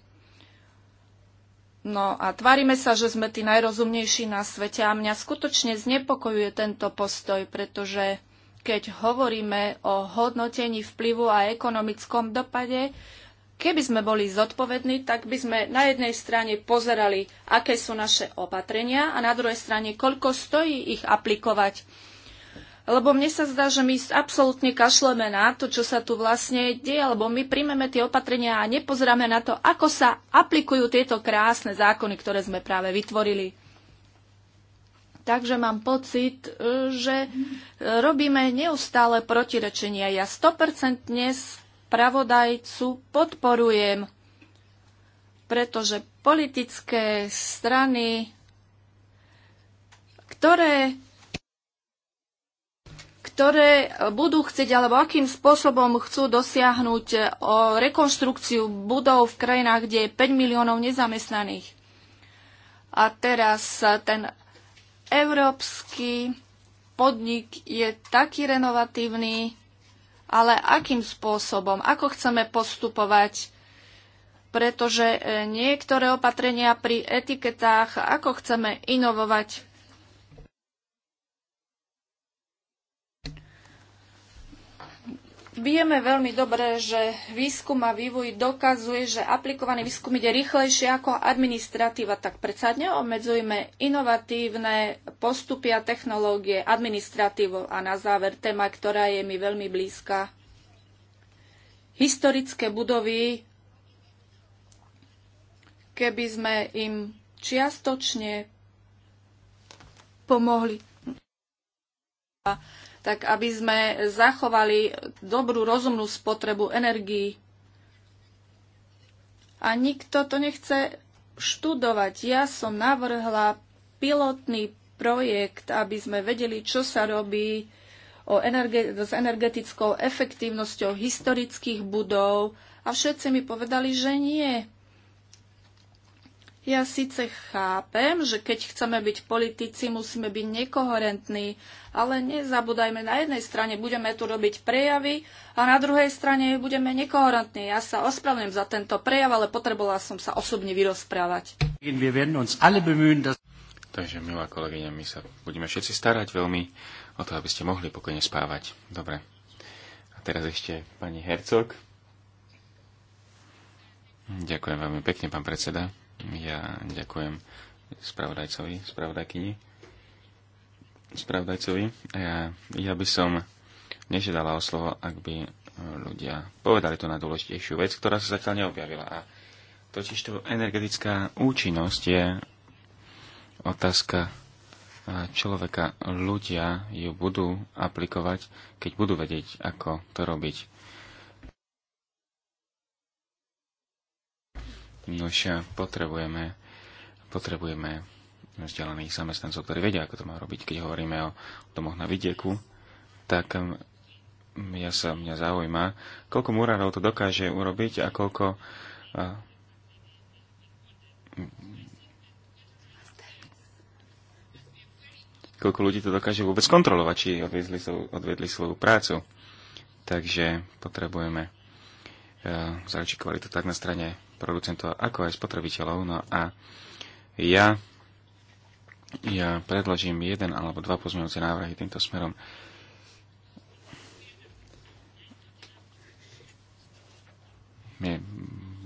No a tvárime sa, že sme tí najrozumnejší na svete a mňa skutočne znepokojuje tento postoj, pretože keď hovoríme o hodnotení vplyvu a ekonomickom dopade, Keby sme boli zodpovední, tak by sme na jednej strane pozerali, aké sú naše opatrenia a na druhej strane, koľko stojí ich aplikovať. Lebo mne sa zdá, že my absolútne kašleme na to, čo sa tu vlastne deje, lebo my príjmeme tie opatrenia a nepozeráme na to, ako sa aplikujú tieto krásne zákony, ktoré sme práve vytvorili. Takže mám pocit, e, že robíme neustále protirečenia. Ja 100% spravodajcu podporujem, pretože politické strany, ktoré ktoré budú chcieť alebo akým spôsobom chcú dosiahnuť eh, o rekonštrukciu budov v krajinách, kde je 5 miliónov nezamestnaných. A teraz eh, ten európsky podnik je taký renovatívny, ale akým spôsobom, ako chceme postupovať, pretože e, niektoré opatrenia pri etiketách, ako chceme inovovať Vieme veľmi dobre, že výskum a vývoj dokazuje, že aplikovaný výskum ide rýchlejšie ako administratíva, tak predsa neobmedzujme inovatívne postupy a technológie administratívo A na záver téma, ktorá je mi veľmi blízka. Historické budovy, keby sme im čiastočne pomohli tak aby sme zachovali dobrú, rozumnú spotrebu energií. A nikto to nechce študovať. Ja som navrhla pilotný projekt, aby sme vedeli, čo sa robí o energe- s energetickou efektívnosťou historických budov a všetci mi povedali, že nie. Ja síce chápem, že keď chceme byť politici, musíme byť nekoherentní, ale nezabúdajme, na jednej strane budeme tu robiť prejavy a na druhej strane budeme nekoherentní. Ja sa ospravedlňujem za tento prejav, ale potrebovala som sa osobne vyrozprávať. Takže, milá kolegyňa, my sa budeme všetci starať veľmi o to, aby ste mohli pokojne spávať. Dobre. A teraz ešte pani Hercog. Hm, ďakujem veľmi pekne, pán predseda. Ja ďakujem spravodajcovi, spravodajkyni, spravodajcovi. Ja, ja by som nežiadala o slovo, ak by ľudia povedali na dôležitejšiu vec, ktorá sa zatiaľ neobjavila. A totiž to energetická účinnosť je otázka človeka. Ľudia ju budú aplikovať, keď budú vedieť, ako to robiť. Nož potrebujeme, potrebujeme vzdelaných zamestnancov, ktorí vedia, ako to má robiť. Keď hovoríme o domoch na vidieku, tak um, ja sa mňa zaujíma, koľko murárov to dokáže urobiť a koľko a, koľko ľudí to dokáže vôbec kontrolovať, či odvedli, odviedli svoju prácu. Takže potrebujeme e, zaručiť kvalitu tak na strane producentov ako aj spotrebiteľov. No a ja, ja predložím jeden alebo dva pozmeňujúce návrhy týmto smerom. My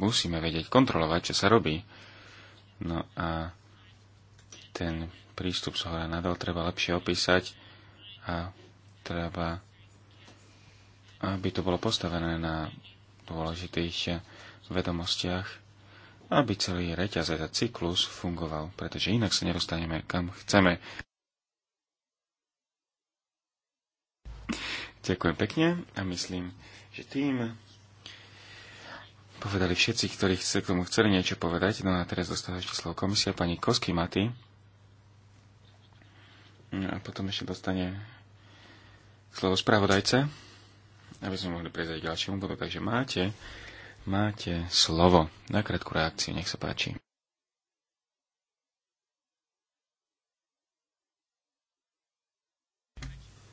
musíme vedieť kontrolovať, čo sa robí. No a ten prístup z hora nadol treba lepšie opísať a treba, aby to bolo postavené na dôležitých vedomostiach, aby celý reťazec a cyklus fungoval, pretože inak sa nedostaneme kam chceme. Ďakujem pekne a myslím, že tým povedali všetci, ktorí chce, k tomu chceli niečo povedať. No a teraz dostáva ešte slovo komisia pani Kosky Maty. No a potom ešte dostane slovo spravodajce, aby sme mohli prejsť ďalšiemu bodu. Takže máte Máte slovo na krátku reakciu, nech sa páči.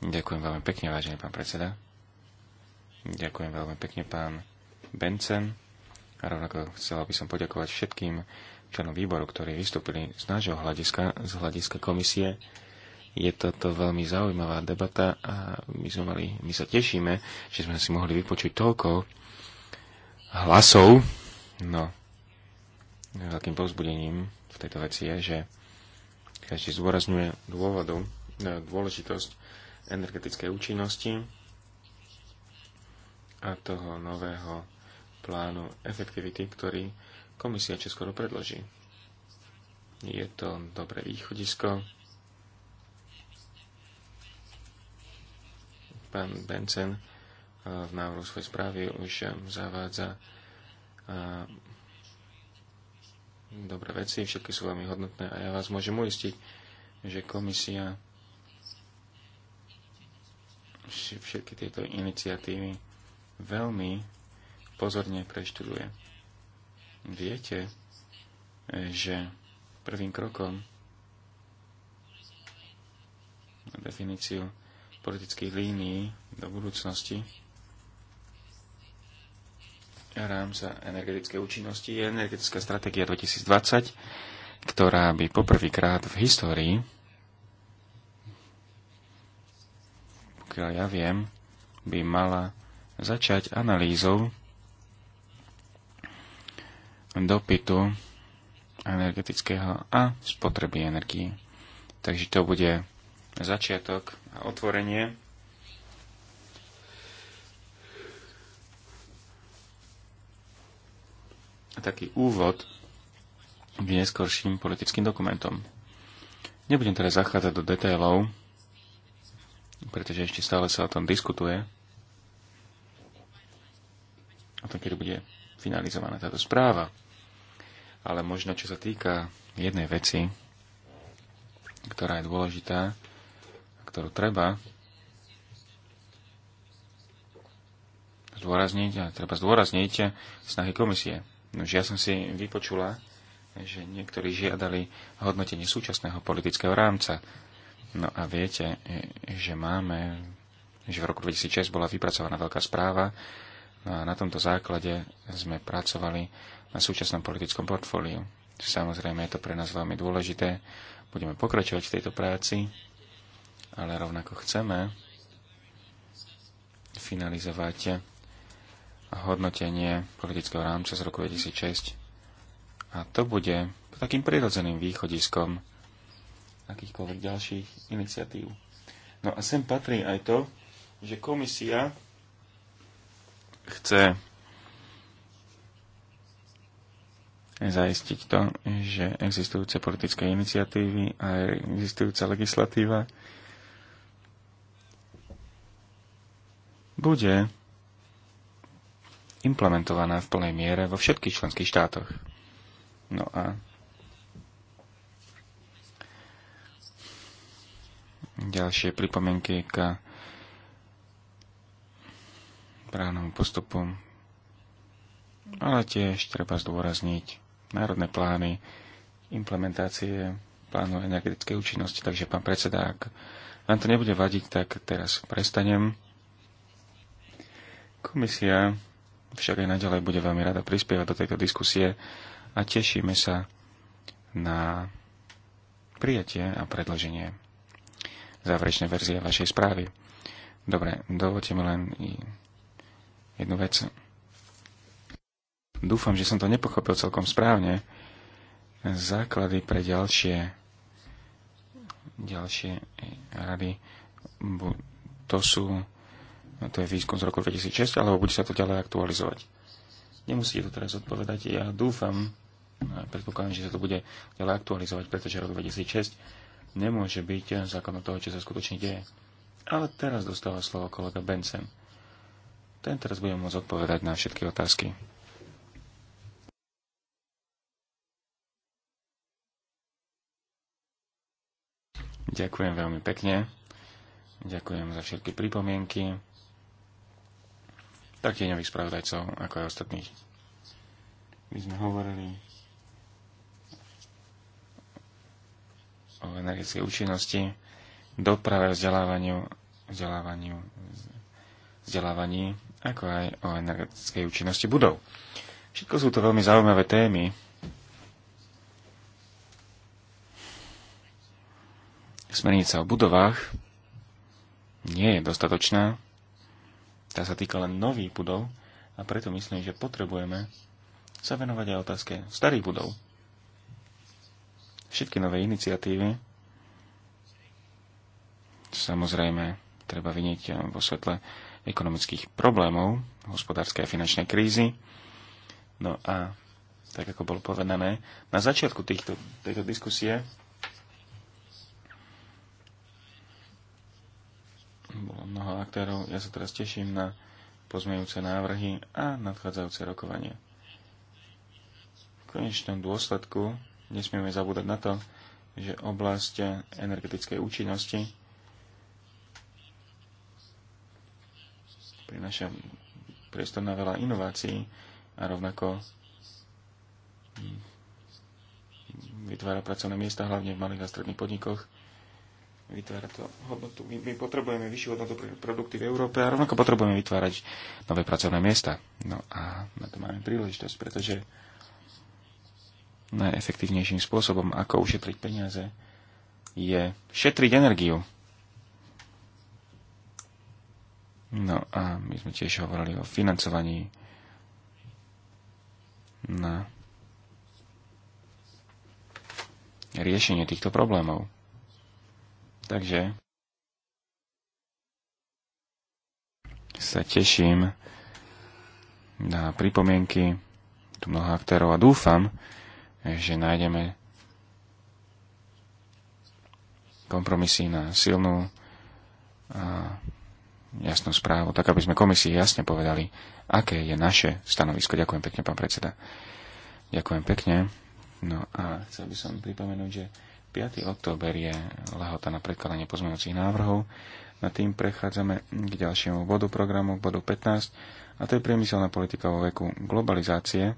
Ďakujem veľmi pekne, vážený pán predseda. Ďakujem veľmi pekne, pán Bencen. A rovnako chcel by som poďakovať všetkým členom výboru, ktorí vystúpili z nášho hľadiska, z hľadiska komisie. Je toto veľmi zaujímavá debata a my, sme mali, my sa tešíme, že sme si mohli vypočuť toľko hlasov. No, veľkým povzbudením v tejto veci je, že každý zdôrazňuje dôvodov, e, dôležitosť energetickej účinnosti a toho nového plánu efektivity, ktorý komisia Českoro predloží. Je to dobré východisko. Pán Bencen v návrhu svojej správy už zavádza dobré veci, všetky sú veľmi hodnotné a ja vás môžem uistiť, že komisia všetky tieto iniciatívy veľmi pozorne preštuduje. Viete, že prvým krokom na definíciu politických línií do budúcnosti rámca energetickej účinnosti je energetická stratégia 2020, ktorá by poprvýkrát v histórii, pokiaľ ja viem, by mala začať analýzou dopytu energetického a spotreby energii. Takže to bude začiatok a otvorenie taký úvod k neskorším politickým dokumentom. Nebudem teraz zachádzať do detailov, pretože ešte stále sa o tom diskutuje, o tom, kedy bude finalizovaná táto správa. Ale možno, čo sa týka jednej veci, ktorá je dôležitá, ktorú treba zdôrazniť, a treba zdôrazniť snahy komisie. No, že ja som si vypočula, že niektorí žiadali hodnotenie súčasného politického rámca. No a viete, že máme, že v roku 2006 bola vypracovaná veľká správa no a na tomto základe sme pracovali na súčasnom politickom portfóliu. Samozrejme je to pre nás veľmi dôležité. Budeme pokračovať v tejto práci, ale rovnako chceme finalizovať hodnotenie politického rámca z roku 2006. A to bude takým prirodzeným východiskom akýchkoľvek ďalších iniciatív. No a sem patrí aj to, že komisia chce zaistiť to, že existujúce politické iniciatívy a existujúca legislatíva bude implementovaná v plnej miere vo všetkých členských štátoch. No a ďalšie pripomienky k právnemu postupu. Ale tiež treba zdôrazniť národné plány implementácie plánu energetickej účinnosti. Takže, pán predseda, ak vám to nebude vadiť, tak teraz prestanem. Komisia však aj naďalej bude veľmi rada prispievať do tejto diskusie a tešíme sa na prijatie a predloženie záverečnej verzie vašej správy. Dobre, dovolte mi len jednu vec. Dúfam, že som to nepochopil celkom správne. Základy pre ďalšie ďalšie rady to sú to je výskum z roku 2006, alebo bude sa to ďalej aktualizovať. Nemusíte to teraz odpovedať. Ja dúfam, predpokladám, že sa to bude ďalej aktualizovať, pretože rok 2006 nemôže byť základom toho, čo sa skutočne deje. Ale teraz dostáva slovo kolega Bencem. Ten teraz bude môcť odpovedať na všetky otázky. Ďakujem veľmi pekne. Ďakujem za všetky pripomienky tak tieňových spravodajcov, ako aj ostatných. My sme hovorili o energetickej účinnosti, doprave, vzdelávaniu, vzdelávaniu, vzdelávaní, ako aj o energetickej účinnosti budov. Všetko sú to veľmi zaujímavé témy. Smernica o budovách nie je dostatočná, tá sa týka len nových budov a preto myslím, že potrebujeme sa venovať aj otázke starých budov. Všetky nové iniciatívy samozrejme treba vynieť vo svetle ekonomických problémov, hospodárskej a finančnej krízy. No a tak ako bolo povedané, na začiatku týchto, tejto diskusie Bolo mnoho aktérov. Ja sa teraz teším na pozmejúce návrhy a nadchádzajúce rokovanie. V konečnom dôsledku nesmieme zabúdať na to, že oblasť energetickej účinnosti prináša priestor na veľa inovácií a rovnako vytvára pracovné miesta, hlavne v malých a stredných podnikoch vytvára to hodnotu. My, my potrebujeme vyššiu hodnotu pre produkty v Európe a rovnako potrebujeme vytvárať nové pracovné miesta. No a na to máme príležitosť, pretože najefektívnejším spôsobom, ako ušetriť peniaze, je šetriť energiu. No a my sme tiež hovorili o financovaní na riešenie týchto problémov. Takže sa teším na pripomienky tu mnoho aktérov a dúfam, že nájdeme kompromisy na silnú a jasnú správu, tak aby sme komisii jasne povedali, aké je naše stanovisko. Ďakujem pekne, pán predseda. Ďakujem pekne. No a chcel by som pripomenúť, že 5. október je lehota na predkladanie pozmeňujúcich návrhov. Na tým prechádzame k ďalšiemu bodu programu, k bodu 15, a to je priemyselná politika vo veku globalizácie.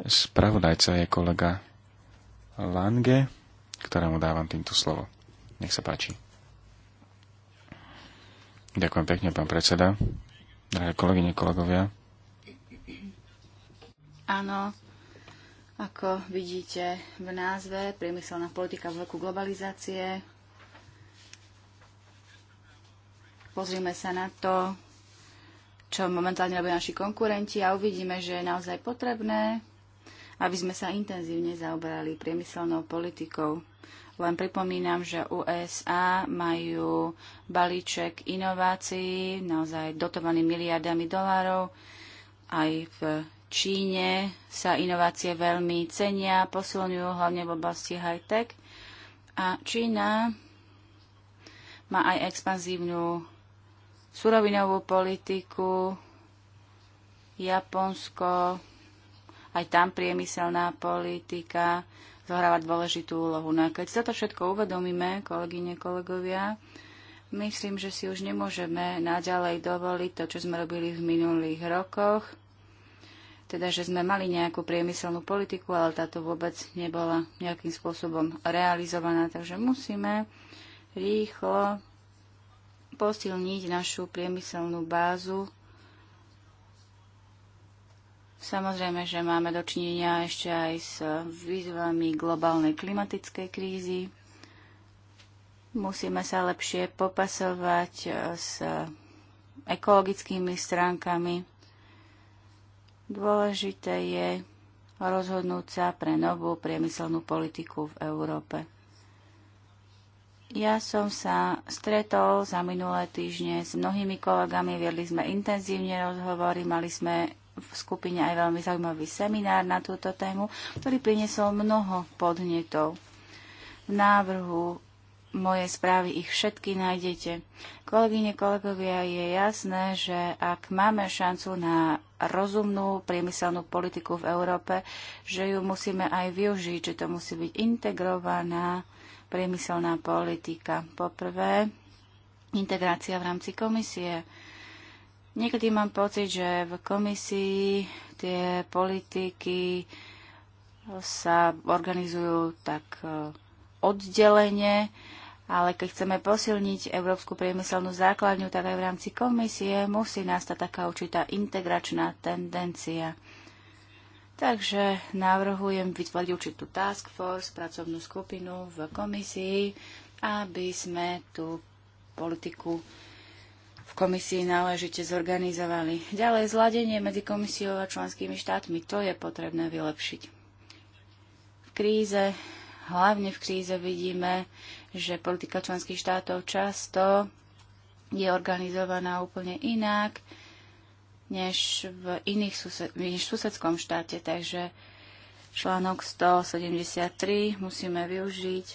Spravodajca je kolega Lange, ktorému dávam týmto slovo. Nech sa páči. Ďakujem pekne, pán predseda. Drahé kolegyne, kolegovia. Áno, ako vidíte v názve, priemyselná politika v veku globalizácie. Pozrime sa na to, čo momentálne robia naši konkurenti a uvidíme, že je naozaj potrebné, aby sme sa intenzívne zaoberali priemyselnou politikou. Len pripomínam, že USA majú balíček inovácií, naozaj dotovaný miliardami dolárov. Aj v Číne sa inovácie veľmi cenia, posilňujú hlavne v oblasti high-tech. A Čína má aj expanzívnu surovinovú politiku, Japonsko, aj tam priemyselná politika zohráva dôležitú úlohu. No a keď sa to všetko uvedomíme, kolegyne, kolegovia, myslím, že si už nemôžeme naďalej dovoliť to, čo sme robili v minulých rokoch – teda, že sme mali nejakú priemyselnú politiku, ale táto vôbec nebola nejakým spôsobom realizovaná, takže musíme rýchlo posilniť našu priemyselnú bázu. Samozrejme, že máme dočinenia ešte aj s výzvami globálnej klimatickej krízy. Musíme sa lepšie popasovať s ekologickými stránkami Dôležité je rozhodnúť sa pre novú priemyselnú politiku v Európe. Ja som sa stretol za minulé týždne s mnohými kolegami, viedli sme intenzívne rozhovory, mali sme v skupine aj veľmi zaujímavý seminár na túto tému, ktorý priniesol mnoho podnetov. V návrhu moje správy ich všetky nájdete. Kolegyne, kolegovia, je jasné, že ak máme šancu na rozumnú priemyselnú politiku v Európe, že ju musíme aj využiť, že to musí byť integrovaná priemyselná politika. Poprvé, integrácia v rámci komisie. Niekedy mám pocit, že v komisii tie politiky sa organizujú tak eh, oddelenie, ale keď chceme posilniť európsku priemyselnú základňu, tak aj v rámci komisie musí nastať taká určitá integračná tendencia. Takže navrhujem vytvoriť určitú task force, pracovnú skupinu v komisii, aby sme tú politiku v komisii náležite zorganizovali. Ďalej zladenie medzi komisiou a členskými štátmi, to je potrebné vylepšiť. V kríze, hlavne v kríze vidíme, že politika členských štátov často je organizovaná úplne inak než v, iných sused, než v susedskom štáte. Takže článok 173 musíme využiť,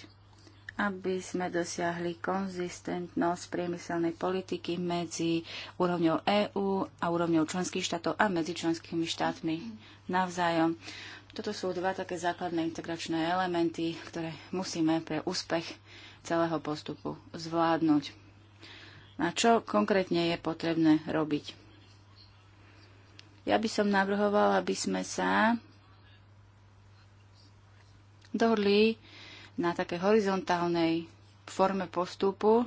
aby sme dosiahli konzistentnosť priemyselnej politiky medzi úrovňou EÚ a úrovňou členských štátov a medzi členskými štátmi navzájom. Toto sú dva také základné integračné elementy, ktoré musíme pre úspech celého postupu zvládnuť. Na čo konkrétne je potrebné robiť? Ja by som navrhovala, aby sme sa dohodli na také horizontálnej forme postupu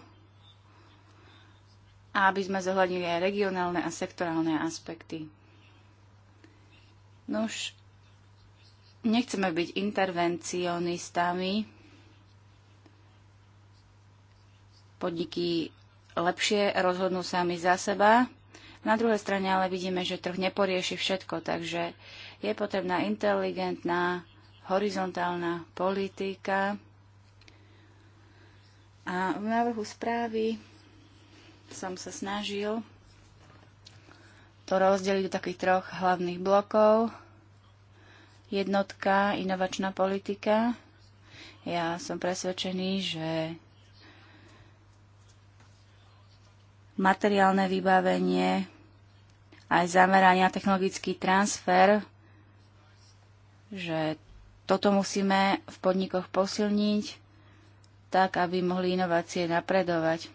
a aby sme zohľadnili aj regionálne a sektorálne aspekty. Nož, nechceme byť intervencionistami, podniky lepšie rozhodnú sami za seba. Na druhej strane ale vidíme, že trh neporieši všetko, takže je potrebná inteligentná, horizontálna politika. A v návrhu správy som sa snažil to rozdeliť do takých troch hlavných blokov. Jednotka, inovačná politika. Ja som presvedčený, že materiálne vybavenie, aj zamerania technologický transfer, že toto musíme v podnikoch posilniť, tak aby mohli inovácie napredovať.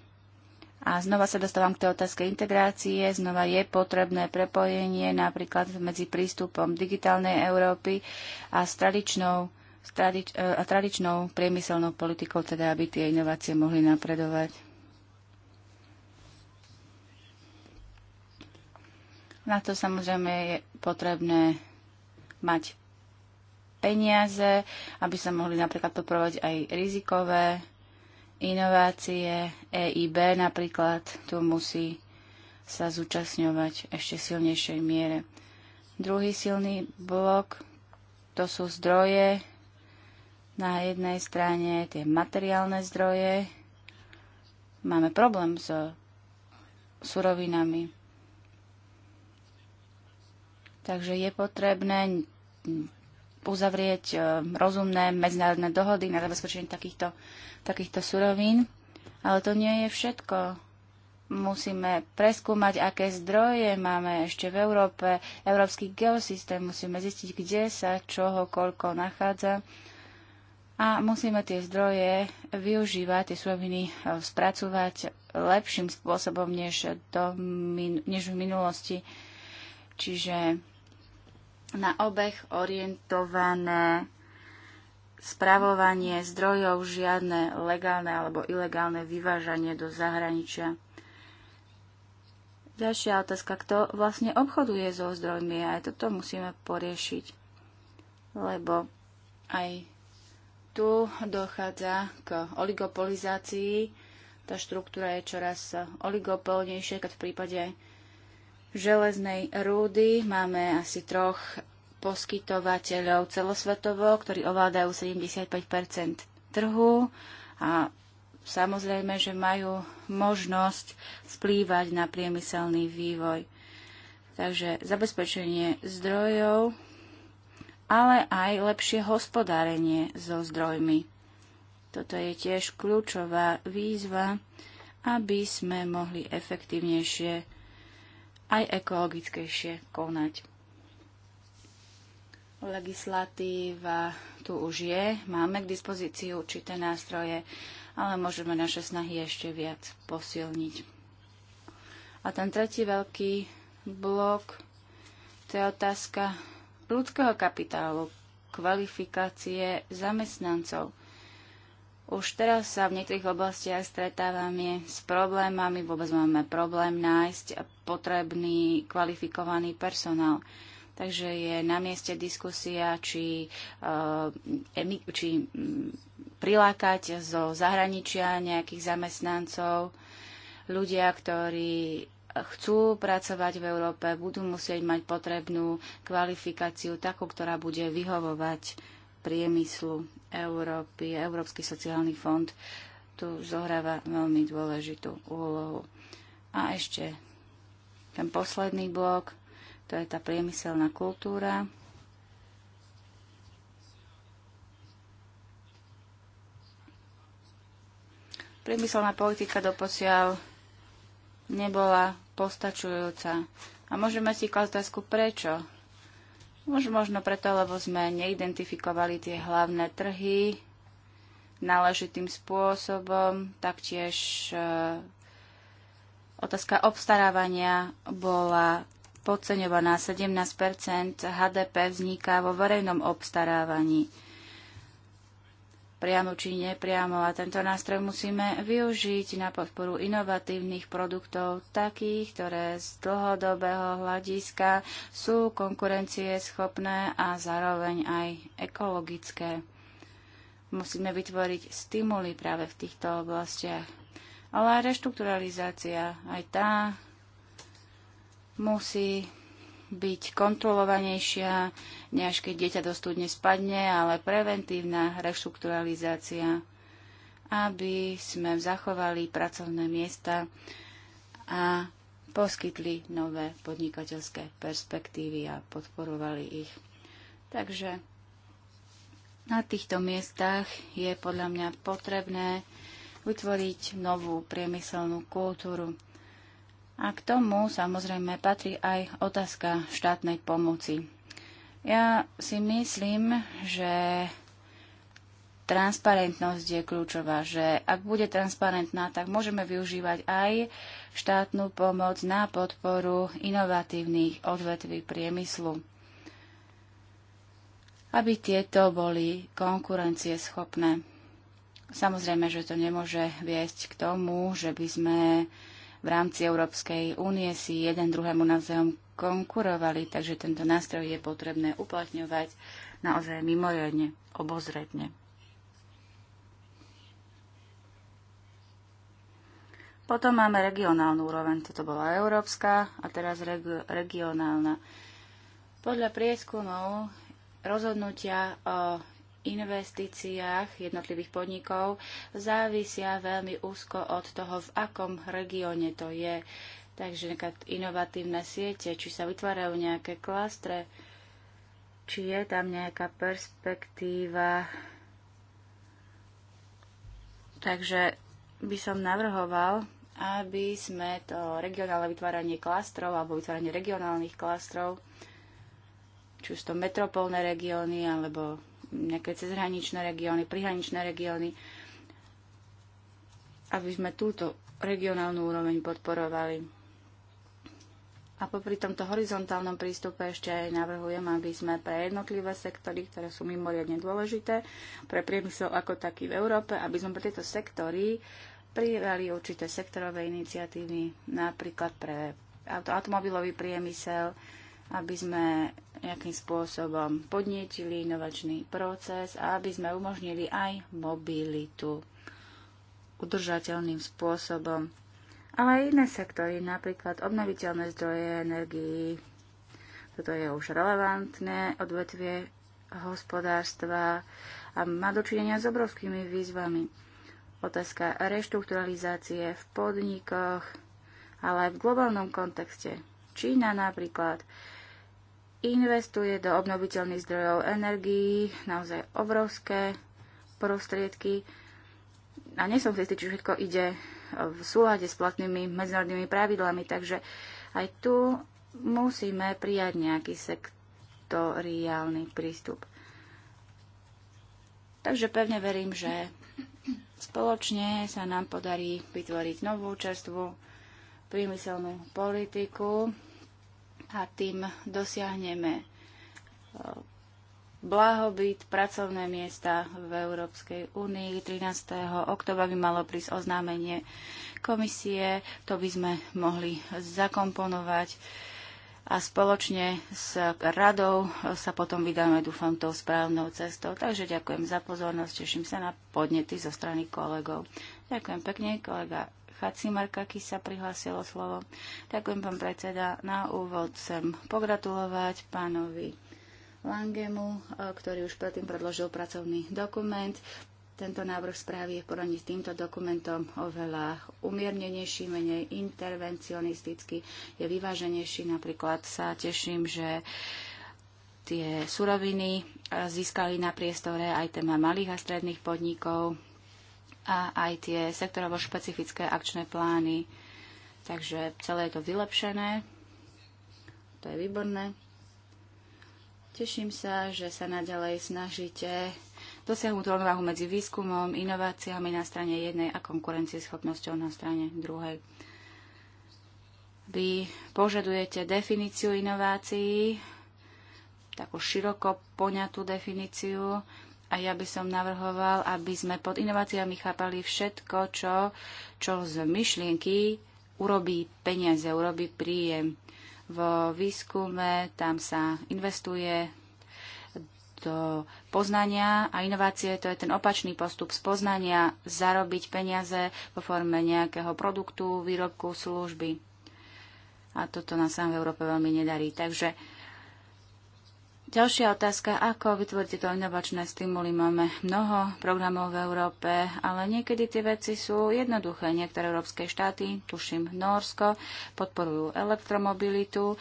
A znova sa dostávam k tej otázke integrácie. Znova je potrebné prepojenie napríklad medzi prístupom digitálnej Európy a s tradičnou, s tradič, e, a tradičnou priemyselnou politikou, teda aby tie inovácie mohli napredovať. Na to samozrejme je potrebné mať peniaze, aby sa mohli napríklad podporovať aj rizikové inovácie. EIB napríklad tu musí sa zúčastňovať ešte silnejšej miere. Druhý silný blok to sú zdroje. Na jednej strane tie materiálne zdroje. Máme problém so surovinami. Takže je potrebné uzavrieť e, rozumné medzinárodné dohody na zabezpečenie takýchto, takýchto surovín. Ale to nie je všetko. Musíme preskúmať, aké zdroje máme ešte v Európe. Európsky geosystém musíme zistiť, kde sa čoho koľko nachádza. A musíme tie zdroje využívať, tie suroviny e, spracovať lepším spôsobom, než, do, než v minulosti. Čiže na obeh orientované spravovanie zdrojov, žiadne legálne alebo ilegálne vyvážanie do zahraničia. Ďalšia otázka, kto vlastne obchoduje so zdrojmi, aj toto musíme poriešiť, lebo aj tu dochádza k oligopolizácii, tá štruktúra je čoraz oligopolnejšia, keď v prípade železnej rúdy máme asi troch poskytovateľov celosvetovo, ktorí ovládajú 75 trhu a samozrejme, že majú možnosť vplývať na priemyselný vývoj. Takže zabezpečenie zdrojov, ale aj lepšie hospodárenie so zdrojmi. Toto je tiež kľúčová výzva, aby sme mohli efektívnejšie aj ekologickejšie konať. Legislatíva tu už je, máme k dispozícii určité nástroje, ale môžeme naše snahy ešte viac posilniť. A ten tretí veľký blok, to je otázka ľudského kapitálu, kvalifikácie zamestnancov – už teraz sa v niektorých oblastiach stretávame s problémami, vôbec máme problém nájsť potrebný kvalifikovaný personál. Takže je na mieste diskusia, či, eh, či mm, prilákať zo zahraničia nejakých zamestnancov. Ľudia, ktorí chcú pracovať v Európe, budú musieť mať potrebnú kvalifikáciu, takú, ktorá bude vyhovovať priemyslu Európy, Európsky sociálny fond tu zohráva veľmi dôležitú úlohu. A ešte ten posledný blok, to je tá priemyselná kultúra. Priemyselná politika doposiaľ nebola postačujúca. A môžeme si klasť otázku, prečo? Už možno preto, lebo sme neidentifikovali tie hlavné trhy náležitým spôsobom, taktiež e, otázka obstarávania bola podceňovaná. 17 HDP vzniká vo verejnom obstarávaní priamo či nepriamo. A tento nástroj musíme využiť na podporu inovatívnych produktov, takých, ktoré z dlhodobého hľadiska sú konkurencieschopné a zároveň aj ekologické. Musíme vytvoriť stimuly práve v týchto oblastiach. Ale aj reštrukturalizácia, aj tá musí byť kontrolovanejšia, než keď dieťa do studne spadne, ale preventívna reštrukturalizácia, aby sme zachovali pracovné miesta a poskytli nové podnikateľské perspektívy a podporovali ich. Takže na týchto miestach je podľa mňa potrebné vytvoriť novú priemyselnú kultúru. A k tomu samozrejme patrí aj otázka štátnej pomoci. Ja si myslím, že transparentnosť je kľúčová, že ak bude transparentná, tak môžeme využívať aj štátnu pomoc na podporu inovatívnych odvetví priemyslu, aby tieto boli konkurencieschopné. Samozrejme, že to nemôže viesť k tomu, že by sme v rámci Európskej únie si jeden druhému navzájom konkurovali, takže tento nástroj je potrebné uplatňovať naozaj mimoriadne, obozredne. Potom máme regionálnu úroveň, toto bola európska a teraz reg- regionálna. Podľa prieskumov rozhodnutia o investíciách jednotlivých podnikov závisia veľmi úzko od toho, v akom regióne to je. Takže nejaká inovatívne siete, či sa vytvárajú nejaké klastre, či je tam nejaká perspektíva. Takže by som navrhoval, aby sme to regionálne vytváranie klastrov alebo vytváranie regionálnych klastrov, či už to metropolné regióny alebo nejaké cezhraničné regióny, prihraničné regióny, aby sme túto regionálnu úroveň podporovali. A popri tomto horizontálnom prístupe ešte aj navrhujem, aby sme pre jednotlivé sektory, ktoré sú mimoriadne dôležité, pre priemysel ako taký v Európe, aby sme pre tieto sektory prijali určité sektorové iniciatívy, napríklad pre automobilový priemysel, aby sme nejakým spôsobom podnietili inovačný proces a aby sme umožnili aj mobilitu udržateľným spôsobom. Ale aj iné sektory, napríklad obnoviteľné zdroje energii, toto je už relevantné odvetvie hospodárstva a má dočinenia s obrovskými výzvami. Otázka reštrukturalizácie v podnikoch, ale aj v globálnom kontexte. Čína napríklad investuje do obnoviteľných zdrojov energií naozaj obrovské prostriedky. A nie som si istý, či všetko ide v súlade s platnými medzinárodnými pravidlami, takže aj tu musíme prijať nejaký sektoriálny prístup. Takže pevne verím, že spoločne sa nám podarí vytvoriť novú čerstvú priemyselnú politiku, a tým dosiahneme e, blahobyt, pracovné miesta v Európskej únii. 13. oktobra by malo prísť oznámenie komisie. To by sme mohli zakomponovať a spoločne s radou sa potom vydáme, dúfam, tou správnou cestou. Takže ďakujem za pozornosť, teším sa na podnety zo strany kolegov. Ďakujem pekne, kolega Chacimarkakis sa prihlásilo slovo. Ďakujem, pán predseda. Na úvod chcem pogratulovať pánovi Langemu, e, ktorý už predtým predložil pracovný dokument. Tento návrh správy je v porovnaní s týmto dokumentom oveľa umiernenejší, menej intervencionistický, je vyváženejší. Napríklad sa teším, že tie suroviny e, získali na priestore aj téma malých a stredných podnikov, a aj tie sektorovo špecifické akčné plány. Takže celé je to vylepšené. To je výborné. Teším sa, že sa naďalej snažíte dosiahnuť rovnováhu medzi výskumom, inováciami na strane jednej a konkurencieschopnosťou na strane druhej. Vy požadujete definíciu inovácií, takú široko poňatú definíciu, a ja by som navrhoval, aby sme pod inováciami chápali všetko, čo, čo z myšlienky urobí peniaze, urobí príjem. V výskume tam sa investuje do poznania a inovácie, to je ten opačný postup z poznania, zarobiť peniaze vo forme nejakého produktu, výrobku, služby. A toto nás sám v Európe veľmi nedarí. Takže Ďalšia otázka, ako vytvoriť tieto inovačné stimuly? Máme mnoho programov v Európe, ale niekedy tie veci sú jednoduché. Niektoré európske štáty, tuším Norsko, podporujú elektromobilitu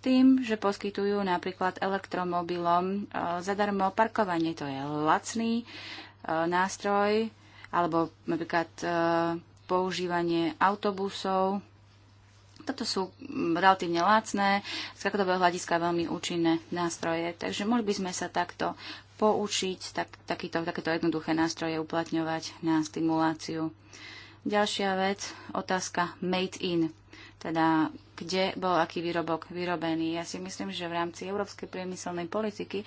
tým, že poskytujú napríklad elektromobilom e, zadarmo parkovanie. To je lacný e, nástroj, alebo napríklad e, používanie autobusov toto sú relatívne lacné, z krátkodobého hľadiska veľmi účinné nástroje, takže mohli by sme sa takto poučiť, tak, takýto, takéto jednoduché nástroje uplatňovať na stimuláciu. Ďalšia vec, otázka made in teda kde bol aký výrobok vyrobený. Ja si myslím, že v rámci európskej priemyselnej politiky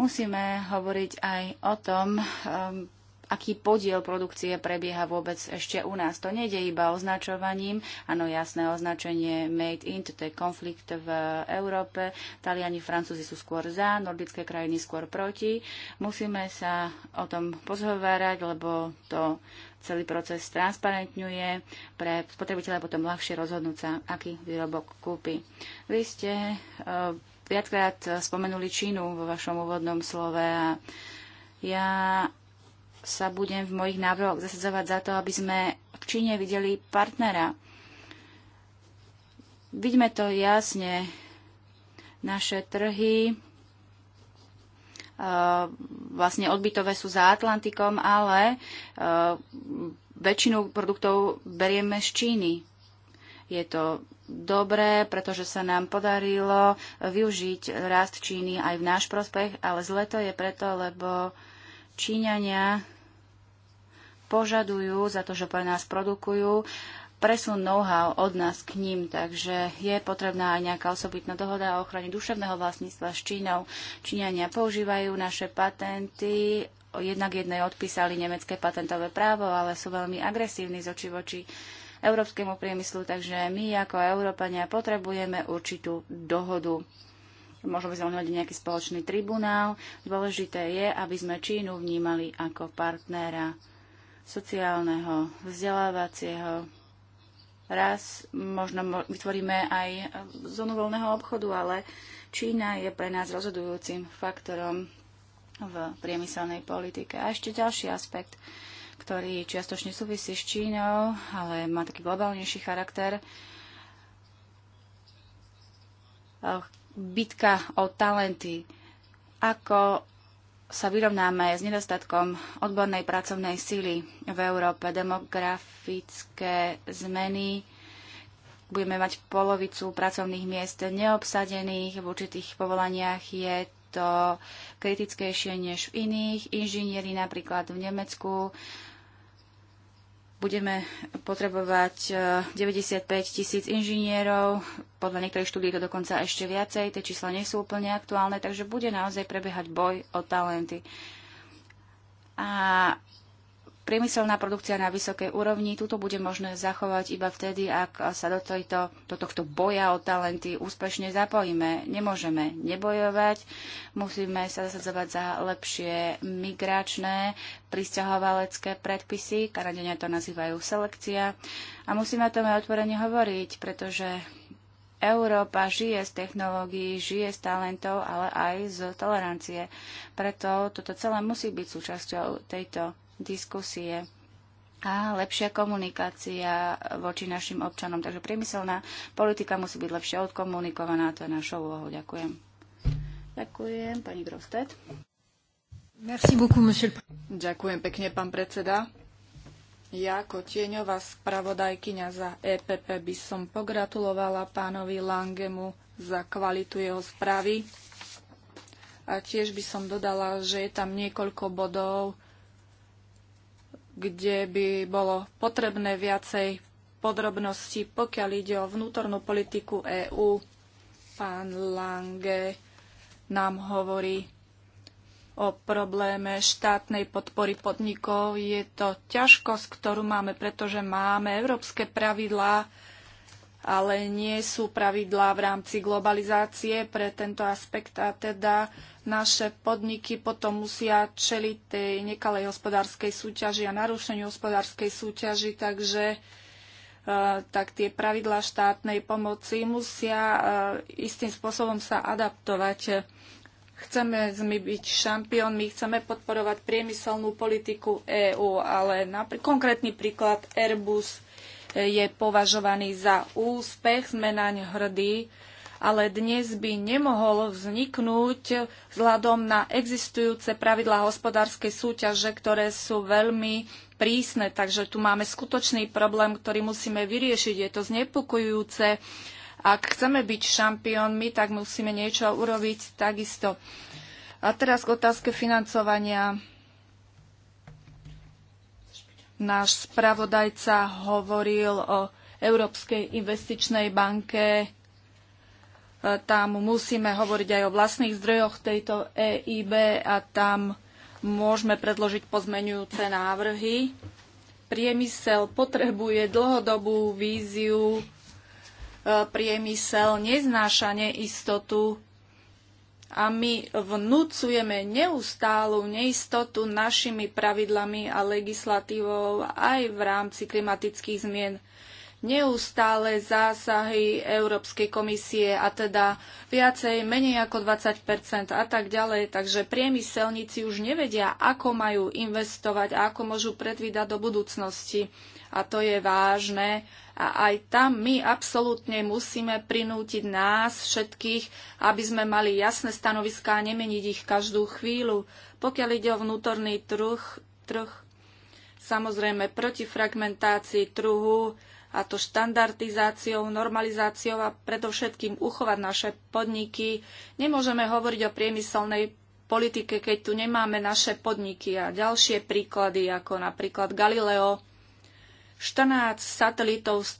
musíme hovoriť aj o tom, um, aký podiel produkcie prebieha vôbec ešte u nás. To nejde iba označovaním, áno, jasné označenie made in, to je konflikt v Európe, Taliani, Francúzi sú skôr za, nordické krajiny skôr proti. Musíme sa o tom pozhovárať, lebo to celý proces transparentňuje, pre spotrebiteľa potom ľahšie rozhodnúť sa, aký výrobok kúpi. Vy ste e, viackrát spomenuli Čínu vo vašom úvodnom slove a ja sa budem v mojich návrhoch zasadzovať za to, aby sme v Číne videli partnera. Vidíme to jasne. Naše trhy eh, vlastne odbytové sú za Atlantikom, ale eh, väčšinu produktov berieme z Číny. Je to dobré, pretože sa nám podarilo využiť rast Číny aj v náš prospech, ale zle to je preto, lebo Číňania požadujú za to, že pre nás produkujú, presun know-how od nás k ním, takže je potrebná aj nejaká osobitná dohoda o ochrane duševného vlastníctva s Čínou. Číňania používajú naše patenty, jednak jednej odpísali nemecké patentové právo, ale sú veľmi agresívni z oči voči európskemu priemyslu, takže my ako Európania potrebujeme určitú dohodu. Možno by sme mohli nejaký spoločný tribunál. Dôležité je, aby sme Čínu vnímali ako partnera sociálneho, vzdelávacieho. Raz možno vytvoríme aj zónu voľného obchodu, ale Čína je pre nás rozhodujúcim faktorom v priemyselnej politike. A ešte ďalší aspekt, ktorý čiastočne súvisí s Čínou, ale má taký globálnejší charakter. Bitka o talenty. Ako sa vyrovnáme s nedostatkom odbornej pracovnej síly v Európe. Demografické zmeny, budeme mať polovicu pracovných miest neobsadených, v určitých povolaniach je to kritickejšie než v iných. Inžinieri napríklad v Nemecku budeme potrebovať 95 e, tisíc inžinierov, podľa niektorých štúdí to dokonca ešte viacej, tie čísla nie sú úplne aktuálne, takže bude naozaj prebiehať boj o talenty. A priemyselná produkcia na vysokej úrovni. Tuto bude možné zachovať iba vtedy, ak sa do, tejto, do tohto boja o talenty úspešne zapojíme. Nemôžeme nebojovať, musíme sa zasadzovať za lepšie migračné, pristahovalecké predpisy, Kanadenia to nazývajú selekcia. A musíme o tom aj otvorene hovoriť, pretože Európa žije z technológií, žije z talentov, ale aj z tolerancie. Preto toto celé musí byť súčasťou tejto diskusie a lepšia komunikácia voči našim občanom. Takže priemyselná politika musí byť lepšie odkomunikovaná, to je našou úlohou. Ďakujem. Ďakujem, pani Grostet. Merci beaucoup, monsieur. Ďakujem pekne, pán predseda. Ja ako tieňová spravodajkyňa za EPP by som pogratulovala pánovi Langemu za kvalitu jeho správy. A tiež by som dodala, že je tam niekoľko bodov, kde by bolo potrebné viacej podrobností, pokiaľ ide o vnútornú politiku EÚ. Pán Lange nám hovorí o probléme štátnej podpory podnikov. Je to ťažkosť, ktorú máme, pretože máme európske pravidlá, ale nie sú pravidlá v rámci globalizácie pre tento aspekt a teda naše podniky potom musia čeliť tej nekalej hospodárskej súťaži a narušeniu hospodárskej súťaži, takže e, tak tie pravidlá štátnej pomoci musia e, istým spôsobom sa adaptovať. Chceme my byť šampiónmi, chceme podporovať priemyselnú politiku EÚ, ale napr- konkrétny príklad Airbus e, je považovaný za úspech, sme naň hrdí, ale dnes by nemohol vzniknúť vzhľadom na existujúce pravidlá hospodárskej súťaže, ktoré sú veľmi prísne. Takže tu máme skutočný problém, ktorý musíme vyriešiť. Je to znepokojujúce. Ak chceme byť šampiónmi, tak musíme niečo urobiť takisto. A teraz k otázke financovania. Náš spravodajca hovoril o Európskej investičnej banke tam musíme hovoriť aj o vlastných zdrojoch tejto EIB a tam môžeme predložiť pozmenujúce návrhy. Priemysel potrebuje dlhodobú víziu, e, priemysel neznáša neistotu a my vnúcujeme neustálu neistotu našimi pravidlami a legislatívou aj v rámci klimatických zmien neustále zásahy Európskej komisie a teda viacej, menej ako 20 a tak ďalej. Takže priemyselníci už nevedia, ako majú investovať a ako môžu predvídať do budúcnosti. A to je vážne. A aj tam my absolútne musíme prinútiť nás všetkých, aby sme mali jasné stanoviská a nemeniť ich každú chvíľu. Pokiaľ ide o vnútorný trh, trh samozrejme proti fragmentácii trhu, a to štandardizáciou, normalizáciou a predovšetkým uchovať naše podniky. Nemôžeme hovoriť o priemyselnej politike, keď tu nemáme naše podniky a ďalšie príklady, ako napríklad Galileo. 14 satelitov z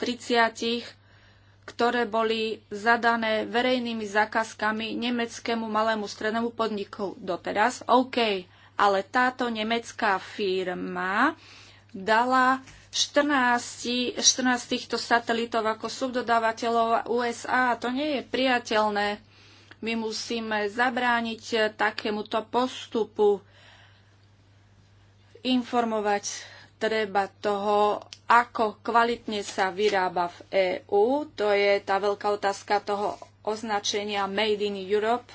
30, ktoré boli zadané verejnými zákazkami nemeckému malému strednému podniku doteraz. OK, ale táto nemecká firma dala 14, 14 týchto satelitov ako subdodávateľov USA. To nie je priateľné. My musíme zabrániť takémuto postupu, informovať treba toho, ako kvalitne sa vyrába v EÚ. To je tá veľká otázka toho označenia Made in Europe.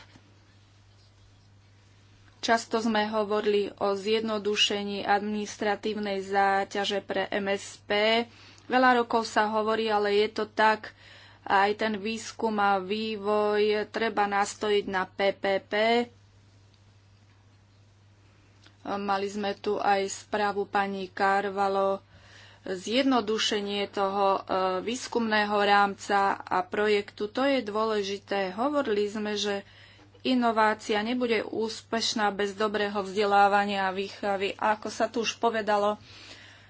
Často sme hovorili o zjednodušení administratívnej záťaže pre MSP. Veľa rokov sa hovorí, ale je to tak, aj ten výskum a vývoj treba nastojiť na PPP. Mali sme tu aj správu pani Karvalo, zjednodušenie toho e, výskumného rámca a projektu. To je dôležité. Hovorili sme, že inovácia nebude úspešná bez dobrého vzdelávania a výchovy. A ako sa tu už povedalo,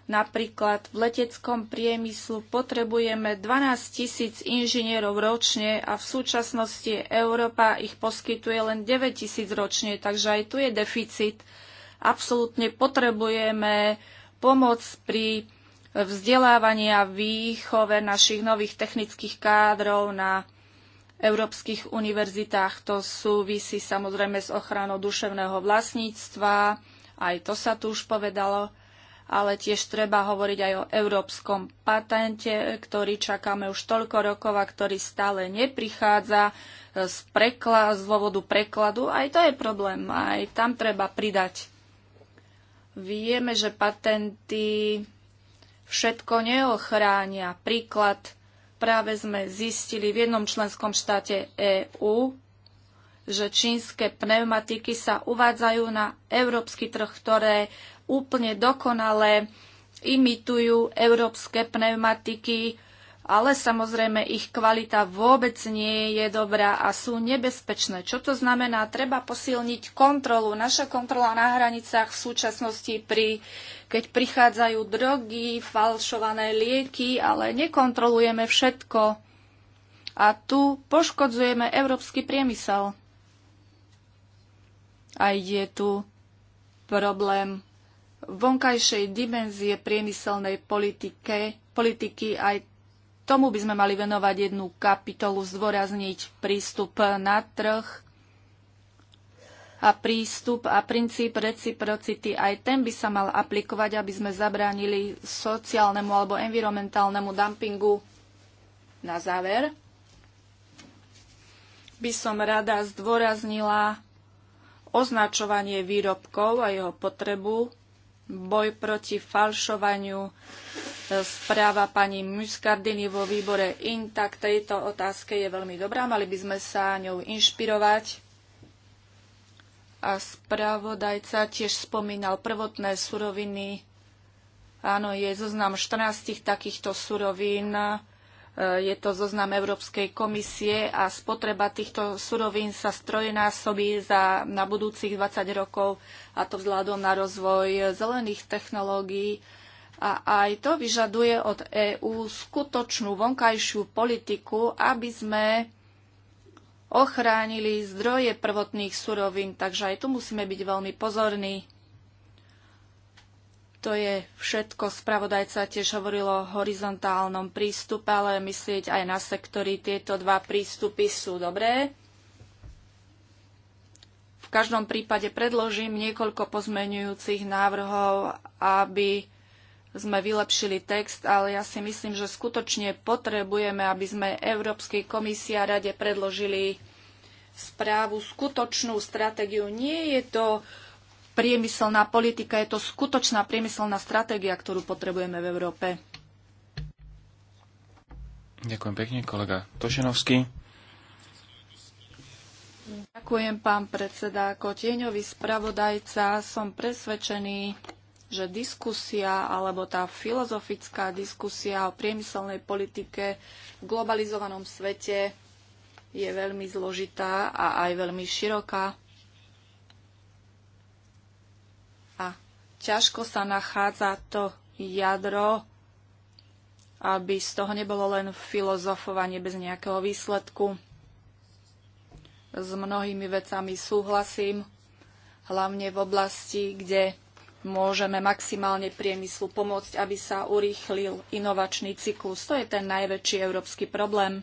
napríklad v leteckom priemyslu potrebujeme 12 tisíc inžinierov ročne a v súčasnosti Európa ich poskytuje len 9 tisíc ročne, takže aj tu je deficit. Absolútne potrebujeme pomoc pri vzdelávaní a výchove našich nových technických kádrov na európskych univerzitách. To súvisí samozrejme s ochranou duševného vlastníctva, aj to sa tu už povedalo, ale tiež treba hovoriť aj o európskom patente, ktorý čakáme už toľko rokov a ktorý stále neprichádza z, prekla- z dôvodu prekladu. Aj to je problém, aj tam treba pridať. Vieme, že patenty všetko neochránia. Príklad práve sme zistili v jednom členskom štáte EÚ, že čínske pneumatiky sa uvádzajú na európsky trh, ktoré úplne dokonale imitujú európske pneumatiky, ale samozrejme ich kvalita vôbec nie je dobrá a sú nebezpečné. Čo to znamená? Treba posilniť kontrolu. Naša kontrola na hranicách v súčasnosti, pri, keď prichádzajú drogy, falšované lieky, ale nekontrolujeme všetko. A tu poškodzujeme európsky priemysel. A je tu problém vonkajšej dimenzie priemyselnej politike, politiky aj Tomu by sme mali venovať jednu kapitolu, zdôrazniť prístup na trh a prístup a princíp reciprocity. Aj ten by sa mal aplikovať, aby sme zabránili sociálnemu alebo environmentálnemu dumpingu. Na záver by som rada zdôraznila označovanie výrobkov a jeho potrebu, boj proti falšovaniu Správa pani Muscardini vo výbore INTA k tejto otázke je veľmi dobrá. Mali by sme sa ňou inšpirovať. A spravodajca tiež spomínal prvotné suroviny. Áno, je zoznam 14 takýchto surovín e, je to zoznam Európskej komisie a spotreba týchto surovín sa strojnásobí za, na budúcich 20 rokov a to vzhľadom na rozvoj zelených technológií a aj to vyžaduje od EÚ skutočnú vonkajšiu politiku, aby sme ochránili zdroje prvotných surovín, takže aj tu musíme byť veľmi pozorní. To je všetko. Spravodajca tiež hovorilo o horizontálnom prístupe, ale myslieť aj na sektory. Tieto dva prístupy sú dobré. V každom prípade predložím niekoľko pozmenujúcich návrhov, aby sme vylepšili text, ale ja si myslím, že skutočne potrebujeme, aby sme Európskej komisii a rade predložili správu, skutočnú stratégiu. Nie je to priemyselná politika, je to skutočná priemyselná stratégia, ktorú potrebujeme v Európe. Ďakujem pekne, kolega Tošenovský. Ďakujem, pán predseda. Ako tieňový spravodajca som presvedčený, že diskusia alebo tá filozofická diskusia o priemyselnej politike v globalizovanom svete je veľmi zložitá a aj veľmi široká. A ťažko sa nachádza to jadro, aby z toho nebolo len filozofovanie bez nejakého výsledku. S mnohými vecami súhlasím, hlavne v oblasti, kde môžeme maximálne priemyslu pomôcť, aby sa urýchlil inovačný cyklus. To je ten najväčší európsky problém.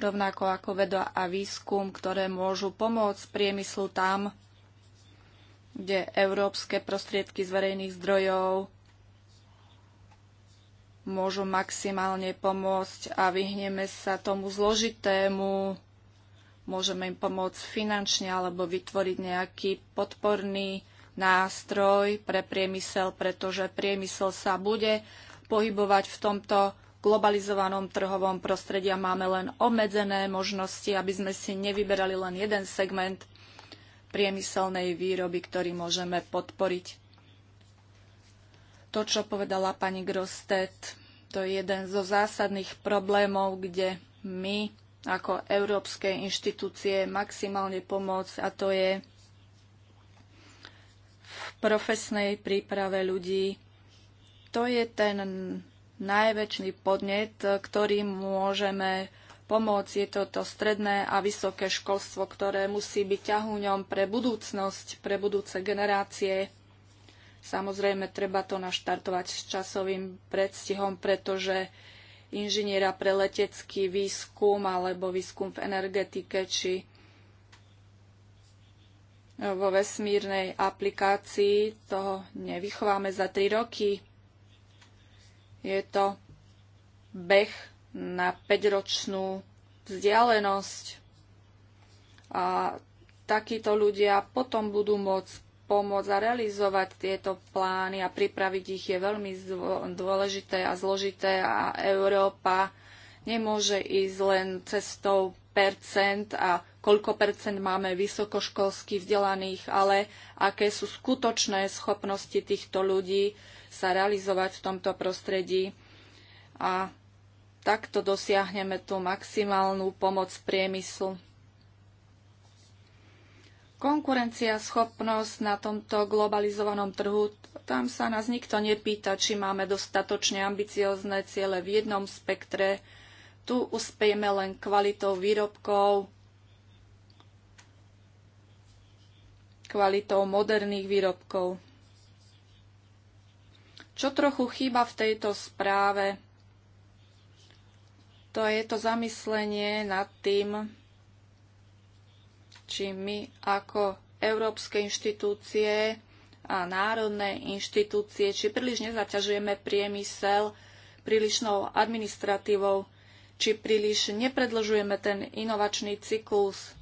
Rovnako ako veda a výskum, ktoré môžu pomôcť priemyslu tam, kde európske prostriedky z verejných zdrojov môžu maximálne pomôcť a vyhneme sa tomu zložitému. Môžeme im pomôcť finančne alebo vytvoriť nejaký podporný nástroj pre priemysel, pretože priemysel sa bude pohybovať v tomto globalizovanom trhovom prostredí a máme len obmedzené možnosti, aby sme si nevyberali len jeden segment priemyselnej výroby, ktorý môžeme podporiť. To, čo povedala pani Grostet, to je jeden zo zásadných problémov, kde my ako európske inštitúcie maximálne pomôcť a to je profesnej príprave ľudí. To je ten najväčší podnet, ktorým môžeme pomôcť. Je to to stredné a vysoké školstvo, ktoré musí byť ťahúňom pre budúcnosť, pre budúce generácie. Samozrejme, treba to naštartovať s časovým predstihom, pretože inžiniera pre letecký výskum alebo výskum v energetike či vo vesmírnej aplikácii. Toho nevychováme za 3 roky. Je to beh na 5-ročnú vzdialenosť. A takíto ľudia potom budú môcť pomôcť a realizovať tieto plány a pripraviť ich je veľmi dôležité a zložité a Európa nemôže ísť len cestou percent a koľko percent máme vysokoškolsky vzdelaných, ale aké sú skutočné schopnosti týchto ľudí sa realizovať v tomto prostredí. A takto dosiahneme tú maximálnu pomoc priemyslu. Konkurencia, schopnosť na tomto globalizovanom trhu, tam sa nás nikto nepýta, či máme dostatočne ambiciozne ciele v jednom spektre. Tu uspejeme len kvalitou výrobkov, kvalitou moderných výrobkov. Čo trochu chýba v tejto správe, to je to zamyslenie nad tým, či my ako európske inštitúcie a národné inštitúcie, či príliš nezaťažujeme priemysel prílišnou administratívou, či príliš nepredlžujeme ten inovačný cyklus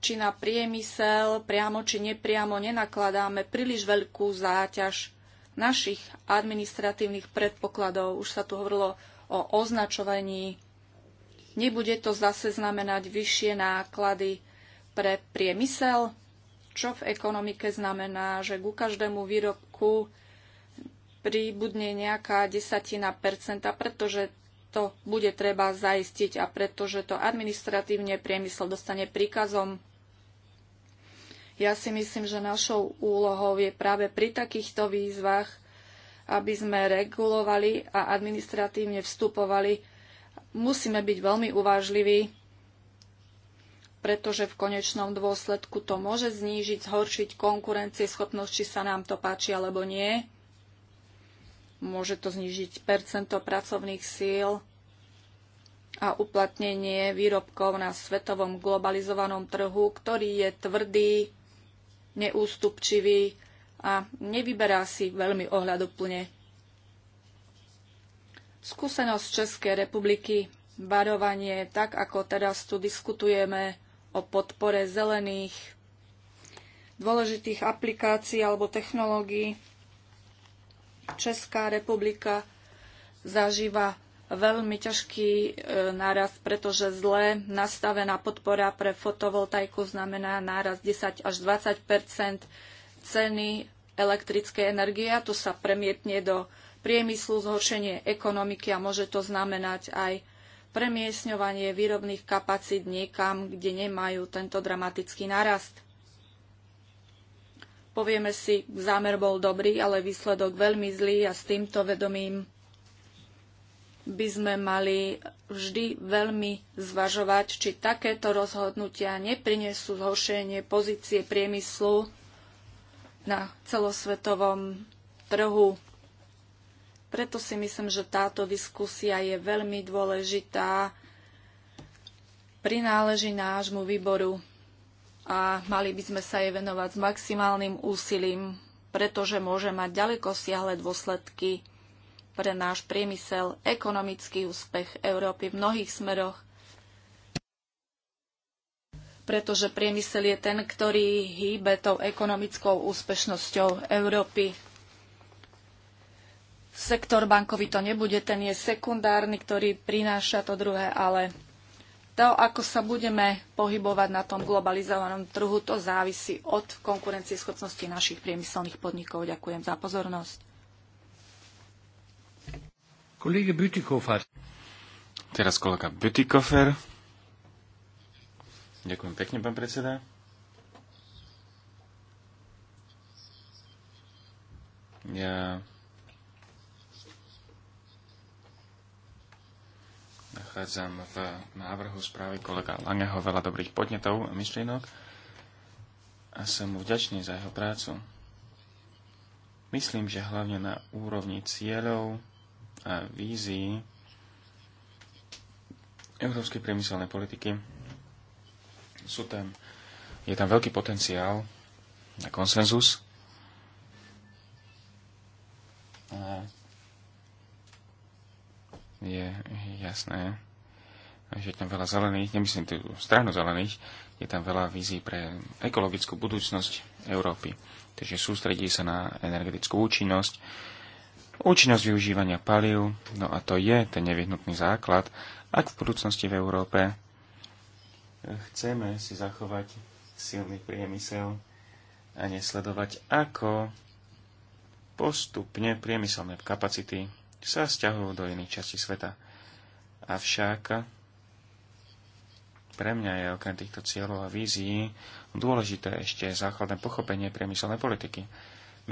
či na priemysel priamo či nepriamo nenakladáme príliš veľkú záťaž našich administratívnych predpokladov. Už sa tu hovorilo o označovaní. Nebude to zase znamenať vyššie náklady pre priemysel, čo v ekonomike znamená, že ku každému výrobku príbudne nejaká desatina percenta, pretože to bude treba zaistiť a pretože to administratívne priemysel dostane príkazom ja si myslím, že našou úlohou je práve pri takýchto výzvach, aby sme regulovali a administratívne vstupovali. Musíme byť veľmi uvážliví, pretože v konečnom dôsledku to môže znížiť, zhoršiť konkurencieschopnosť, či sa nám to páči alebo nie. Môže to znížiť percento pracovných síl a uplatnenie výrobkov na svetovom globalizovanom trhu, ktorý je tvrdý, neústupčivý a nevyberá si veľmi ohľadoplne. Skúsenosť Českej republiky, varovanie, tak ako teraz tu diskutujeme o podpore zelených, dôležitých aplikácií alebo technológií, Česká republika zažíva veľmi ťažký e, náraz, pretože zle nastavená podpora pre fotovoltaiku znamená náraz 10 až 20 ceny elektrickej energie Tu sa premietne do priemyslu, zhoršenie ekonomiky a môže to znamenať aj premiesňovanie výrobných kapacít niekam, kde nemajú tento dramatický nárast. Povieme si, zámer bol dobrý, ale výsledok veľmi zlý a s týmto vedomím by sme mali vždy veľmi zvažovať, či takéto rozhodnutia neprinesú zhoršenie pozície priemyslu na celosvetovom trhu. Preto si myslím, že táto diskusia je veľmi dôležitá, prináleží nášmu výboru a mali by sme sa jej venovať s maximálnym úsilím, pretože môže mať ďaleko siahle dôsledky pre náš priemysel, ekonomický úspech Európy v mnohých smeroch, pretože priemysel je ten, ktorý hýbe tou ekonomickou úspešnosťou Európy. Sektor bankový to nebude, ten je sekundárny, ktorý prináša to druhé, ale to, ako sa budeme pohybovať na tom globalizovanom trhu, to závisí od konkurencieschopnosti našich priemyselných podnikov. Ďakujem za pozornosť. Kolega Bütikofer. Teraz kolega Bütikofer. Ďakujem pekne, pán predseda. Ja nachádzam v návrhu správy kolega Langeho veľa dobrých podnetov a myšlienok a som mu vďačný za jeho prácu. Myslím, že hlavne na úrovni cieľov vízii európskej priemyselnej politiky sú tam, je tam veľký potenciál na konsenzus. A je jasné, že je tam veľa zelených, nemyslím tu stranu zelených, je tam veľa vízí pre ekologickú budúcnosť Európy. Takže sústredí sa na energetickú účinnosť, účinnosť využívania palív, no a to je ten nevyhnutný základ, ak v budúcnosti v Európe chceme si zachovať silný priemysel a nesledovať, ako postupne priemyselné kapacity sa stiahujú do iných častí sveta. Avšak pre mňa je okrem týchto cieľov a vízií dôležité ešte základné pochopenie priemyselnej politiky.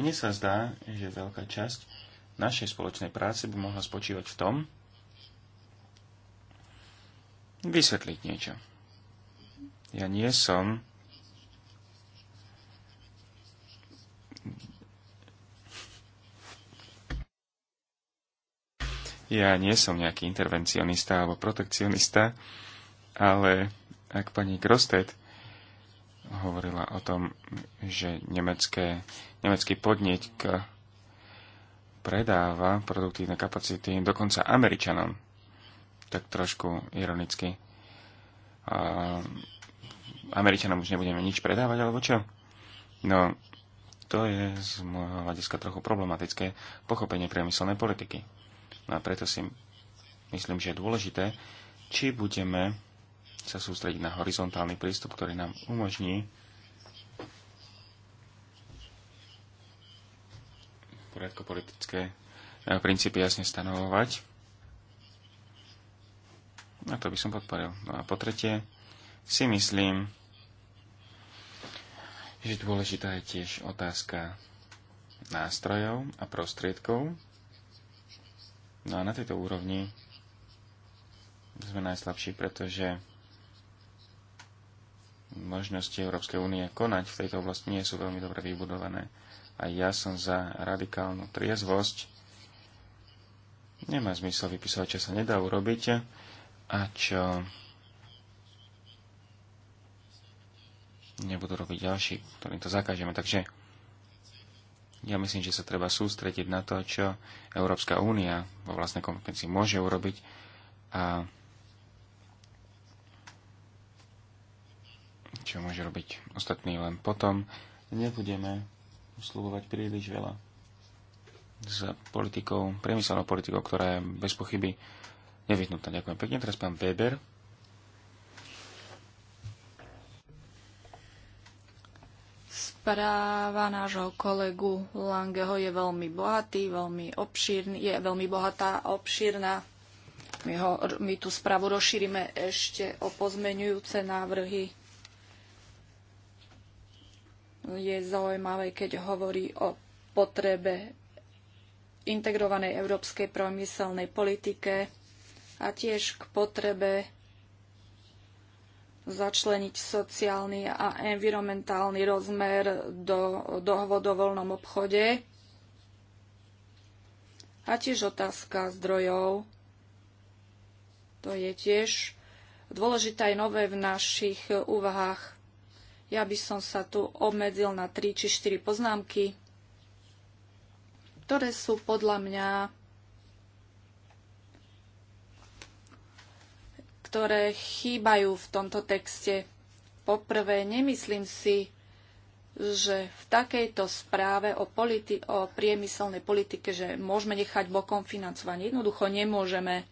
Mne sa zdá, že veľká časť našej spoločnej práce by mohla spočívať v tom, vysvetliť niečo. Ja nie som Ja nie som nejaký intervencionista alebo protekcionista, ale ak pani Grostet hovorila o tom, že nemecké, nemecký podnik k predáva produktívne kapacity dokonca Američanom. Tak trošku ironicky. A Američanom už nebudeme nič predávať, alebo čo? No, to je z môjho hľadiska trochu problematické pochopenie priemyselnej politiky. No a preto si myslím, že je dôležité, či budeme sa sústrediť na horizontálny prístup, ktorý nám umožní poriadku politické eh, princípy jasne stanovovať. A to by som podporil. No a po tretie, si myslím, že dôležitá je tiež otázka nástrojov a prostriedkov. No a na tejto úrovni sme najslabší, pretože možnosti Európskej únie konať v tejto oblasti nie sú veľmi dobre vybudované a ja som za radikálnu triezvosť. Nemá zmysel vypisovať, čo sa nedá urobiť a čo nebudú robiť ďalší, ktorým to zakážeme. Takže ja myslím, že sa treba sústrediť na to, čo Európska únia vo vlastnej kompetencii môže urobiť a čo môže robiť ostatní len potom. Nebudeme slubovať príliš veľa s politikou, priemyselnou politikou, ktorá je bez pochyby nevyhnutná. Ďakujem pekne. Teraz pán Weber. správa nášho kolegu Langeho je veľmi bohatý, veľmi obšírny, je veľmi bohatá a obšírna. My, ho, my tú správu rozšírime ešte o pozmenujúce návrhy je zaujímavé, keď hovorí o potrebe integrovanej európskej promyselnej politike a tiež k potrebe začleniť sociálny a environmentálny rozmer do dohovod o voľnom obchode a tiež otázka zdrojov. To je tiež dôležité aj nové v našich úvahách ja by som sa tu obmedzil na 3 či 4 poznámky, ktoré sú podľa mňa ktoré chýbajú v tomto texte. Poprvé, nemyslím si, že v takejto správe o, politi- o priemyselnej politike, že môžeme nechať bokom financovanie. Jednoducho nemôžeme.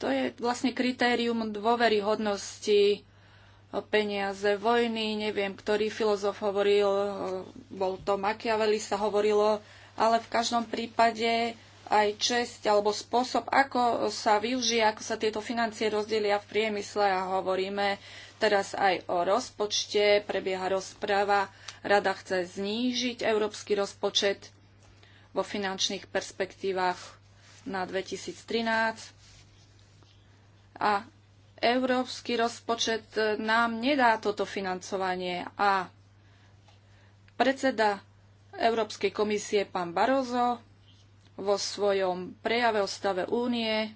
To je vlastne kritérium dôveryhodnosti peniaze vojny, neviem, ktorý filozof hovoril, bol to Machiavelli sa hovorilo, ale v každom prípade aj česť alebo spôsob, ako sa využije, ako sa tieto financie rozdelia v priemysle a hovoríme teraz aj o rozpočte, prebieha rozpráva, rada chce znížiť európsky rozpočet vo finančných perspektívach na 2013 a európsky rozpočet nám nedá toto financovanie a predseda Európskej komisie pán Barozo vo svojom prejave o stave únie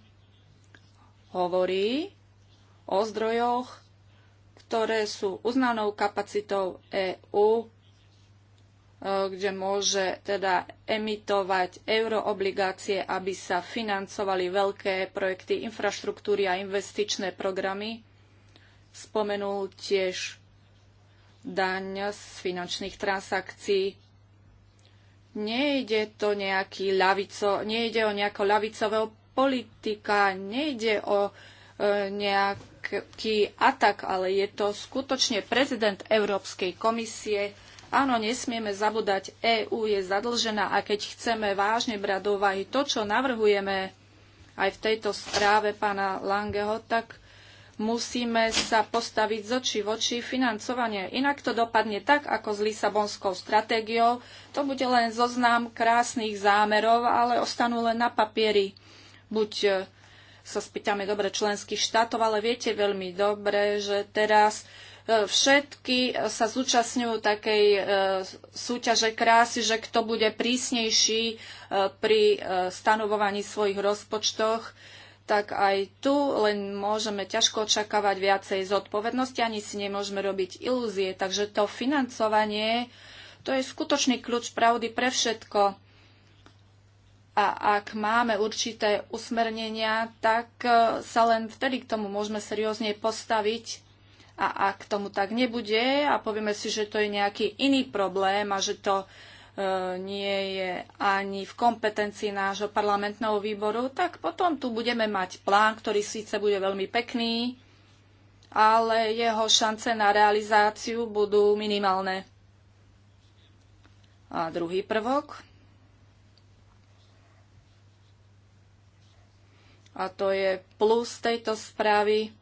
hovorí o zdrojoch, ktoré sú uznanou kapacitou EÚ E, kde môže teda emitovať euroobligácie, aby sa financovali veľké projekty infraštruktúry a investičné programy. Spomenul tiež daň z finančných transakcií. Nejde to nejaký ľavico, nejde o nejakého lavicového politika, nejde o e, nejaký atak, ale je to skutočne prezident Európskej komisie, Áno, nesmieme zabúdať, EÚ je zadlžená a keď chceme vážne brať do váhy to, čo navrhujeme aj v tejto správe pána Langeho, tak musíme sa postaviť z očí v oči financovanie. Inak to dopadne tak, ako s Lisabonskou stratégiou. To bude len zoznam krásnych zámerov, ale ostanú len na papieri. Buď e, sa spýtame dobre členských štátov, ale viete veľmi dobre, že teraz E, všetky sa zúčastňujú takej e, súťaže krásy, že kto bude prísnejší e, pri stanovovaní svojich rozpočtoch, tak aj tu len môžeme ťažko očakávať viacej zodpovednosti, ani si nemôžeme robiť ilúzie. Takže to financovanie, to je skutočný kľúč pravdy pre všetko. A ak máme určité usmernenia, tak sa len vtedy k tomu môžeme seriózne postaviť a ak tomu tak nebude a povieme si, že to je nejaký iný problém a že to e, nie je ani v kompetencii nášho parlamentného výboru, tak potom tu budeme mať plán, ktorý síce bude veľmi pekný, ale jeho šance na realizáciu budú minimálne. A druhý prvok. A to je plus tejto správy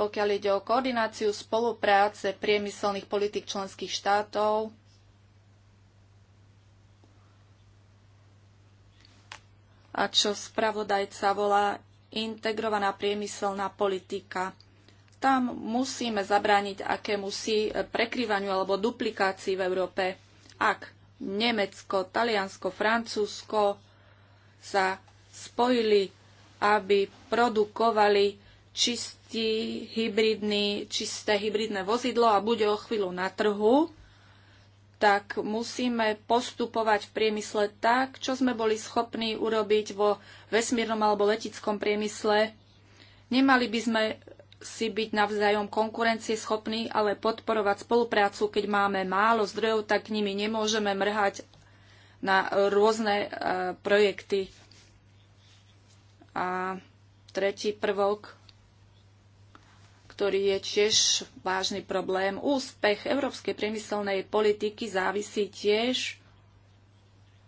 pokiaľ ide o koordináciu spolupráce priemyselných politik členských štátov, a čo spravodajca volá integrovaná priemyselná politika. Tam musíme zabrániť akémusi prekryvaniu alebo duplikácii v Európe. Ak Nemecko, Taliansko, Francúzsko sa spojili, aby produkovali čistý, hybridný, čisté hybridné vozidlo a bude o chvíľu na trhu, tak musíme postupovať v priemysle tak, čo sme boli schopní urobiť vo vesmírnom alebo letickom priemysle. Nemali by sme si byť navzájom konkurencieschopní, ale podporovať spoluprácu, keď máme málo zdrojov, tak nimi nemôžeme mrhať na rôzne e, projekty. A tretí prvok ktorý je tiež vážny problém. Úspech európskej priemyselnej politiky závisí tiež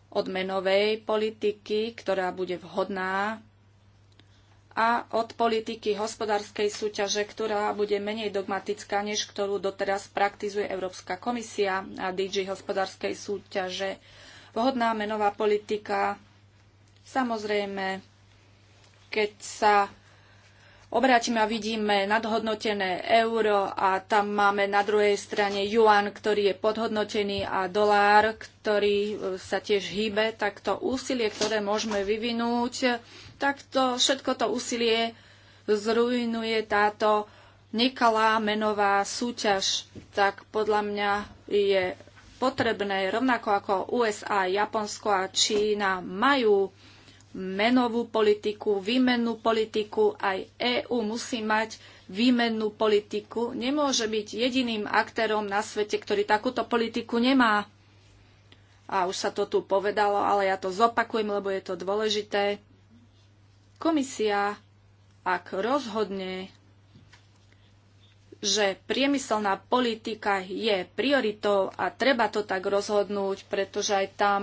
od menovej politiky, ktorá bude vhodná a od politiky hospodárskej súťaže, ktorá bude menej dogmatická, než ktorú doteraz praktizuje Európska komisia a DG hospodárskej súťaže. Vhodná menová politika, samozrejme, keď sa obrátime a vidíme nadhodnotené euro a tam máme na druhej strane juan, ktorý je podhodnotený a dolár, ktorý e, sa tiež hýbe, tak to úsilie, ktoré môžeme vyvinúť, tak to, všetko to úsilie zrujnuje táto nekalá menová súťaž. Tak podľa mňa je potrebné, rovnako ako USA, Japonsko a Čína majú menovú politiku, výmennú politiku, aj EÚ musí mať výmennú politiku. Nemôže byť jediným aktérom na svete, ktorý takúto politiku nemá. A už sa to tu povedalo, ale ja to zopakujem, lebo je to dôležité. Komisia, ak rozhodne, že priemyselná politika je prioritou a treba to tak rozhodnúť, pretože aj tam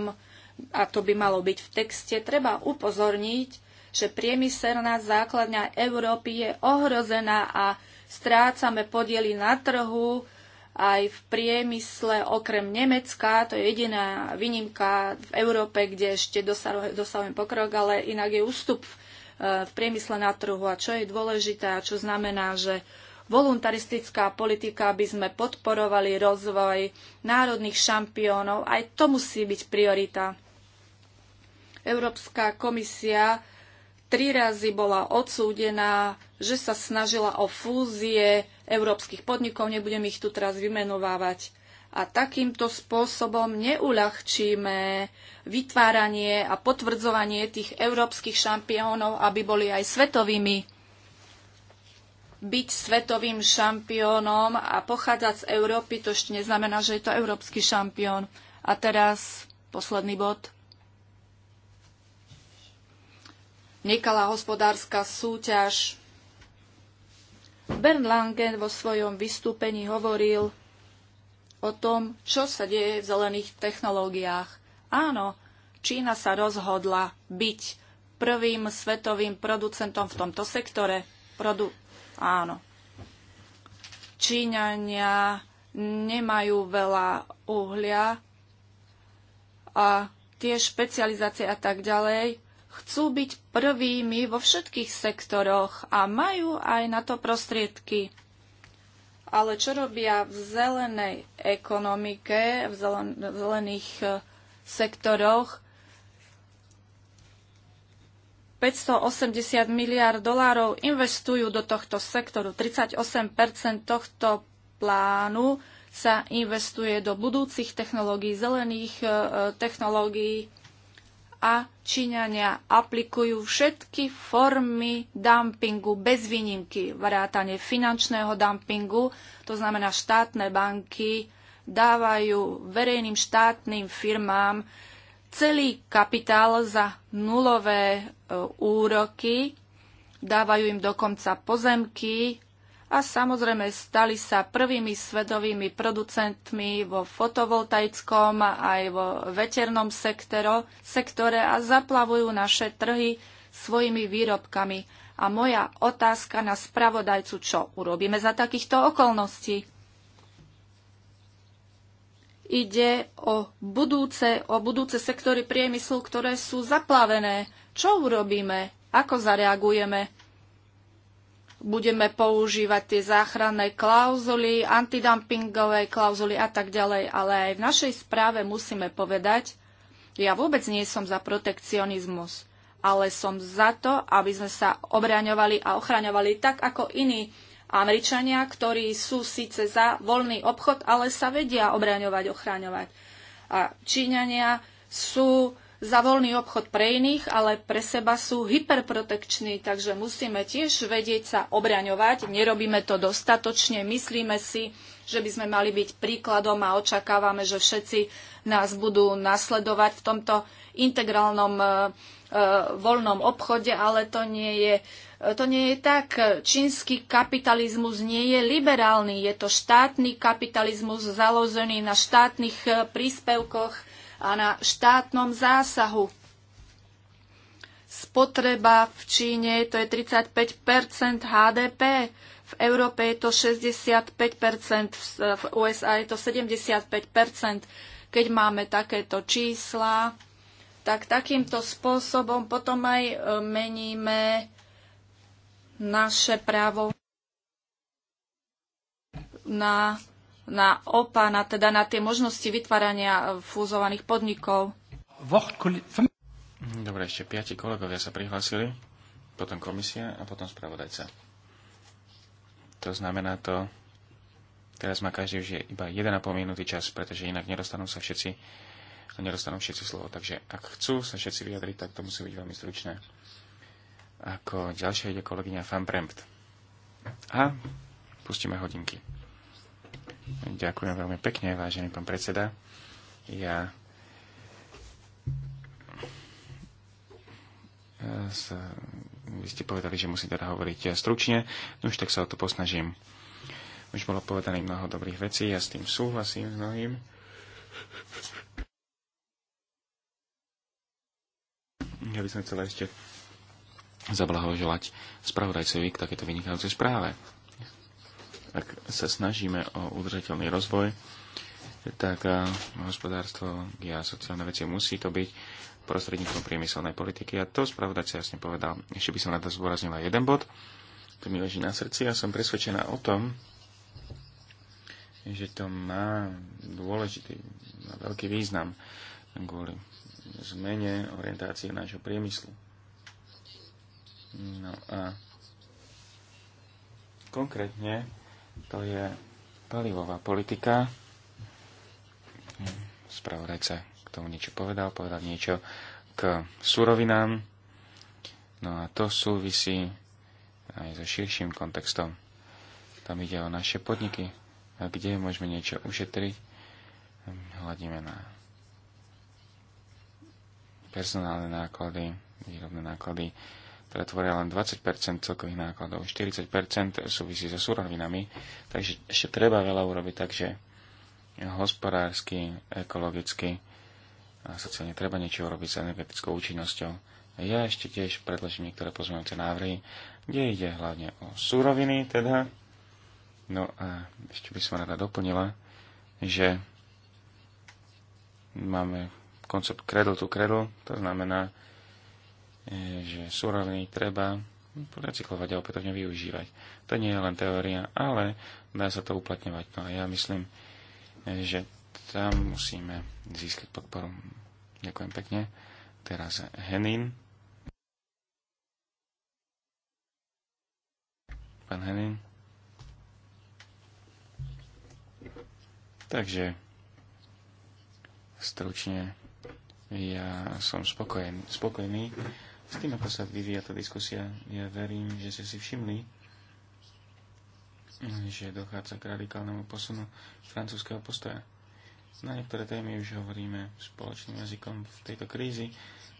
a to by malo byť v texte, treba upozorniť, že priemyselná základňa Európy je ohrozená a strácame podiely na trhu aj v priemysle okrem Nemecka. To je jediná výnimka v Európe, kde ešte dosahujem pokrok, ale inak je ústup e, v priemysle na trhu. A čo je dôležité a čo znamená, že voluntaristická politika, aby sme podporovali rozvoj národných šampiónov, aj to musí byť priorita. Európska komisia tri razy bola odsúdená, že sa snažila o fúzie európskych podnikov, nebudem ich tu teraz vymenovávať. A takýmto spôsobom neuľahčíme vytváranie a potvrdzovanie tých európskych šampiónov, aby boli aj svetovými byť svetovým šampiónom a pochádzať z Európy, to ešte neznamená, že je to európsky šampión. A teraz posledný bod. nekalá hospodárska súťaž. Bernd Langen vo svojom vystúpení hovoril o tom, čo sa deje v zelených technológiách. Áno, Čína sa rozhodla byť prvým svetovým producentom v tomto sektore. Produ- Áno. Číňania nemajú veľa uhlia a tie špecializácie a tak ďalej chcú byť prvými vo všetkých sektoroch a majú aj na to prostriedky. Ale čo robia v zelenej ekonomike, v, zelen- v zelených e, sektoroch? 580 miliard dolárov investujú do tohto sektoru. 38 tohto plánu sa investuje do budúcich technológií, zelených e, e, technológií a Číňania aplikujú všetky formy dumpingu bez výnimky, vrátane finančného dumpingu, to znamená štátne banky dávajú verejným štátnym firmám celý kapitál za nulové e, úroky, dávajú im dokonca pozemky a samozrejme stali sa prvými svedovými producentmi vo fotovoltaickom aj vo veternom sektoro, sektore a zaplavujú naše trhy svojimi výrobkami. A moja otázka na spravodajcu, čo urobíme za takýchto okolností? Ide o budúce, o budúce sektory priemyslu, ktoré sú zaplavené. Čo urobíme? Ako zareagujeme? budeme používať tie záchranné klauzuly, antidumpingové klauzuly a tak ďalej. Ale aj v našej správe musíme povedať, ja vôbec nie som za protekcionizmus, ale som za to, aby sme sa obraňovali a ochraňovali tak ako iní Američania, ktorí sú síce za voľný obchod, ale sa vedia obraňovať, ochraňovať. A Číňania sú za voľný obchod pre iných, ale pre seba sú hyperprotekční, takže musíme tiež vedieť sa obraňovať. Nerobíme to dostatočne, myslíme si, že by sme mali byť príkladom a očakávame, že všetci nás budú nasledovať v tomto integrálnom e, e, voľnom obchode, ale to nie je e, to nie je tak. Čínsky kapitalizmus nie je liberálny, je to štátny kapitalizmus založený na štátnych príspevkoch a na štátnom zásahu. Spotreba v Číne to je 35 HDP, v Európe je to 65 v USA je to 75 Keď máme takéto čísla, tak takýmto spôsobom potom aj e, meníme naše právo na na OPA, na, teda na tie možnosti vytvárania e, fúzovaných podnikov. Dobre, ešte piati kolegovia sa prihlásili, potom komisia a potom spravodajca. To znamená to, teraz má každý už iba 1,5 minúty čas, pretože inak nedostanú sa všetci a nedostanú všetci slovo. Takže ak chcú sa všetci vyjadriť, tak to musí byť veľmi stručné. Ako ďalšia ide kolegyňa Fan Prempt. A pustíme hodinky. Ďakujem veľmi pekne, vážený pán predseda. Ja eh, sa, vy ste povedali, že musím teda hovoriť eh, stručne, no už tak sa o to posnažím. Už bolo povedané mnoho dobrých vecí, ja s tým súhlasím s mnohým. Ja by som chcela ešte zablahoželať spravodajcovi k takéto vynikajúcej správe ak sa snažíme o udržateľný rozvoj, tak eh, hospodárstvo a sociálne veci musí to byť prostredníctvom priemyselnej politiky. A to sa jasne povedal. Ešte by som na to zdôraznila jeden bod, to mi leží na srdci a som presvedčená o tom, že to má dôležitý, má veľký význam kvôli zmene orientácie nášho priemyslu. No a konkrétne to je palivová politika. Spravodajca k tomu niečo povedal, povedal niečo k surovinám. No a to súvisí aj so širším kontextom. Tam ide o naše podniky, a kde môžeme niečo ušetriť. Hľadíme na personálne náklady, výrobné náklady, ktoré tvoria len 20 celkových nákladov, 40 súvisí so surovinami, takže ešte treba veľa urobiť, takže hospodársky, ekologicky a sociálne treba niečo urobiť s energetickou účinnosťou. Ja ešte tiež predložím niektoré pozmeňujúce návrhy, kde ide hlavne o súroviny, teda. No a ešte by som rada doplnila, že máme koncept cradle to cradle, to znamená, že súroviny treba recyklovať a opätovne využívať. To nie je len teória, ale dá sa to uplatňovať. No a ja myslím, že tam musíme získať podporu. Ďakujem pekne. Teraz Henin. Pán Henin. Takže stručne ja som spokojný, spokojný s tým, ako sa vyvíja tá diskusia, ja verím, že ste si všimli, že dochádza k radikálnemu posunu francúzského postoja. Na niektoré témy už hovoríme spoločným jazykom v tejto krízi.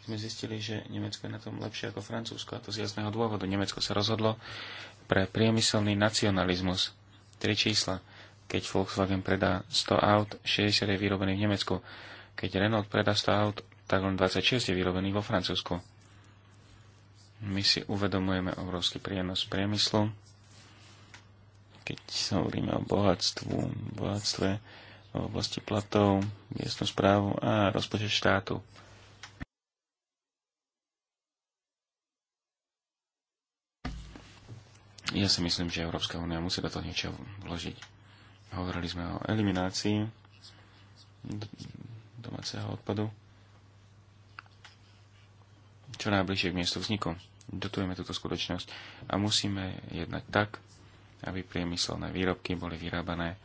Sme zistili, že Nemecko je na tom lepšie ako Francúzsko, a to z jasného dôvodu. Nemecko sa rozhodlo pre priemyselný nacionalizmus. Tri čísla. Keď Volkswagen predá 100 aut, 60 je vyrobených v Nemecku. Keď Renault predá 100 aut, tak len 26 je vyrobených vo Francúzsku my si uvedomujeme obrovský prienos priemyslu. Keď sa hovoríme o bohatstvu, bohatstve v oblasti platov, miestnu správu a rozpočet štátu. Ja si myslím, že Európska únia musí do toho niečo vložiť. Hovorili sme o eliminácii domáceho odpadu čo najbližšie k miestu vzniku dotujeme túto skutočnosť a musíme jednať tak, aby priemyselné výrobky boli vyrábané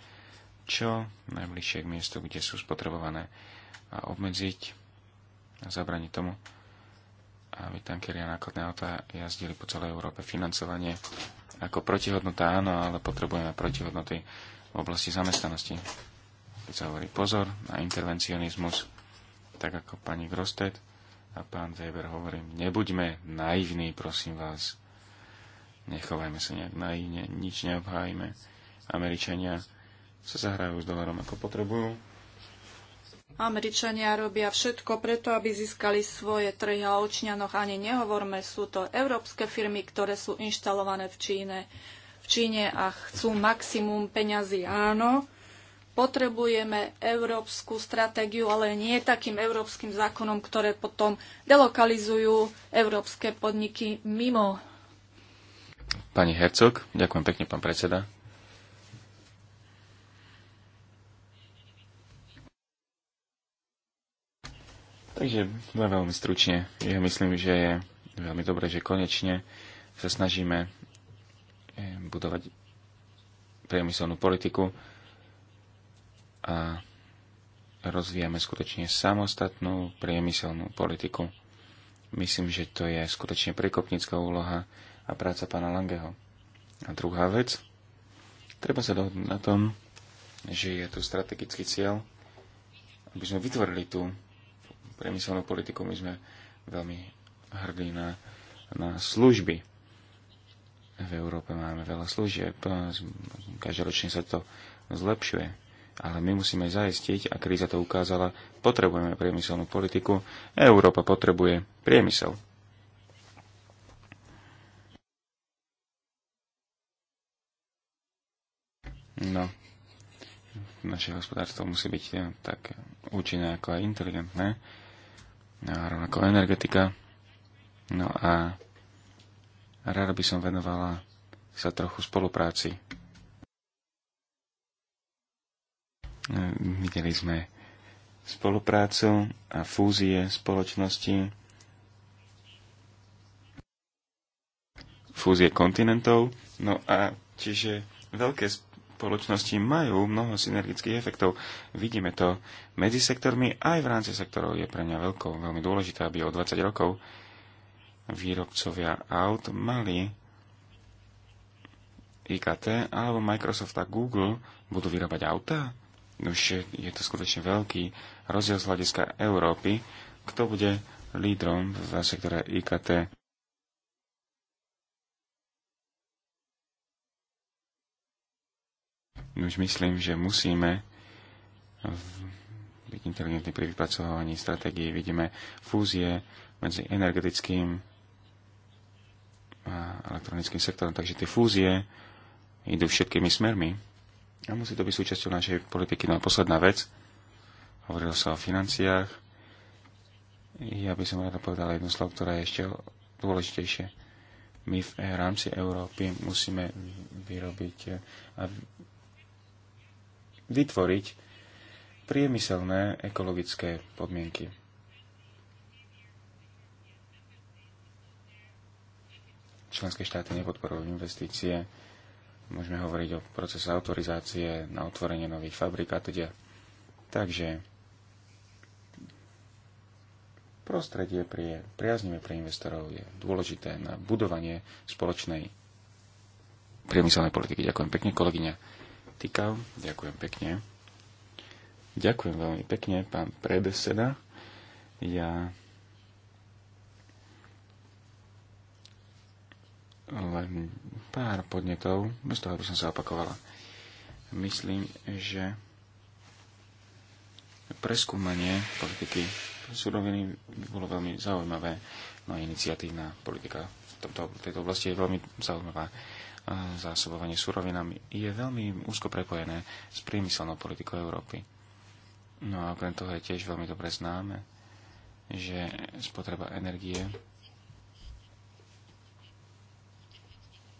čo najbližšie k miestu, kde sú spotrebované a obmedziť a zabraniť tomu, aby tankery a nákladné autá jazdili po celej Európe financovanie ako protihodnota, áno, ale potrebujeme protihodnoty v oblasti zamestnanosti. Keď sa hovorí pozor na intervencionizmus, tak ako pani Grosted, a pán Weber hovorím, nebuďme naivní, prosím vás. Nechovajme sa nejak naivne, nič neobhájme. Američania sa zahrajú s dolarom, ako potrebujú. Američania robia všetko preto, aby získali svoje trhy a očňanoch. ani nehovorme. Sú to európske firmy, ktoré sú inštalované v Číne. V Číne a chcú maximum peňazí, áno, Potrebujeme európsku stratégiu, ale nie takým európskym zákonom, ktoré potom delokalizujú európske podniky mimo. Pani Hercog, ďakujem pekne, pán predseda. Takže veľmi stručne. Ja myslím, že je veľmi dobré, že konečne sa snažíme eh, budovať priemyselnú politiku, a rozvíjame skutočne samostatnú priemyselnú politiku. Myslím, že to je skutočne prekopnická úloha a práca pána Langeho. A druhá vec, treba sa dohodnúť na tom, že je tu strategický cieľ, aby sme vytvorili tú priemyselnú politiku. My sme veľmi hrdí na, na služby. V Európe máme veľa služieb, každoročne sa to zlepšuje ale my musíme zaistiť, a kríza to ukázala, potrebujeme priemyselnú politiku, Európa potrebuje priemysel. No, naše hospodárstvo musí byť eh, tak účinné ako aj inteligentné, no a rovnako energetika. No a rada by som venovala sa trochu spolupráci Videli sme spoluprácu a fúzie spoločnosti, fúzie kontinentov. No a čiže veľké spoločnosti majú mnoho synergických efektov. Vidíme to medzi sektormi, aj v rámci sektorov je pre mňa veľkou, veľmi dôležité, aby o 20 rokov výrobcovia aut mali IKT alebo Microsoft a Google budú vyrábať autá? Už no je to skutočne veľký rozdiel z hľadiska Európy, kto bude lídrom v sektore IKT. No už myslím, že musíme byť inteligentní pri vypracovaní stratégií. Vidíme fúzie medzi energetickým a elektronickým sektorom, takže tie fúzie idú všetkými smermi. A musí to byť súčasťou našej politiky. No a posledná vec, hovorilo sa o financiách. Ja by som rada povedal jedno slovo, ktoré je ešte dôležitejšie. My v rámci Európy musíme vyrobiť a vytvoriť priemyselné ekologické podmienky. Členské štáty nepodporujú investície Môžeme hovoriť o procese autorizácie na otvorenie nových fabrik a teda. Takže prostredie pri, priaznime pre investorov je dôležité na budovanie spoločnej priemyselnej politiky. Ďakujem pekne, kolegyňa Tikal. Ďakujem pekne. Ďakujem veľmi pekne, pán predseda. Ja len pár podnetov, bez toho, aby som sa opakovala. Myslím, že preskúmanie politiky suroviny bolo veľmi zaujímavé. No iniciatívna politika v tomto, tejto oblasti je veľmi zaujímavá. Zásobovanie súrovinami je veľmi úzko prepojené s priemyselnou politikou Európy. No a okrem toho je tiež veľmi dobre známe, že spotreba energie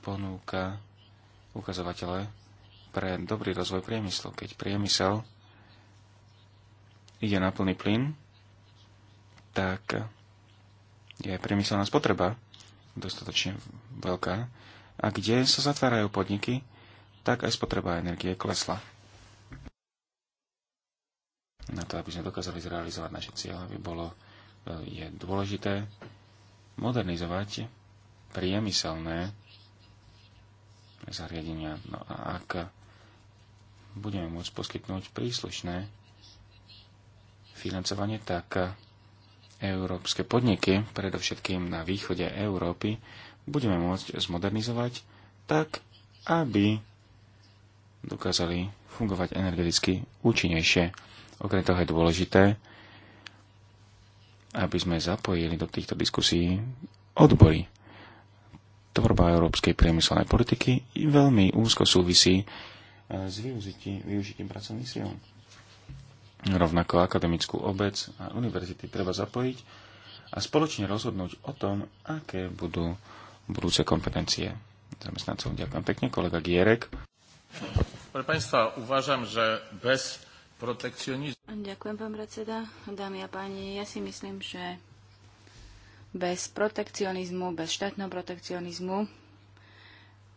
ponúka ukazovatele pre dobrý rozvoj priemyslu. Keď priemysel ide na plný plyn, tak je priemyselná spotreba dostatočne veľká. A kde sa zatvárajú podniky, tak aj spotreba energie klesla. Na to, aby sme dokázali zrealizovať naše cieľe, by bolo, e, je dôležité modernizovať priemyselné zariadenia. No a ak budeme môcť poskytnúť príslušné financovanie, tak európske podniky, predovšetkým na východe Európy, budeme môcť zmodernizovať tak, aby dokázali fungovať energeticky účinnejšie. Okrem toho je dôležité, aby sme zapojili do týchto diskusí odbory tvorba európskej priemyselnej politiky veľmi úzko súvisí e, s využitím, využitím pracovných síl. Rovnako akademickú obec a univerzity treba zapojiť a spoločne rozhodnúť o tom, aké budú budúce kompetencie zamestnancov. Ďakujem pekne, kolega Gierek. Pre pánstva, uważam, že bez protekcionizmu... Ďakujem, pán predseda. Dámy a páni, ja si myslím, že bez protekcionizmu, bez štátneho protekcionizmu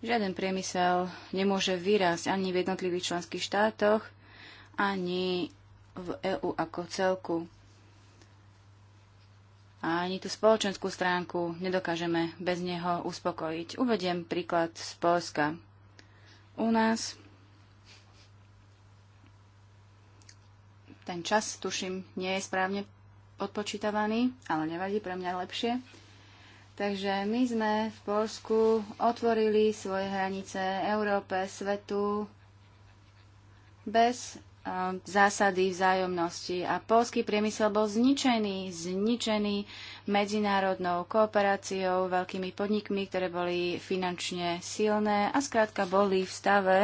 žiaden priemysel nemôže vyrásť ani v jednotlivých členských štátoch, ani v EÚ ako celku. A ani tú spoločenskú stránku nedokážeme bez neho uspokojiť. Uvediem príklad z Polska. U nás ten čas, tuším, nie je správne odpočítavaný, ale nevadí, pre mňa lepšie. Takže my sme v Polsku otvorili svoje hranice Európe, svetu bez um, zásady vzájomnosti a polský priemysel bol zničený, zničený medzinárodnou kooperáciou, veľkými podnikmi, ktoré boli finančne silné a skrátka boli v stave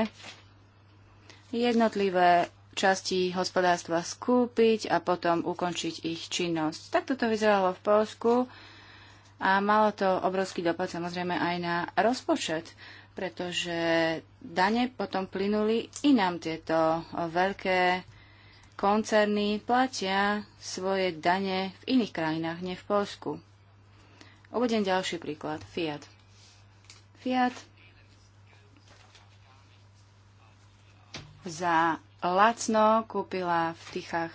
jednotlivé časti hospodárstva skúpiť a potom ukončiť ich činnosť. Takto to vyzeralo v Polsku a malo to obrovský dopad samozrejme aj na rozpočet, pretože dane potom plynuli nám tieto veľké koncerny platia svoje dane v iných krajinách, nie v Polsku. Uvediem ďalší príklad. Fiat. Fiat za lacno, kúpila v Tichách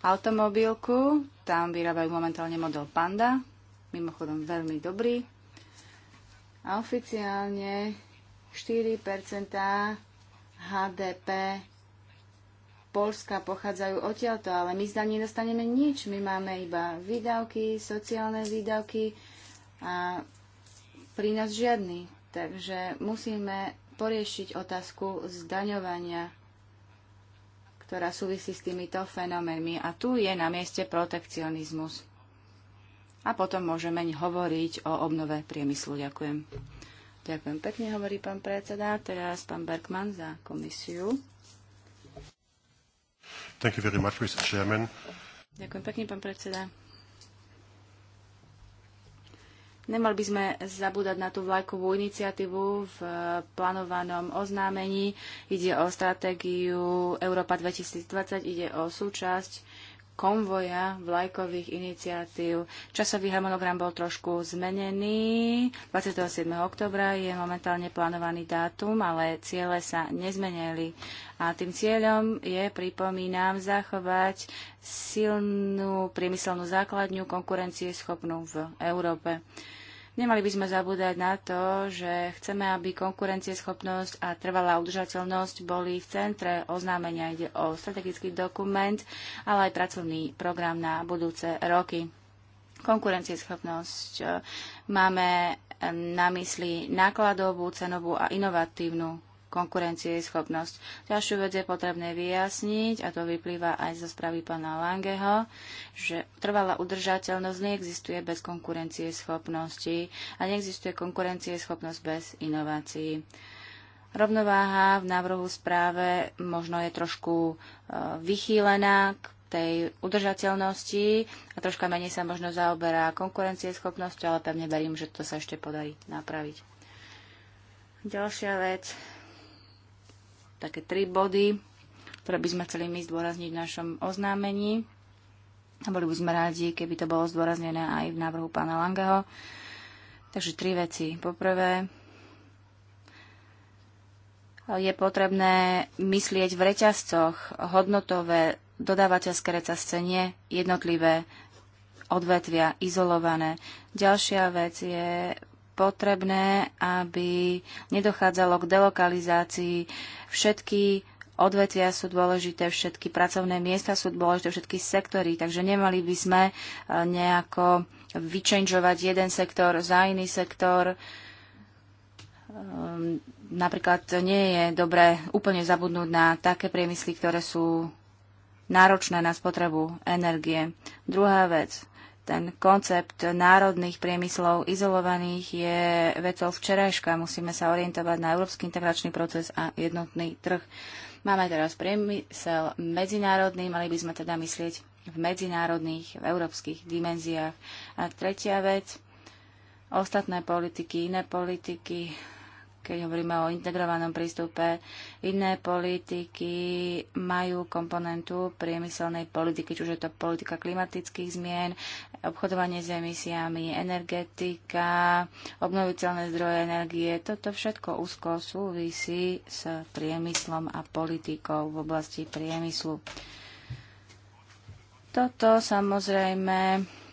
automobilku, tam vyrábajú momentálne model Panda, mimochodom veľmi dobrý. A oficiálne 4% HDP Polska pochádzajú odtiaľto, ale my zda nedostaneme nič. My máme iba výdavky, sociálne výdavky a prínos žiadny. Takže musíme poriešiť otázku zdaňovania ktorá súvisí s týmito fenoménmi. A tu je na mieste protekcionizmus. A potom môžeme hovoriť o obnove priemyslu. Ďakujem. Ďakujem pekne, hovorí pán predseda. Teraz pán Bergman za komisiu. Thank you very much, Mr. Chairman. Ďakujem pekne, pán predseda. Nemali by sme zabúdať na tú vlajkovú iniciatívu v plánovanom oznámení. Ide o stratégiu Európa 2020, ide o súčasť konvoja vlajkových iniciatív. Časový harmonogram bol trošku zmenený. 27. oktobra je momentálne plánovaný dátum, ale ciele sa nezmenili. A tým cieľom je, pripomínam, zachovať silnú priemyselnú základňu konkurencieschopnú v Európe. Nemali by sme zabúdať na to, že chceme, aby konkurencieschopnosť a trvalá udržateľnosť boli v centre oznámenia. Ide o strategický dokument, ale aj pracovný program na budúce roky. Konkurencieschopnosť e, máme na mysli nákladovú, cenovú a inovatívnu konkurencieschopnosť. Ďalšiu vec je potrebné vyjasniť, a to vyplýva aj zo správy pána Langeho, že trvalá udržateľnosť neexistuje bez konkurencieschopnosti a neexistuje konkurencieschopnosť bez inovácií. Rovnováha v návrhu správe možno je trošku e, vychýlená k tej udržateľnosti a troška menej sa možno zaoberá konkurencieschopnosťou, ale pevne verím, že to sa ešte podarí napraviť. Ďalšia vec, také tri body, ktoré by sme chceli my zdôrazniť v našom oznámení. A boli by sme rádi, keby to bolo zdôraznené aj v návrhu pána Langeho. Takže tri veci. Poprvé, je potrebné myslieť v reťazcoch hodnotové dodávateľské reťazce, nie jednotlivé odvetvia, izolované. Ďalšia vec je potrebné, aby nedochádzalo k delokalizácii. Všetky odvetvia sú dôležité, všetky pracovné miesta sú dôležité, všetky sektory, takže nemali by sme eh, nejako vyčenžovať jeden sektor za iný sektor. Ehm, napríklad nie je dobré úplne zabudnúť na také priemysly, ktoré sú náročné na spotrebu energie. Druhá vec, ten koncept národných priemyslov izolovaných je vecou včerajška. Musíme sa orientovať na európsky integračný proces a jednotný trh. Máme teraz priemysel medzinárodný, mali by sme teda myslieť v medzinárodných, v európskych dimenziách. A tretia vec, ostatné politiky, iné politiky, keď hovoríme o integrovanom prístupe. Iné politiky majú komponentu priemyselnej politiky, čiže je to politika klimatických zmien, obchodovanie s emisiami, energetika, obnoviteľné zdroje energie. Toto všetko úzko súvisí s priemyslom a politikou v oblasti priemyslu. Toto samozrejme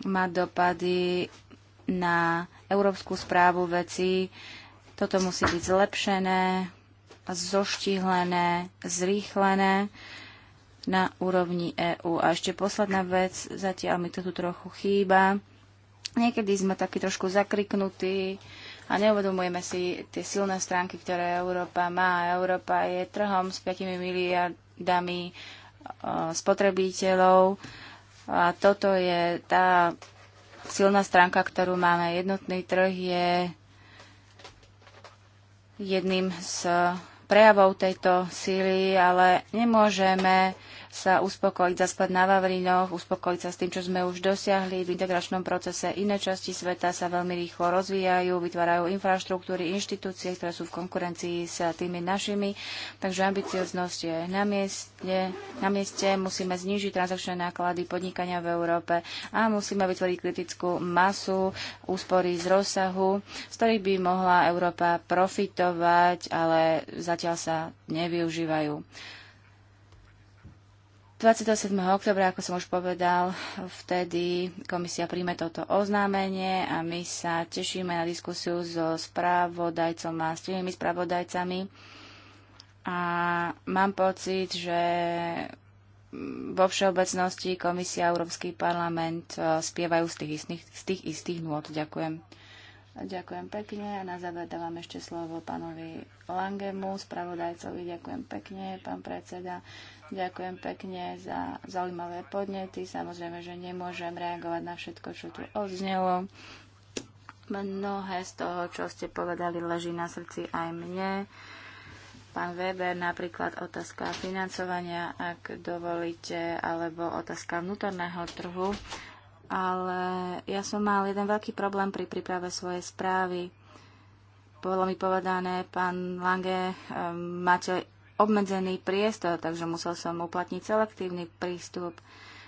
má dopady na Európsku správu vecí, toto musí byť zlepšené, zoštihlené, zrýchlené na úrovni EÚ. A ešte posledná vec, zatiaľ mi to tu trochu chýba. Niekedy sme takí trošku zakriknutí a neuvedomujeme si tie silné stránky, ktoré Európa má. Európa je trhom s 5 miliardami e, spotrebiteľov. A toto je tá silná stránka, ktorú máme. Jednotný trh je jedným z prejavov tejto síly, ale nemôžeme sa uspokojiť, zaspať na Vavrinoch, uspokojiť sa s tým, čo sme už dosiahli v integračnom procese. Iné časti sveta sa veľmi rýchlo rozvíjajú, vytvárajú infraštruktúry, inštitúcie, ktoré sú v konkurencii s tými našimi. Takže ambicioznosť je na mieste, na mieste musíme znížiť transakčné náklady podnikania v Európe a musíme vytvoriť kritickú masu úspory z rozsahu, z ktorých by mohla Európa profitovať, ale zatiaľ sa nevyužívajú. 27. oktobra, ako som už povedal, vtedy komisia príjme toto oznámenie a my sa tešíme na diskusiu so správodajcom a s tými správodajcami. A mám pocit, že vo všeobecnosti komisia a Európsky parlament e, spievajú z tých istých, z tých istých nôd. Ďakujem. Ďakujem pekne a na záver dávam ešte slovo pánovi Langemu, spravodajcovi. Ďakujem pekne, pán predseda. Ďakujem pekne za zaujímavé podnety. Samozrejme, že nemôžem reagovať na všetko, čo tu odznelo. Mnohé z toho, čo ste povedali, leží na srdci aj mne. Pán Weber, napríklad otázka financovania, ak dovolíte, alebo otázka vnútorného trhu. Ale ja som mal jeden veľký problém pri príprave svojej správy bolo mi povedané, pán Lange, ehm, máte obmedzený priestor, takže musel som uplatniť selektívny prístup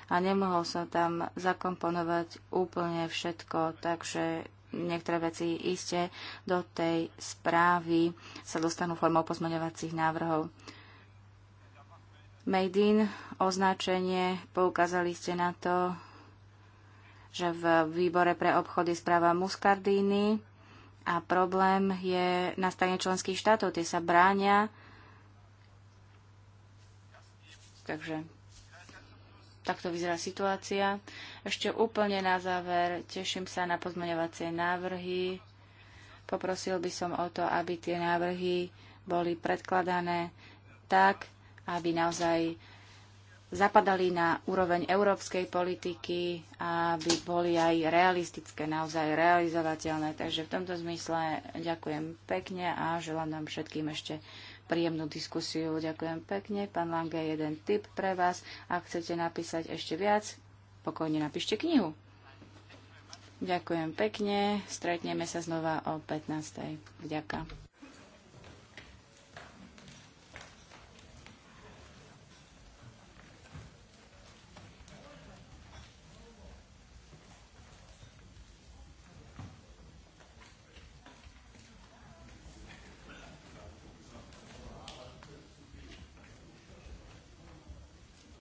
a nemohol som tam zakomponovať úplne všetko, takže niektoré veci iste do tej správy sa dostanú formou pozmeňovacích návrhov. Made in označenie, poukázali ste na to, že v výbore pre obchody správa muskardíny a problém je na strane členských štátov. Tie sa bránia Takže takto vyzerá situácia. Ešte úplne na záver, teším sa na pozmeňovacie návrhy. Poprosil by som o to, aby tie návrhy boli predkladané tak, aby naozaj zapadali na úroveň európskej politiky, aby boli aj realistické, naozaj realizovateľné. Takže v tomto zmysle ďakujem pekne a želám nám všetkým ešte príjemnú diskusiu. Ďakujem pekne. Pán Lange, jeden tip pre vás. Ak chcete napísať ešte viac, pokojne napíšte knihu. Ďakujem pekne. Stretneme sa znova o 15. Ďakujem.